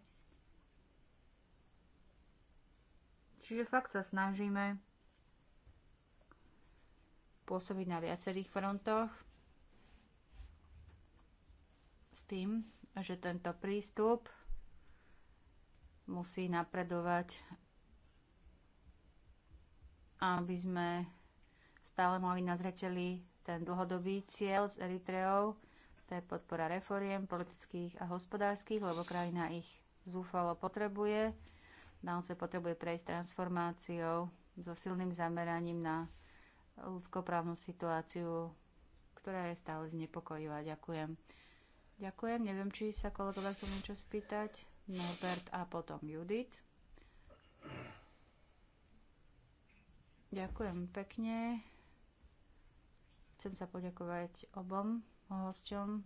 S1: Čiže fakt sa snažíme pôsobiť na viacerých frontoch s tým, že tento prístup musí napredovať, aby sme stále mali na zreteli ten dlhodobý cieľ s Eritreou, to je podpora reforiem politických a hospodárskych, lebo krajina ich zúfalo potrebuje. Naozaj potrebuje prejsť transformáciou so silným zameraním na ľudskoprávnu situáciu, ktorá je stále znepokojivá. Ďakujem. Ďakujem. Neviem, či sa kolegovia chcú niečo spýtať. Norbert a potom Judith. Ďakujem pekne. Chcem sa poďakovať obom hosťom.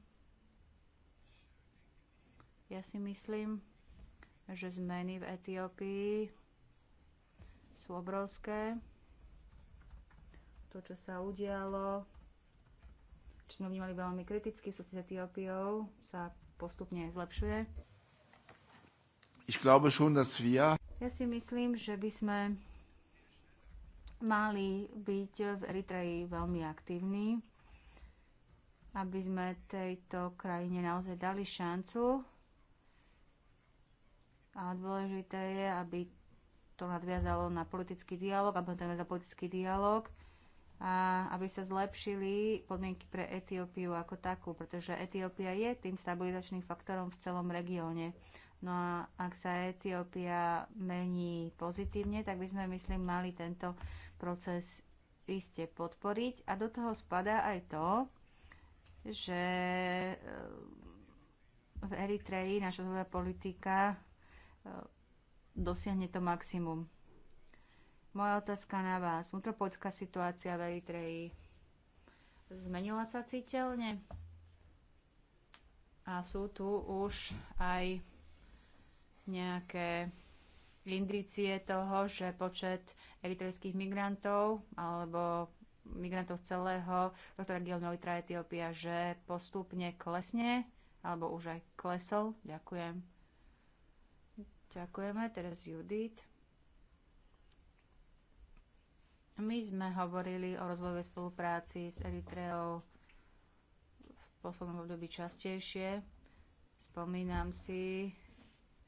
S1: Ja si myslím, že zmeny v Etiópii sú obrovské. To, čo sa udialo, čo sme vnímali veľmi kriticky v s Etiópiou, sa postupne zlepšuje. Ich glaube schon, dass wir... Ja si myslím, že by sme mali byť v Eritreji veľmi aktívni, aby sme tejto krajine naozaj dali šancu. A dôležité je, aby to nadviazalo na politický dialog, aby to teda nadviazalo politický dialog a aby sa zlepšili podmienky pre Etiópiu ako takú, pretože Etiópia je tým stabilizačným faktorom v celom regióne. No a ak sa Etiópia mení pozitívne, tak by sme, myslím, mali tento proces iste podporiť a do toho spadá aj to, že e, v Eritreji naša zvolená politika e, dosiahne to maximum. Moja otázka na vás. Vnútropoľská situácia v Eritreji zmenila sa citeľne? A sú tu už aj nejaké indície toho, že počet eritrejských migrantov alebo migrantov celého tohto regiónu Eritrea Etiópia, že postupne klesne, alebo už aj klesol. Ďakujem. Ďakujeme. Teraz Judith. My sme hovorili o rozvojovej spolupráci s Eritreou v poslednom období častejšie. Spomínam si,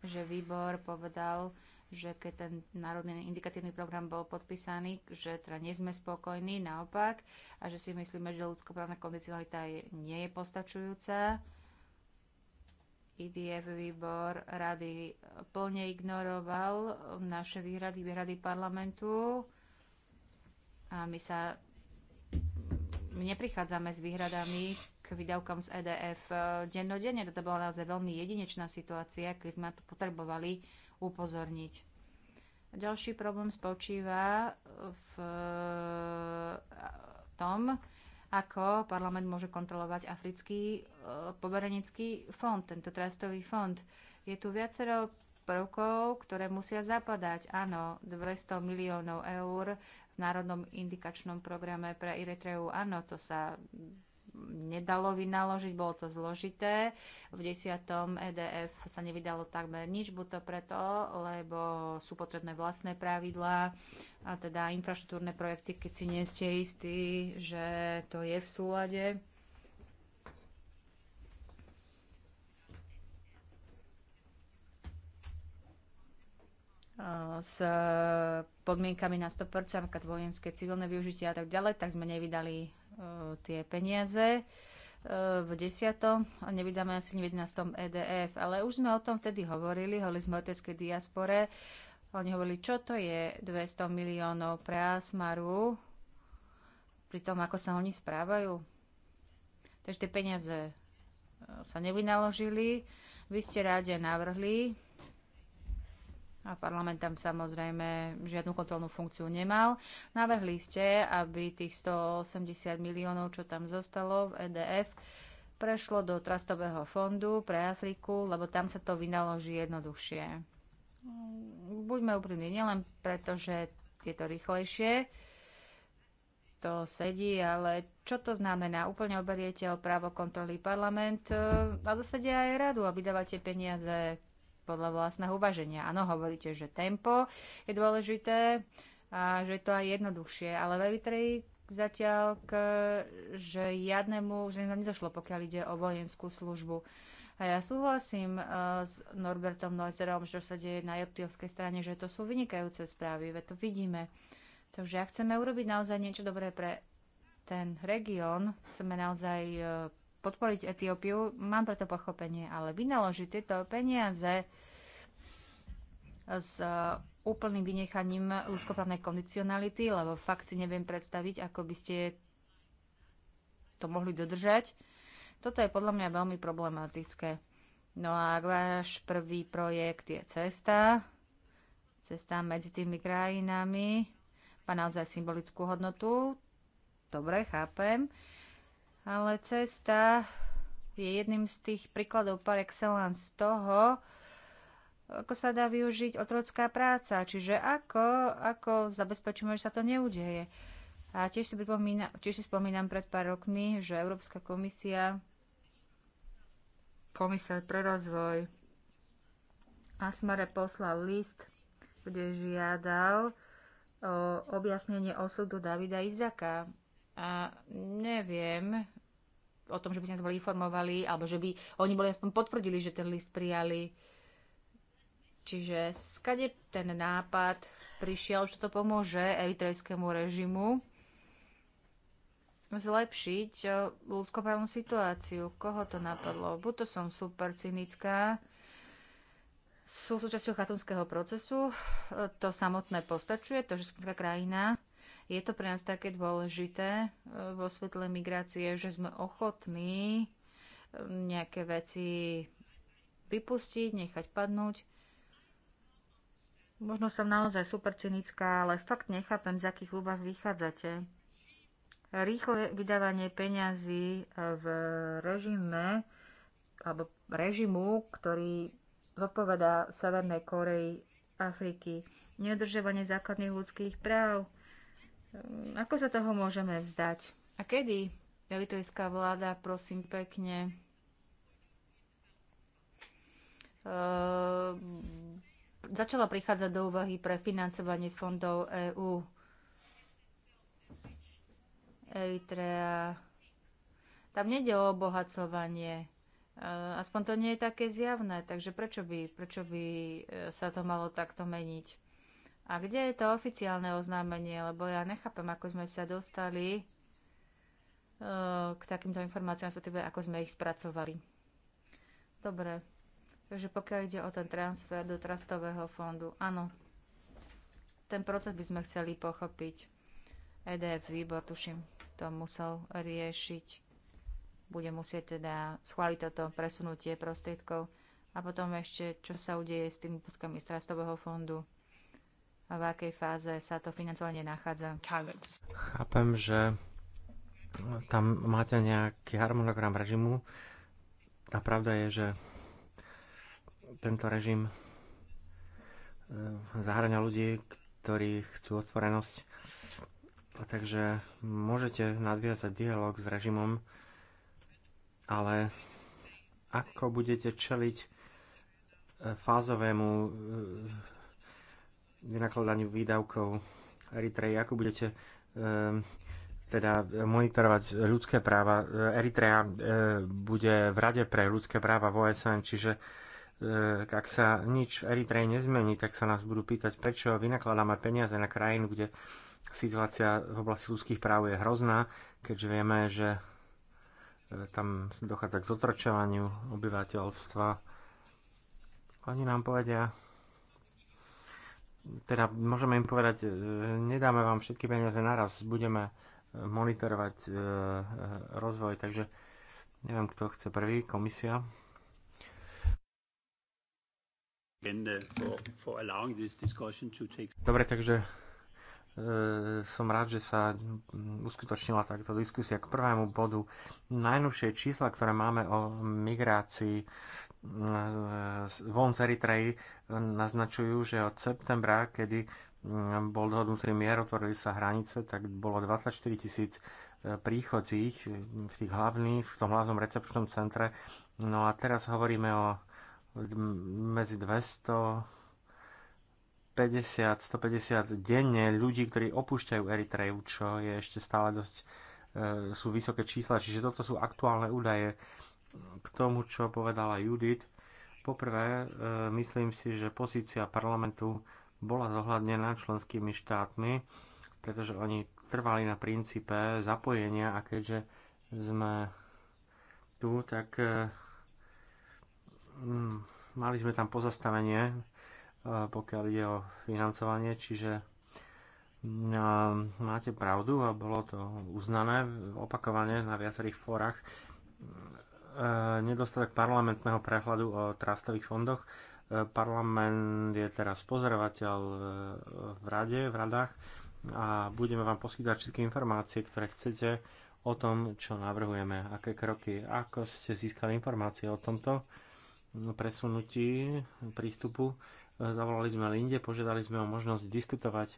S1: že výbor povedal, že keď ten národný indikatívny program bol podpísaný, že teda nie sme spokojní, naopak, a že si myslíme, že ľudskoprávna kondicionalita je, nie je postačujúca. IDF výbor rady plne ignoroval naše výhrady, výhrady parlamentu a my sa neprichádzame s výhradami k výdavkom z EDF eh, dennodenne. Toto bola naozaj veľmi jedinečná situácia, keď sme tu potrebovali upozorniť. Ďalší problém spočíva v e, tom, ako parlament môže kontrolovať Africký e, poberenický fond, tento trastový fond. Je tu viacero prvkov, ktoré musia zapadať. Áno, 200 miliónov eur v Národnom indikačnom programe pre Eritreu. Áno, to sa nedalo vynaložiť, bolo to zložité. V 10. EDF sa nevydalo takmer nič, buď to preto, lebo sú potrebné vlastné pravidlá, a teda infraštruktúrne projekty, keď si nie ste istí, že to je v súlade. s podmienkami na 100%, napríklad vojenské, civilné využitie a tak ďalej, tak sme nevydali Eh, tie peniaze eh, v desiatom a nevydáme asi v 11. EDF. Ale už sme o tom vtedy hovorili, hovorili sme o teskej diaspore. Oni hovorili, čo to je 200 miliónov pre Asmaru, pri tom, ako sa oni správajú. Takže tie peniaze eh, sa nevynaložili. Vy ste ráde navrhli a parlament tam samozrejme žiadnu kontrolnú funkciu nemal. Navrhli ste, aby tých 180 miliónov, čo tam zostalo v EDF, prešlo do Trastového fondu pre Afriku, lebo tam sa to vynaloží jednoduchšie. Buďme úprimní, nielen preto, že je to rýchlejšie, to sedí, ale čo to znamená? Úplne oberiete o právo kontroly parlament eh, a zase aj radu a vydávate peniaze podľa vlastného uvaženia. Áno, hovoríte, že tempo je dôležité a že je to aj jednoduchšie, ale v zatiaľ k že žiadnemu, že nedošlo, pokiaľ ide o vojenskú službu. A ja súhlasím uh, s Norbertom Neuserom, že sa deje na etiópskej strane, že to sú vynikajúce správy, veď to vidíme. Takže ak chceme urobiť naozaj niečo dobré pre ten región, chceme naozaj uh, podporiť Etiópiu, mám preto pochopenie, ale vynaložiť tieto peniaze s e, úplným vynechaním ľudskoprávnej kondicionality, lebo fakt si neviem predstaviť, ako by ste to mohli dodržať. Toto je podľa mňa veľmi problematické. No a ak váš prvý projekt je cesta, cesta medzi tými krajinami, má naozaj symbolickú hodnotu, dobre, chápem. Ale cesta je jedným z tých príkladov par excellence toho, ako sa dá využiť otrocká práca, čiže ako, ako zabezpečíme, že sa to neudeje. A tiež si, tiež si spomínam pred pár rokmi, že Európska komisia, komisia pre rozvoj Asmare poslal list, kde žiadal o objasnenie osudu Davida Izaka, a neviem o tom, že by sme nás boli informovali, alebo že by oni boli aspoň potvrdili, že ten list prijali. Čiže skade ten nápad prišiel, že to pomôže eritrejskému režimu zlepšiť e, ľudskoprávnu situáciu. Koho to napadlo? Buď to som super cynická, sú súčasťou chatumského procesu, e, to samotné postačuje, to, že skupinka krajina je to pre nás také dôležité e, vo svetle migrácie, že sme ochotní e, nejaké veci vypustiť, nechať padnúť. Možno som naozaj super cynická, ale fakt nechápem, z akých úvah vychádzate. Rýchle vydávanie peňazí e, v režime, alebo režimu, ktorý zodpovedá Severnej Koreji Afriky. Nedržovanie základných ľudských práv – Hm, ako sa toho môžeme vzdať? A kedy eritrejská vláda, prosím pekne, e, začala prichádzať do úvahy pre financovanie z fondov EÚ. Eritrea. Tam nejde o obohacovanie. Ehm, aspoň to nie je také zjavné, takže prečo by, prečo by e, sa to malo takto meniť? A kde je to oficiálne oznámenie? Lebo ja nechápem, ako sme sa dostali e, k takýmto informáciám, ako sme ich spracovali. Dobre. Takže pokiaľ ide o ten transfer do trastového fondu, áno, ten proces by sme chceli pochopiť. EDF výbor, tuším, to musel riešiť. Bude musieť teda schváliť toto presunutie prostriedkov. A potom ešte, čo sa udeje s tými púskami z trastového fondu v akej fáze sa to financovanie nachádza. Chápem,
S2: že tam máte nejaký harmonogram režimu a pravda je, že tento režim eh, zahrania ľudí, ktorí chcú otvorenosť. A takže môžete nadviazať dialog s režimom, ale ako budete čeliť eh, fázovému eh, vynakladaniu výdavkov Eritreji. Ako budete ehm, teda monitorovať ľudské práva. E, Eritrea e, bude v Rade pre ľudské práva v OSN, čiže e, ak sa nič Eritreji nezmení, tak sa nás budú pýtať, prečo vynakladáme peniaze na krajinu, kde situácia v oblasti ľudských práv je hrozná, keďže vieme, že tam dochádza k zotročovaniu obyvateľstva. Oni nám povedia, teda môžeme im povedať, e, nedáme vám všetky peniaze naraz, budeme e, monitorovať e, rozvoj, takže neviem, kto chce prvý, komisia. Dobre, takže som rád, že sa mm, uskutočnila takto diskusia k prvému bodu. Najnovšie čísla, ktoré máme o migrácii, mm, von z Eritreji e, naznačujú, že od septembra, kedy bol dohodnutý mier, otvorili sa hranice, tak bolo 24 tisíc e, príchodzích e, v tých hlavných, v tom hlavnom recepčnom centre. No a teraz hovoríme o medzi 200 50-150 denne ľudí, ktorí opúšťajú Eritreju, čo je ešte stále dosť, e, sú vysoké čísla. Čiže toto sú aktuálne údaje k tomu, čo povedala Judith. Poprvé, e, myslím si, že pozícia parlamentu bola zohľadnená členskými štátmi, pretože oni trvali na princípe zapojenia a keďže sme tu, tak e, mali sme tam pozastavenie, e, pokiaľ ide o financovanie, čiže máte pravdu a bolo to uznané opakovane na viacerých fórach E, nedostatok parlamentného prehľadu o trastových fondoch. E, parlament je teraz pozorovateľ e, v rade, v radách a budeme vám poskytovať všetky informácie, ktoré chcete o tom, čo navrhujeme, aké kroky, ako ste získali informácie o tomto presunutí prístupu. Zavolali sme Linde, požiadali sme o možnosť diskutovať.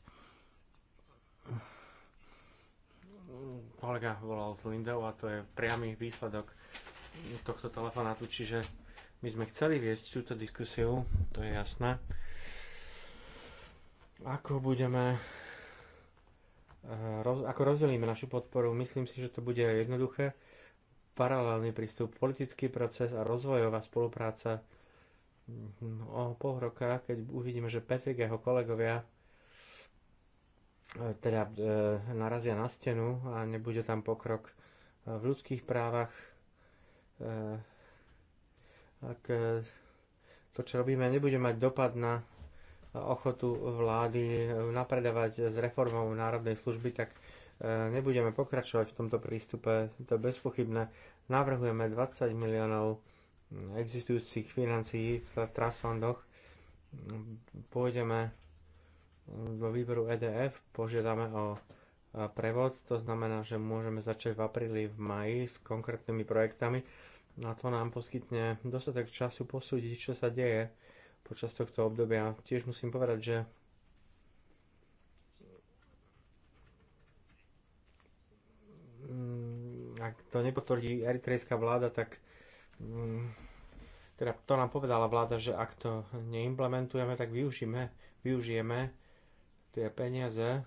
S2: Kolega volal s Lindou a to je priamy výsledok tohto telefonátu, čiže my sme chceli viesť túto diskusiu, to je jasné. Ako budeme, eh, ako rozdelíme našu podporu, myslím si, že to bude jednoduché. Paralelný prístup, politický proces a rozvojová spolupráca o pol roka, keď uvidíme, že Petrik a jeho kolegovia eh, teda eh, narazia na stenu a nebude tam pokrok v ľudských právach, Eh, ak eh, to, čo robíme, nebude mať dopad na ochotu vlády napredovať s reformou národnej služby, tak eh, nebudeme pokračovať v tomto prístupe. To je bezpochybné. Navrhujeme 20 miliónov existujúcich financií v transfondoch, Pôjdeme do výboru EDF, požiadame o prevod, to znamená, že môžeme začať v apríli, v maji s konkrétnymi projektami na to nám poskytne dostatok času posúdiť, čo sa deje počas tohto obdobia. Tiež musím povedať, že mm, ak to nepotvrdí eritrejská vláda, tak mm, teda to nám povedala vláda, že ak to neimplementujeme, tak využijeme, využijeme tie peniaze.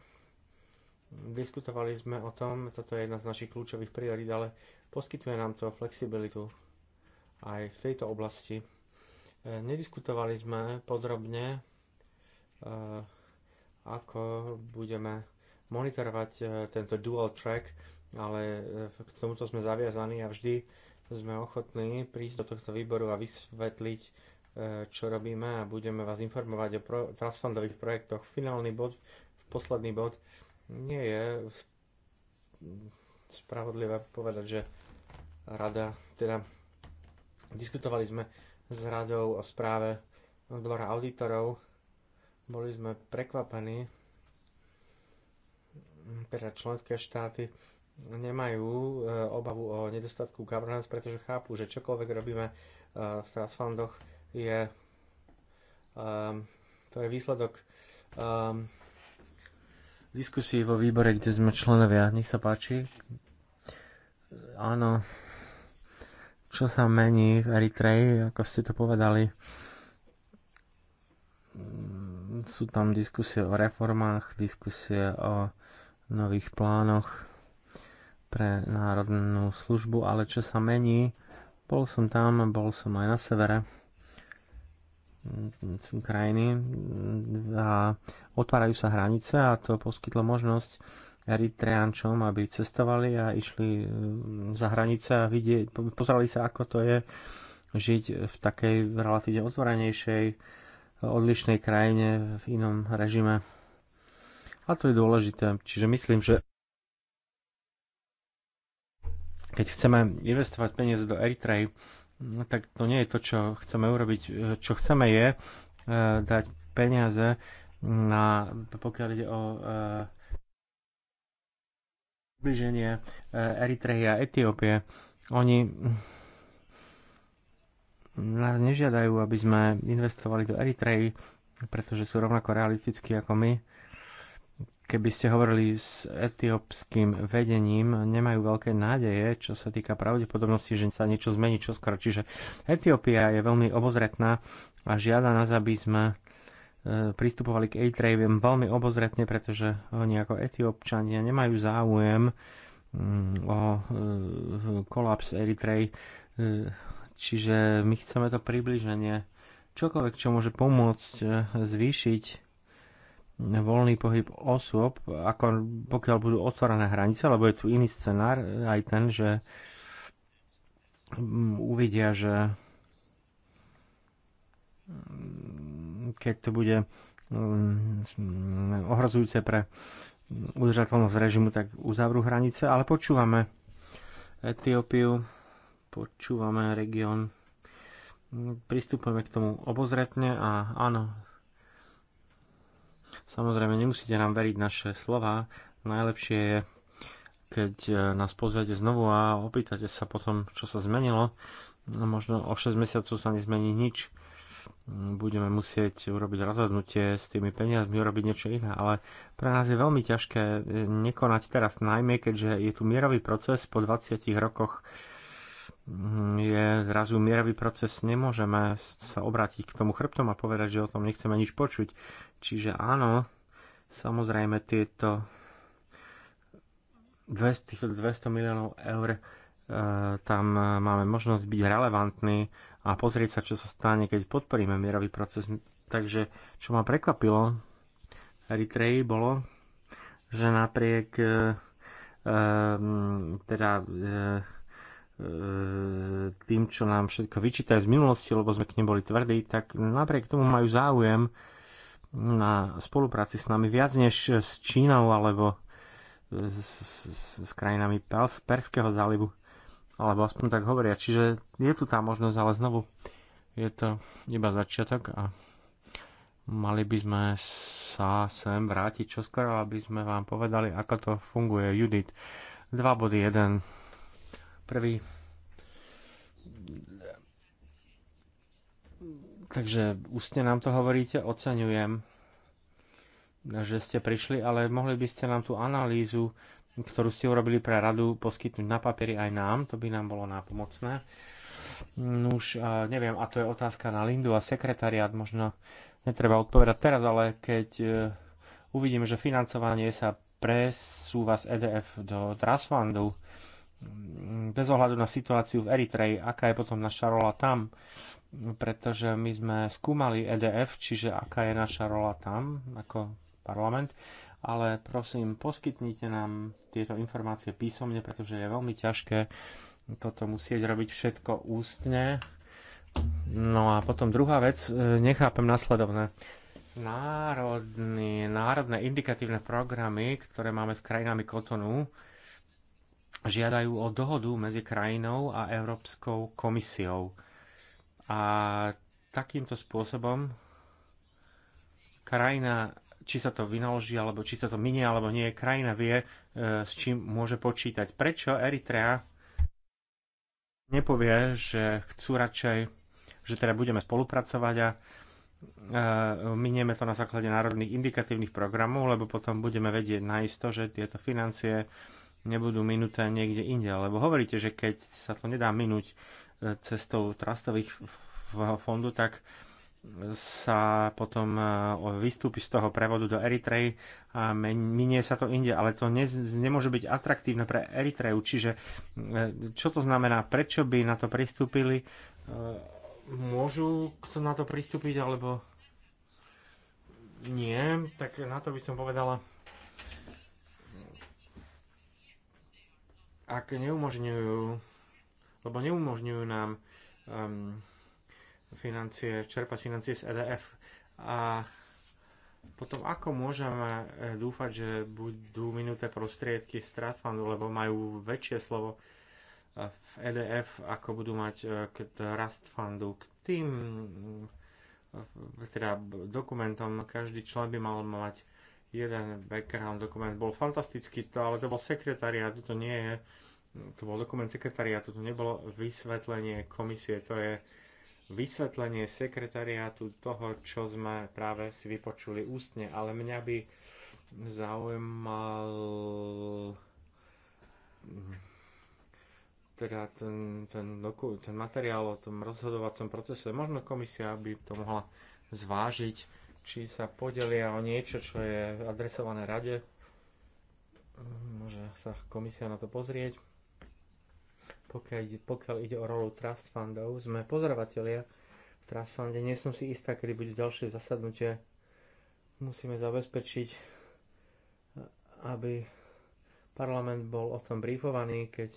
S2: Diskutovali sme o tom, toto je jedna z našich kľúčových priorít, ale Poskytuje nám to flexibilitu aj v tejto oblasti. E, nediskutovali sme podrobne, e, ako budeme monitorovať e, tento dual track, ale k tomuto sme zaviazaní a vždy sme ochotní prísť do tohto výboru a vysvetliť, čo robíme a budeme vás informovať o pro- transfundových projektoch. Finálny bod, posledný bod, nie je spravodlivé povedať, že rada, teda diskutovali sme s radou o správe dvora auditorov. Boli sme prekvapení, teda členské štáty nemajú e, obavu o nedostatku governance, pretože chápu, že čokoľvek robíme e, v trust fundoch je, e, to je výsledok diskusí vo výbore, kde sme členovia. Nech sa páči. Áno, čo sa mení v Eritreji, ako ste to povedali? Sú tam diskusie o reformách, diskusie o nových plánoch pre národnú službu, ale čo sa mení? Bol som tam, bol som aj na severe krajiny a otvárajú sa hranice a to poskytlo možnosť Eritreančom, aby cestovali a išli e, za hranice a vidieť, pozerali sa, ako to je žiť v takej relatívne otvorenejšej, odlišnej krajine, v inom režime. A to je dôležité. Čiže myslím, že keď chceme investovať peniaze do Eritrej, no tak to nie je to, čo chceme urobiť. E, čo chceme je e, dať peniaze na, pokiaľ ide o približenie e, Eritrehy a Etiópie. Oni nás nežiadajú, aby sme investovali do Eritreji, pretože sú rovnako realistickí ako my. Keby ste hovorili s etiópským vedením, nemajú veľké nádeje, čo sa týka pravdepodobnosti, že sa niečo zmení čoskoro. Čiže Etiópia je veľmi obozretná a žiada nás, aby sme E, pristupovali k A-Traviem veľmi obozretne, pretože oni ako Etiopčania nemajú záujem mm, o e, kolaps Eritrej, e, čiže my chceme to približenie. Čokoľvek, čo môže pomôcť zvýšiť voľný pohyb osôb, ako pokiaľ budú otvorené hranice, lebo je tu iný scenár, aj ten, že mm, uvidia, že keď to bude mm, ohrozujúce pre udržateľnosť režimu, tak uzavrú hranice, ale počúvame Etiópiu, počúvame región, pristupujeme k tomu obozretne a áno, samozrejme nemusíte nám veriť naše slova, najlepšie je, keď e, nás pozviete znovu a opýtate sa potom, čo sa zmenilo, no, možno o 6 mesiacov sa nezmení nič, budeme musieť urobiť rozhodnutie s tými peniazmi, urobiť niečo iné, ale pre nás je veľmi ťažké e, nekonať teraz, najmä keďže je tu mierový proces po 20 rokoch mm, je zrazu mierový proces, nemôžeme sa obrátiť k tomu chrbtom a povedať, že o tom nechceme nič počuť. Čiže áno, samozrejme tieto 200, 200 miliónov eur E, tam e, máme možnosť byť relevantní a pozrieť sa, čo sa stane, keď podporíme mierový proces. Takže, čo ma prekvapilo Eritreji bolo, že napriek e, e teda e, tým, čo nám všetko vyčítajú z minulosti, lebo sme k nim boli tvrdí, tak napriek tomu majú záujem na spolupráci s nami viac než s Čínou alebo s, s, s krajinami Perského zálivu alebo aspoň tak hovoria. Čiže je tu tá možnosť, ale znovu je to iba začiatok a mali by sme sa sem vrátiť čoskoro, aby sme vám povedali, ako to funguje. Judith, 2 body 1. Prvý. Takže ústne nám to hovoríte, oceňujem, že ste prišli, ale mohli by ste nám tú analýzu ktorú ste urobili pre radu, poskytnúť na papieri aj nám, to by nám bolo nápomocné. No už neviem, a to je otázka na Lindu a sekretariat, možno netreba odpovedať teraz, ale keď e, uvidíme, že financovanie sa presúva z EDF do Trasfandu, bez ohľadu na situáciu v Eritreji, aká je potom naša rola tam, pretože my sme skúmali EDF, čiže aká je naša rola tam ako parlament ale prosím, poskytnite nám tieto informácie písomne, pretože je veľmi ťažké toto musieť robiť všetko ústne. No a potom druhá vec, e, nechápem nasledovné. Národný, národné indikatívne programy, ktoré máme s krajinami Kotonu, žiadajú o dohodu medzi krajinou a Európskou komisiou. A takýmto spôsobom krajina či sa to vynaloží, alebo či sa to minie, alebo nie. Krajina vie, e, s čím môže počítať. Prečo Eritrea nepovie, že chcú radšej, že teda budeme spolupracovať a e, minieme to na základe národných indikatívnych programov, lebo potom budeme vedieť naisto, že tieto financie nebudú minuté niekde inde. Lebo hovoríte, že keď sa to nedá minúť e, cestou trastových fondu, tak sa potom e, vystúpi z toho prevodu do Eritrej a minie sa to inde, ale to ne, nemôže byť atraktívne pre Eritreju. Čiže e, čo to znamená, prečo by na to pristúpili? E, môžu kto na to pristúpiť alebo nie? Tak na to by som povedala, ak neumožňujú, lebo neumožňujú nám um, financie, čerpať financie z EDF. A potom ako môžeme eh, dúfať, že budú minuté prostriedky z Trasfandu, lebo majú väčšie slovo eh, v EDF, ako budú mať eh, k Trustfundu. K tým teda dokumentom každý člen by mal mať jeden background dokument. Bol fantastický, to, ale to bol sekretariat, to nie je to bol dokument sekretariátu, to nebolo vysvetlenie komisie, to je uh, vysvetlenie sekretariátu toho, čo sme práve si vypočuli ústne, ale mňa by zaujímal teda ten, ten, doku, ten materiál o tom rozhodovacom procese. Možno komisia by to mohla zvážiť, či sa podelia o niečo, čo je adresované rade. Môže sa komisia na to pozrieť pokiaľ ide, pokiaľ ide o rolu trust fundov. Sme pozorovatelia v trust funde. Nie som si istá, kedy bude ďalšie zasadnutie. Musíme zabezpečiť, aby parlament bol o tom briefovaný, keď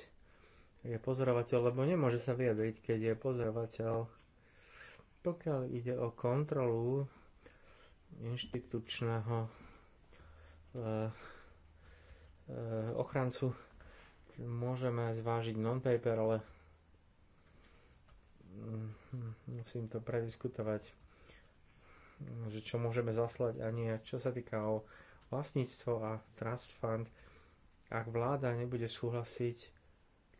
S2: je pozorovateľ, lebo nemôže sa vyjadriť, keď je pozorovateľ. Pokiaľ ide o kontrolu inštitučného e, e, ochrancu môžeme zvážiť non-paper, ale mm, musím to prediskutovať, že čo môžeme zaslať a nie. Čo sa týka o vlastníctvo a trust fund, ak vláda nebude súhlasiť,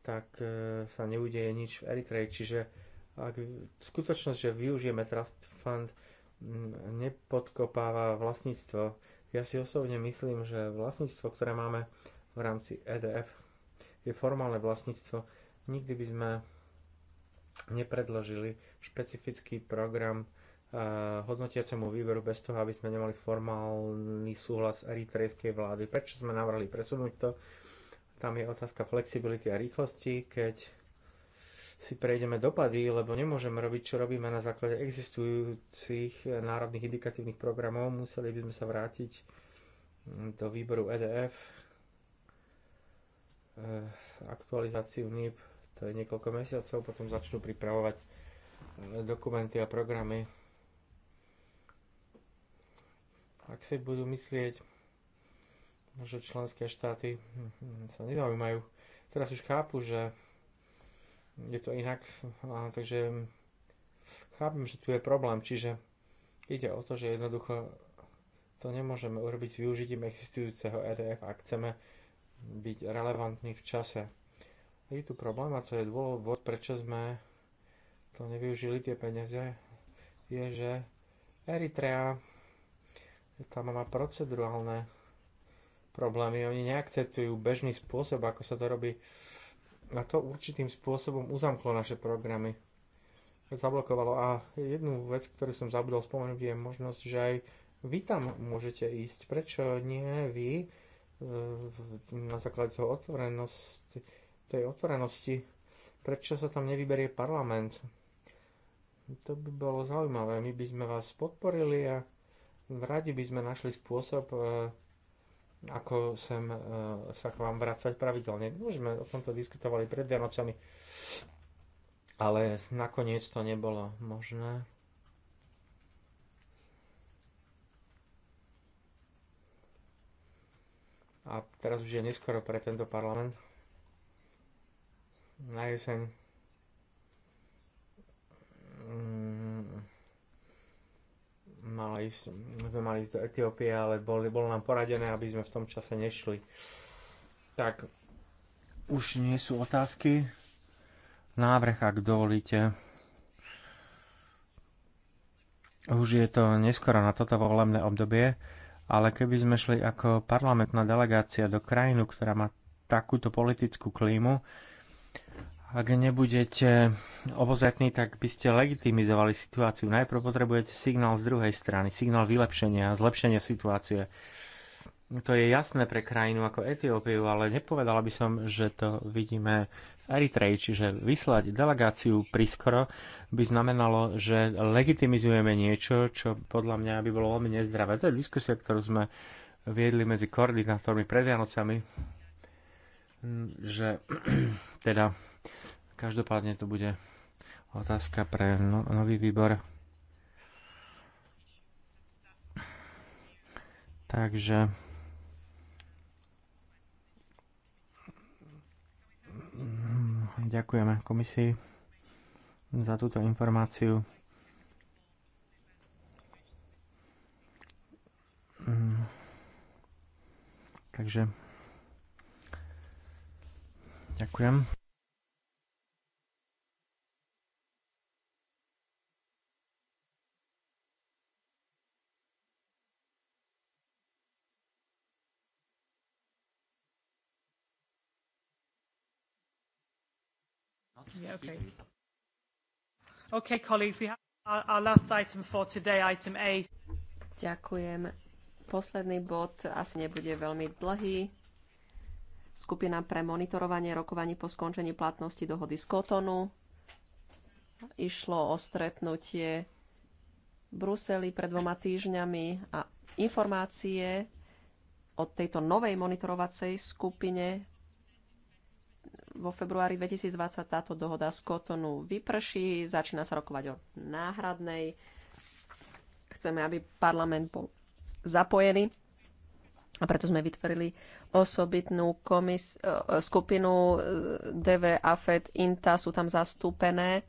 S2: tak e, sa neudeje nič v Eritreji. Čiže ak skutočnosť, že využijeme trust fund, mm, nepodkopáva vlastníctvo. Ja si osobne myslím, že vlastníctvo, ktoré máme v rámci EDF, je formálne vlastníctvo. Nikdy by sme nepredložili špecifický program eh, hodnotiacemu výberu bez toho, aby sme nemali formálny súhlas eritrejskej vlády. Prečo sme navrhli presunúť to? Tam je otázka flexibility a rýchlosti, keď si prejdeme dopady, lebo nemôžeme robiť, čo robíme na základe existujúcich eh, národných indikatívnych programov. Museli by sme sa vrátiť mm, do výboru EDF Eh, aktualizáciu NIP, to je niekoľko mesiacov, potom začnú pripravovať eh, dokumenty a programy. Ak si budú myslieť, že členské štáty hm, hm, sa nezaujímajú, teraz už chápu, že je to inak, takže hm, chápem, že tu je problém, čiže ide o to, že jednoducho to nemôžeme urobiť s využitím existujúceho EDF, ak chceme byť relevantný v čase. Je tu problém a to je dôvod, prečo sme to nevyužili tie peniaze, je, že Eritrea tam má procedurálne problémy. Oni neakceptujú bežný spôsob, ako sa to robí. A to určitým spôsobom uzamklo naše programy. Zablokovalo. A jednu vec, ktorú som zabudol spomenúť, je možnosť, že aj vy tam môžete ísť. Prečo nie vy? na základe toho otvorenosti, tej otvorenosti, prečo sa tam nevyberie parlament. To by bolo zaujímavé. My by sme vás podporili a radi by sme našli spôsob, e, ako sem e, sa k vám vrácať pravidelne. Už sme o tomto diskutovali pred Vianocami, ale nakoniec to nebolo možné. a teraz už je neskoro pre tento parlament. Na jeseň mm, mala ísť, sme mali ísť do Etiópie, ale boli, bolo nám poradené, aby sme v tom čase nešli. Tak, už nie sú otázky. Návrh, ak dovolíte. Už je to neskoro na toto volebné obdobie ale keby sme šli ako parlamentná delegácia do krajinu, ktorá má takúto politickú klímu, ak nebudete obozretní, tak by ste legitimizovali situáciu. Najprv potrebujete signál z druhej strany, signál vylepšenia, zlepšenia situácie. To je jasné pre krajinu ako Etiópiu, ale nepovedala by som, že to vidíme Eritreji, čiže vyslať delegáciu priskoro by znamenalo, že legitimizujeme niečo, čo podľa mňa by bolo veľmi nezdravé. To je diskusia, ktorú sme viedli medzi koordinátormi pred Vianocami, že teda každopádne to bude otázka pre no, nový výbor. Takže Ďakujeme komisii za túto informáciu. Mm. Takže ďakujem.
S3: Yeah, okay. Okay, colleagues, we have our, our last item for today, item A. Ďakujem. Posledný bod asi nebude veľmi dlhý. Skupina pre monitorovanie rokovaní po skončení platnosti dohody z Kotonu. Išlo o stretnutie v Bruseli pred dvoma týždňami a informácie o tejto novej monitorovacej skupine vo februári 2020 táto dohoda z Kotonu vyprší, začína sa rokovať o náhradnej. Chceme, aby parlament bol zapojený a preto sme vytvorili osobitnú komis- e, skupinu e, DV, AFED, INTA, sú tam zastúpené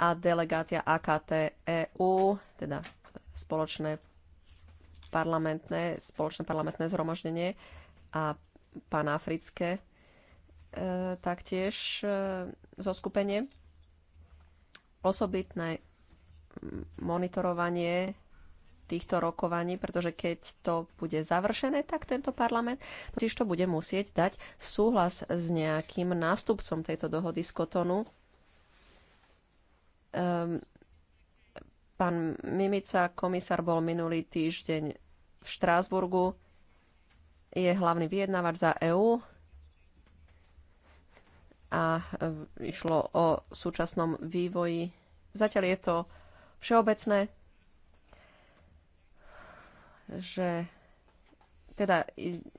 S3: a delegácia AKT EU, teda spoločné parlamentné, spoločné parlamentné zhromaždenie a panafrické E, taktiež e, skupenie. Osobitné monitorovanie týchto rokovaní, pretože keď to bude završené, tak tento parlament totiž to bude musieť dať súhlas s nejakým nástupcom tejto dohody z Kotonu. Um, pán Mimica, komisár, bol minulý týždeň v Štrásburgu, je hlavný vyjednávač za EÚ a e, išlo o súčasnom vývoji. Zatiaľ je to všeobecné, že teda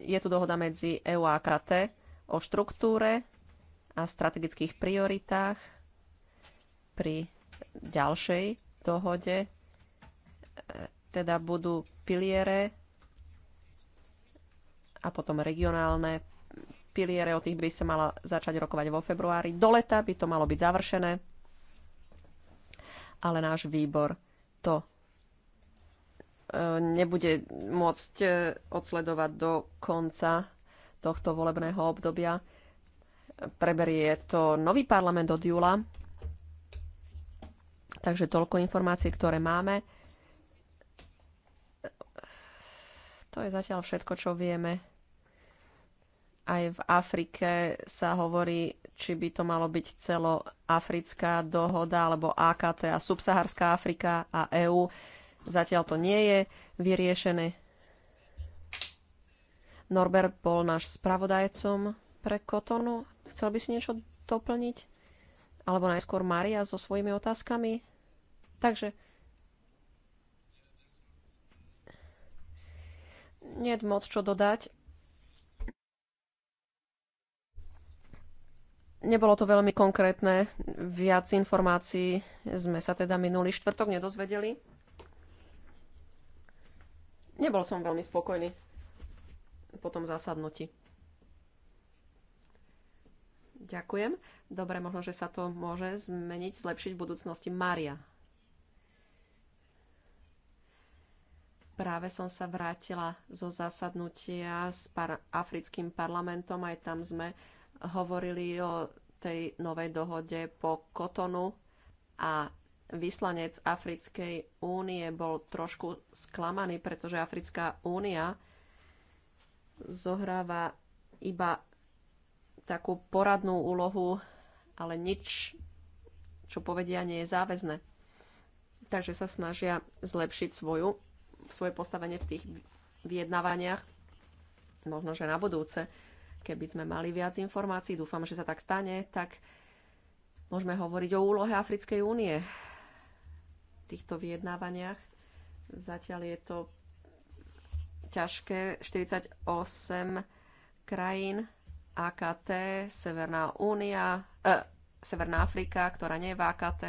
S3: je tu dohoda medzi EU a KT o štruktúre a strategických prioritách pri ďalšej dohode e, teda budú piliere a potom regionálne piliere, o tých by sa mala začať rokovať vo februári. Do leta by to malo byť završené, ale náš výbor to e, nebude môcť e, odsledovať do konca tohto volebného obdobia. Preberie to nový parlament od júla. Takže toľko informácií, ktoré máme. To je zatiaľ všetko, čo vieme. Aj v Afrike sa hovorí, či by to malo byť celoafrická dohoda alebo AKT a subsaharská Afrika a EÚ. Zatiaľ to nie je vyriešené. Norbert bol náš spravodajcom pre Kotonu. Chcel by si niečo doplniť? Alebo najskôr Maria so svojimi otázkami? Takže nie je moc čo dodať. Nebolo to veľmi konkrétne. Viac informácií sme sa teda minulý štvrtok nedozvedeli. Nebol som veľmi spokojný po tom zasadnutí. Ďakujem. Dobre, možno, že sa to môže zmeniť, zlepšiť v budúcnosti. Maria. Práve som sa vrátila zo zasadnutia s par- africkým parlamentom, aj tam sme hovorili o tej novej dohode po Kotonu a vyslanec Africkej únie bol trošku sklamaný, pretože Africká únia zohráva iba takú poradnú úlohu, ale nič, čo povedia, nie je záväzné. Takže sa snažia zlepšiť svoju, svoje postavenie v tých vyjednávaniach. Možno, že na budúce Keby sme mali viac informácií, dúfam, že sa tak stane, tak môžeme hovoriť o úlohe Africkej únie v týchto vyjednávaniach. Zatiaľ je to ťažké. 48 krajín AKT, Severná únia, eh, Severná Afrika, ktorá nie je v AKT,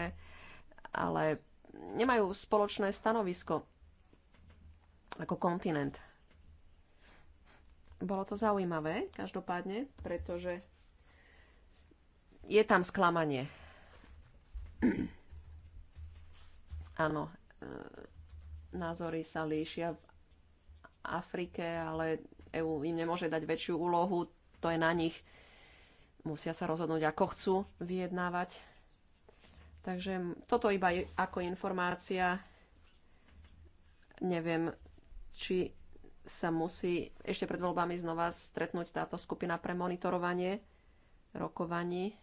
S3: ale nemajú spoločné stanovisko ako kontinent. Bolo to zaujímavé, každopádne, pretože je tam sklamanie. Áno, e, názory sa líšia v Afrike, ale EU im nemôže dať väčšiu úlohu, to je na nich. Musia sa rozhodnúť, ako chcú vyjednávať. Takže toto iba ako informácia. Neviem, či sa musí ešte pred voľbami znova stretnúť táto skupina pre monitorovanie rokovaní.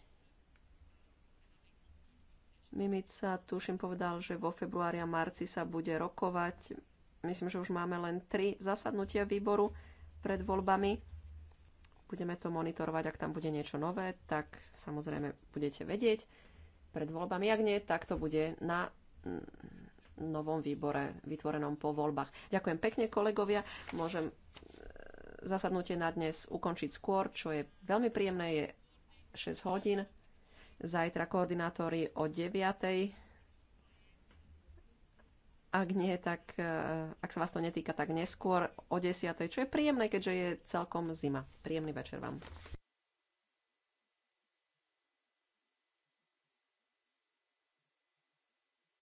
S3: Mimica, tuším, povedal, že vo februári a marci sa bude rokovať. Myslím, že už máme len tri zasadnutia výboru pred voľbami. Budeme to monitorovať, ak tam bude niečo nové, tak samozrejme budete vedieť pred voľbami. Ak nie, tak to bude na novom výbore vytvorenom po voľbách. Ďakujem pekne kolegovia. Môžem e, zasadnutie na dnes ukončiť skôr, čo je veľmi príjemné, je 6 hodín. Zajtra koordinátori o 9. Ak nie, tak e, ak sa vás to netýka, tak neskôr o 10. Čo je príjemné, keďže je celkom zima. Príjemný večer vám.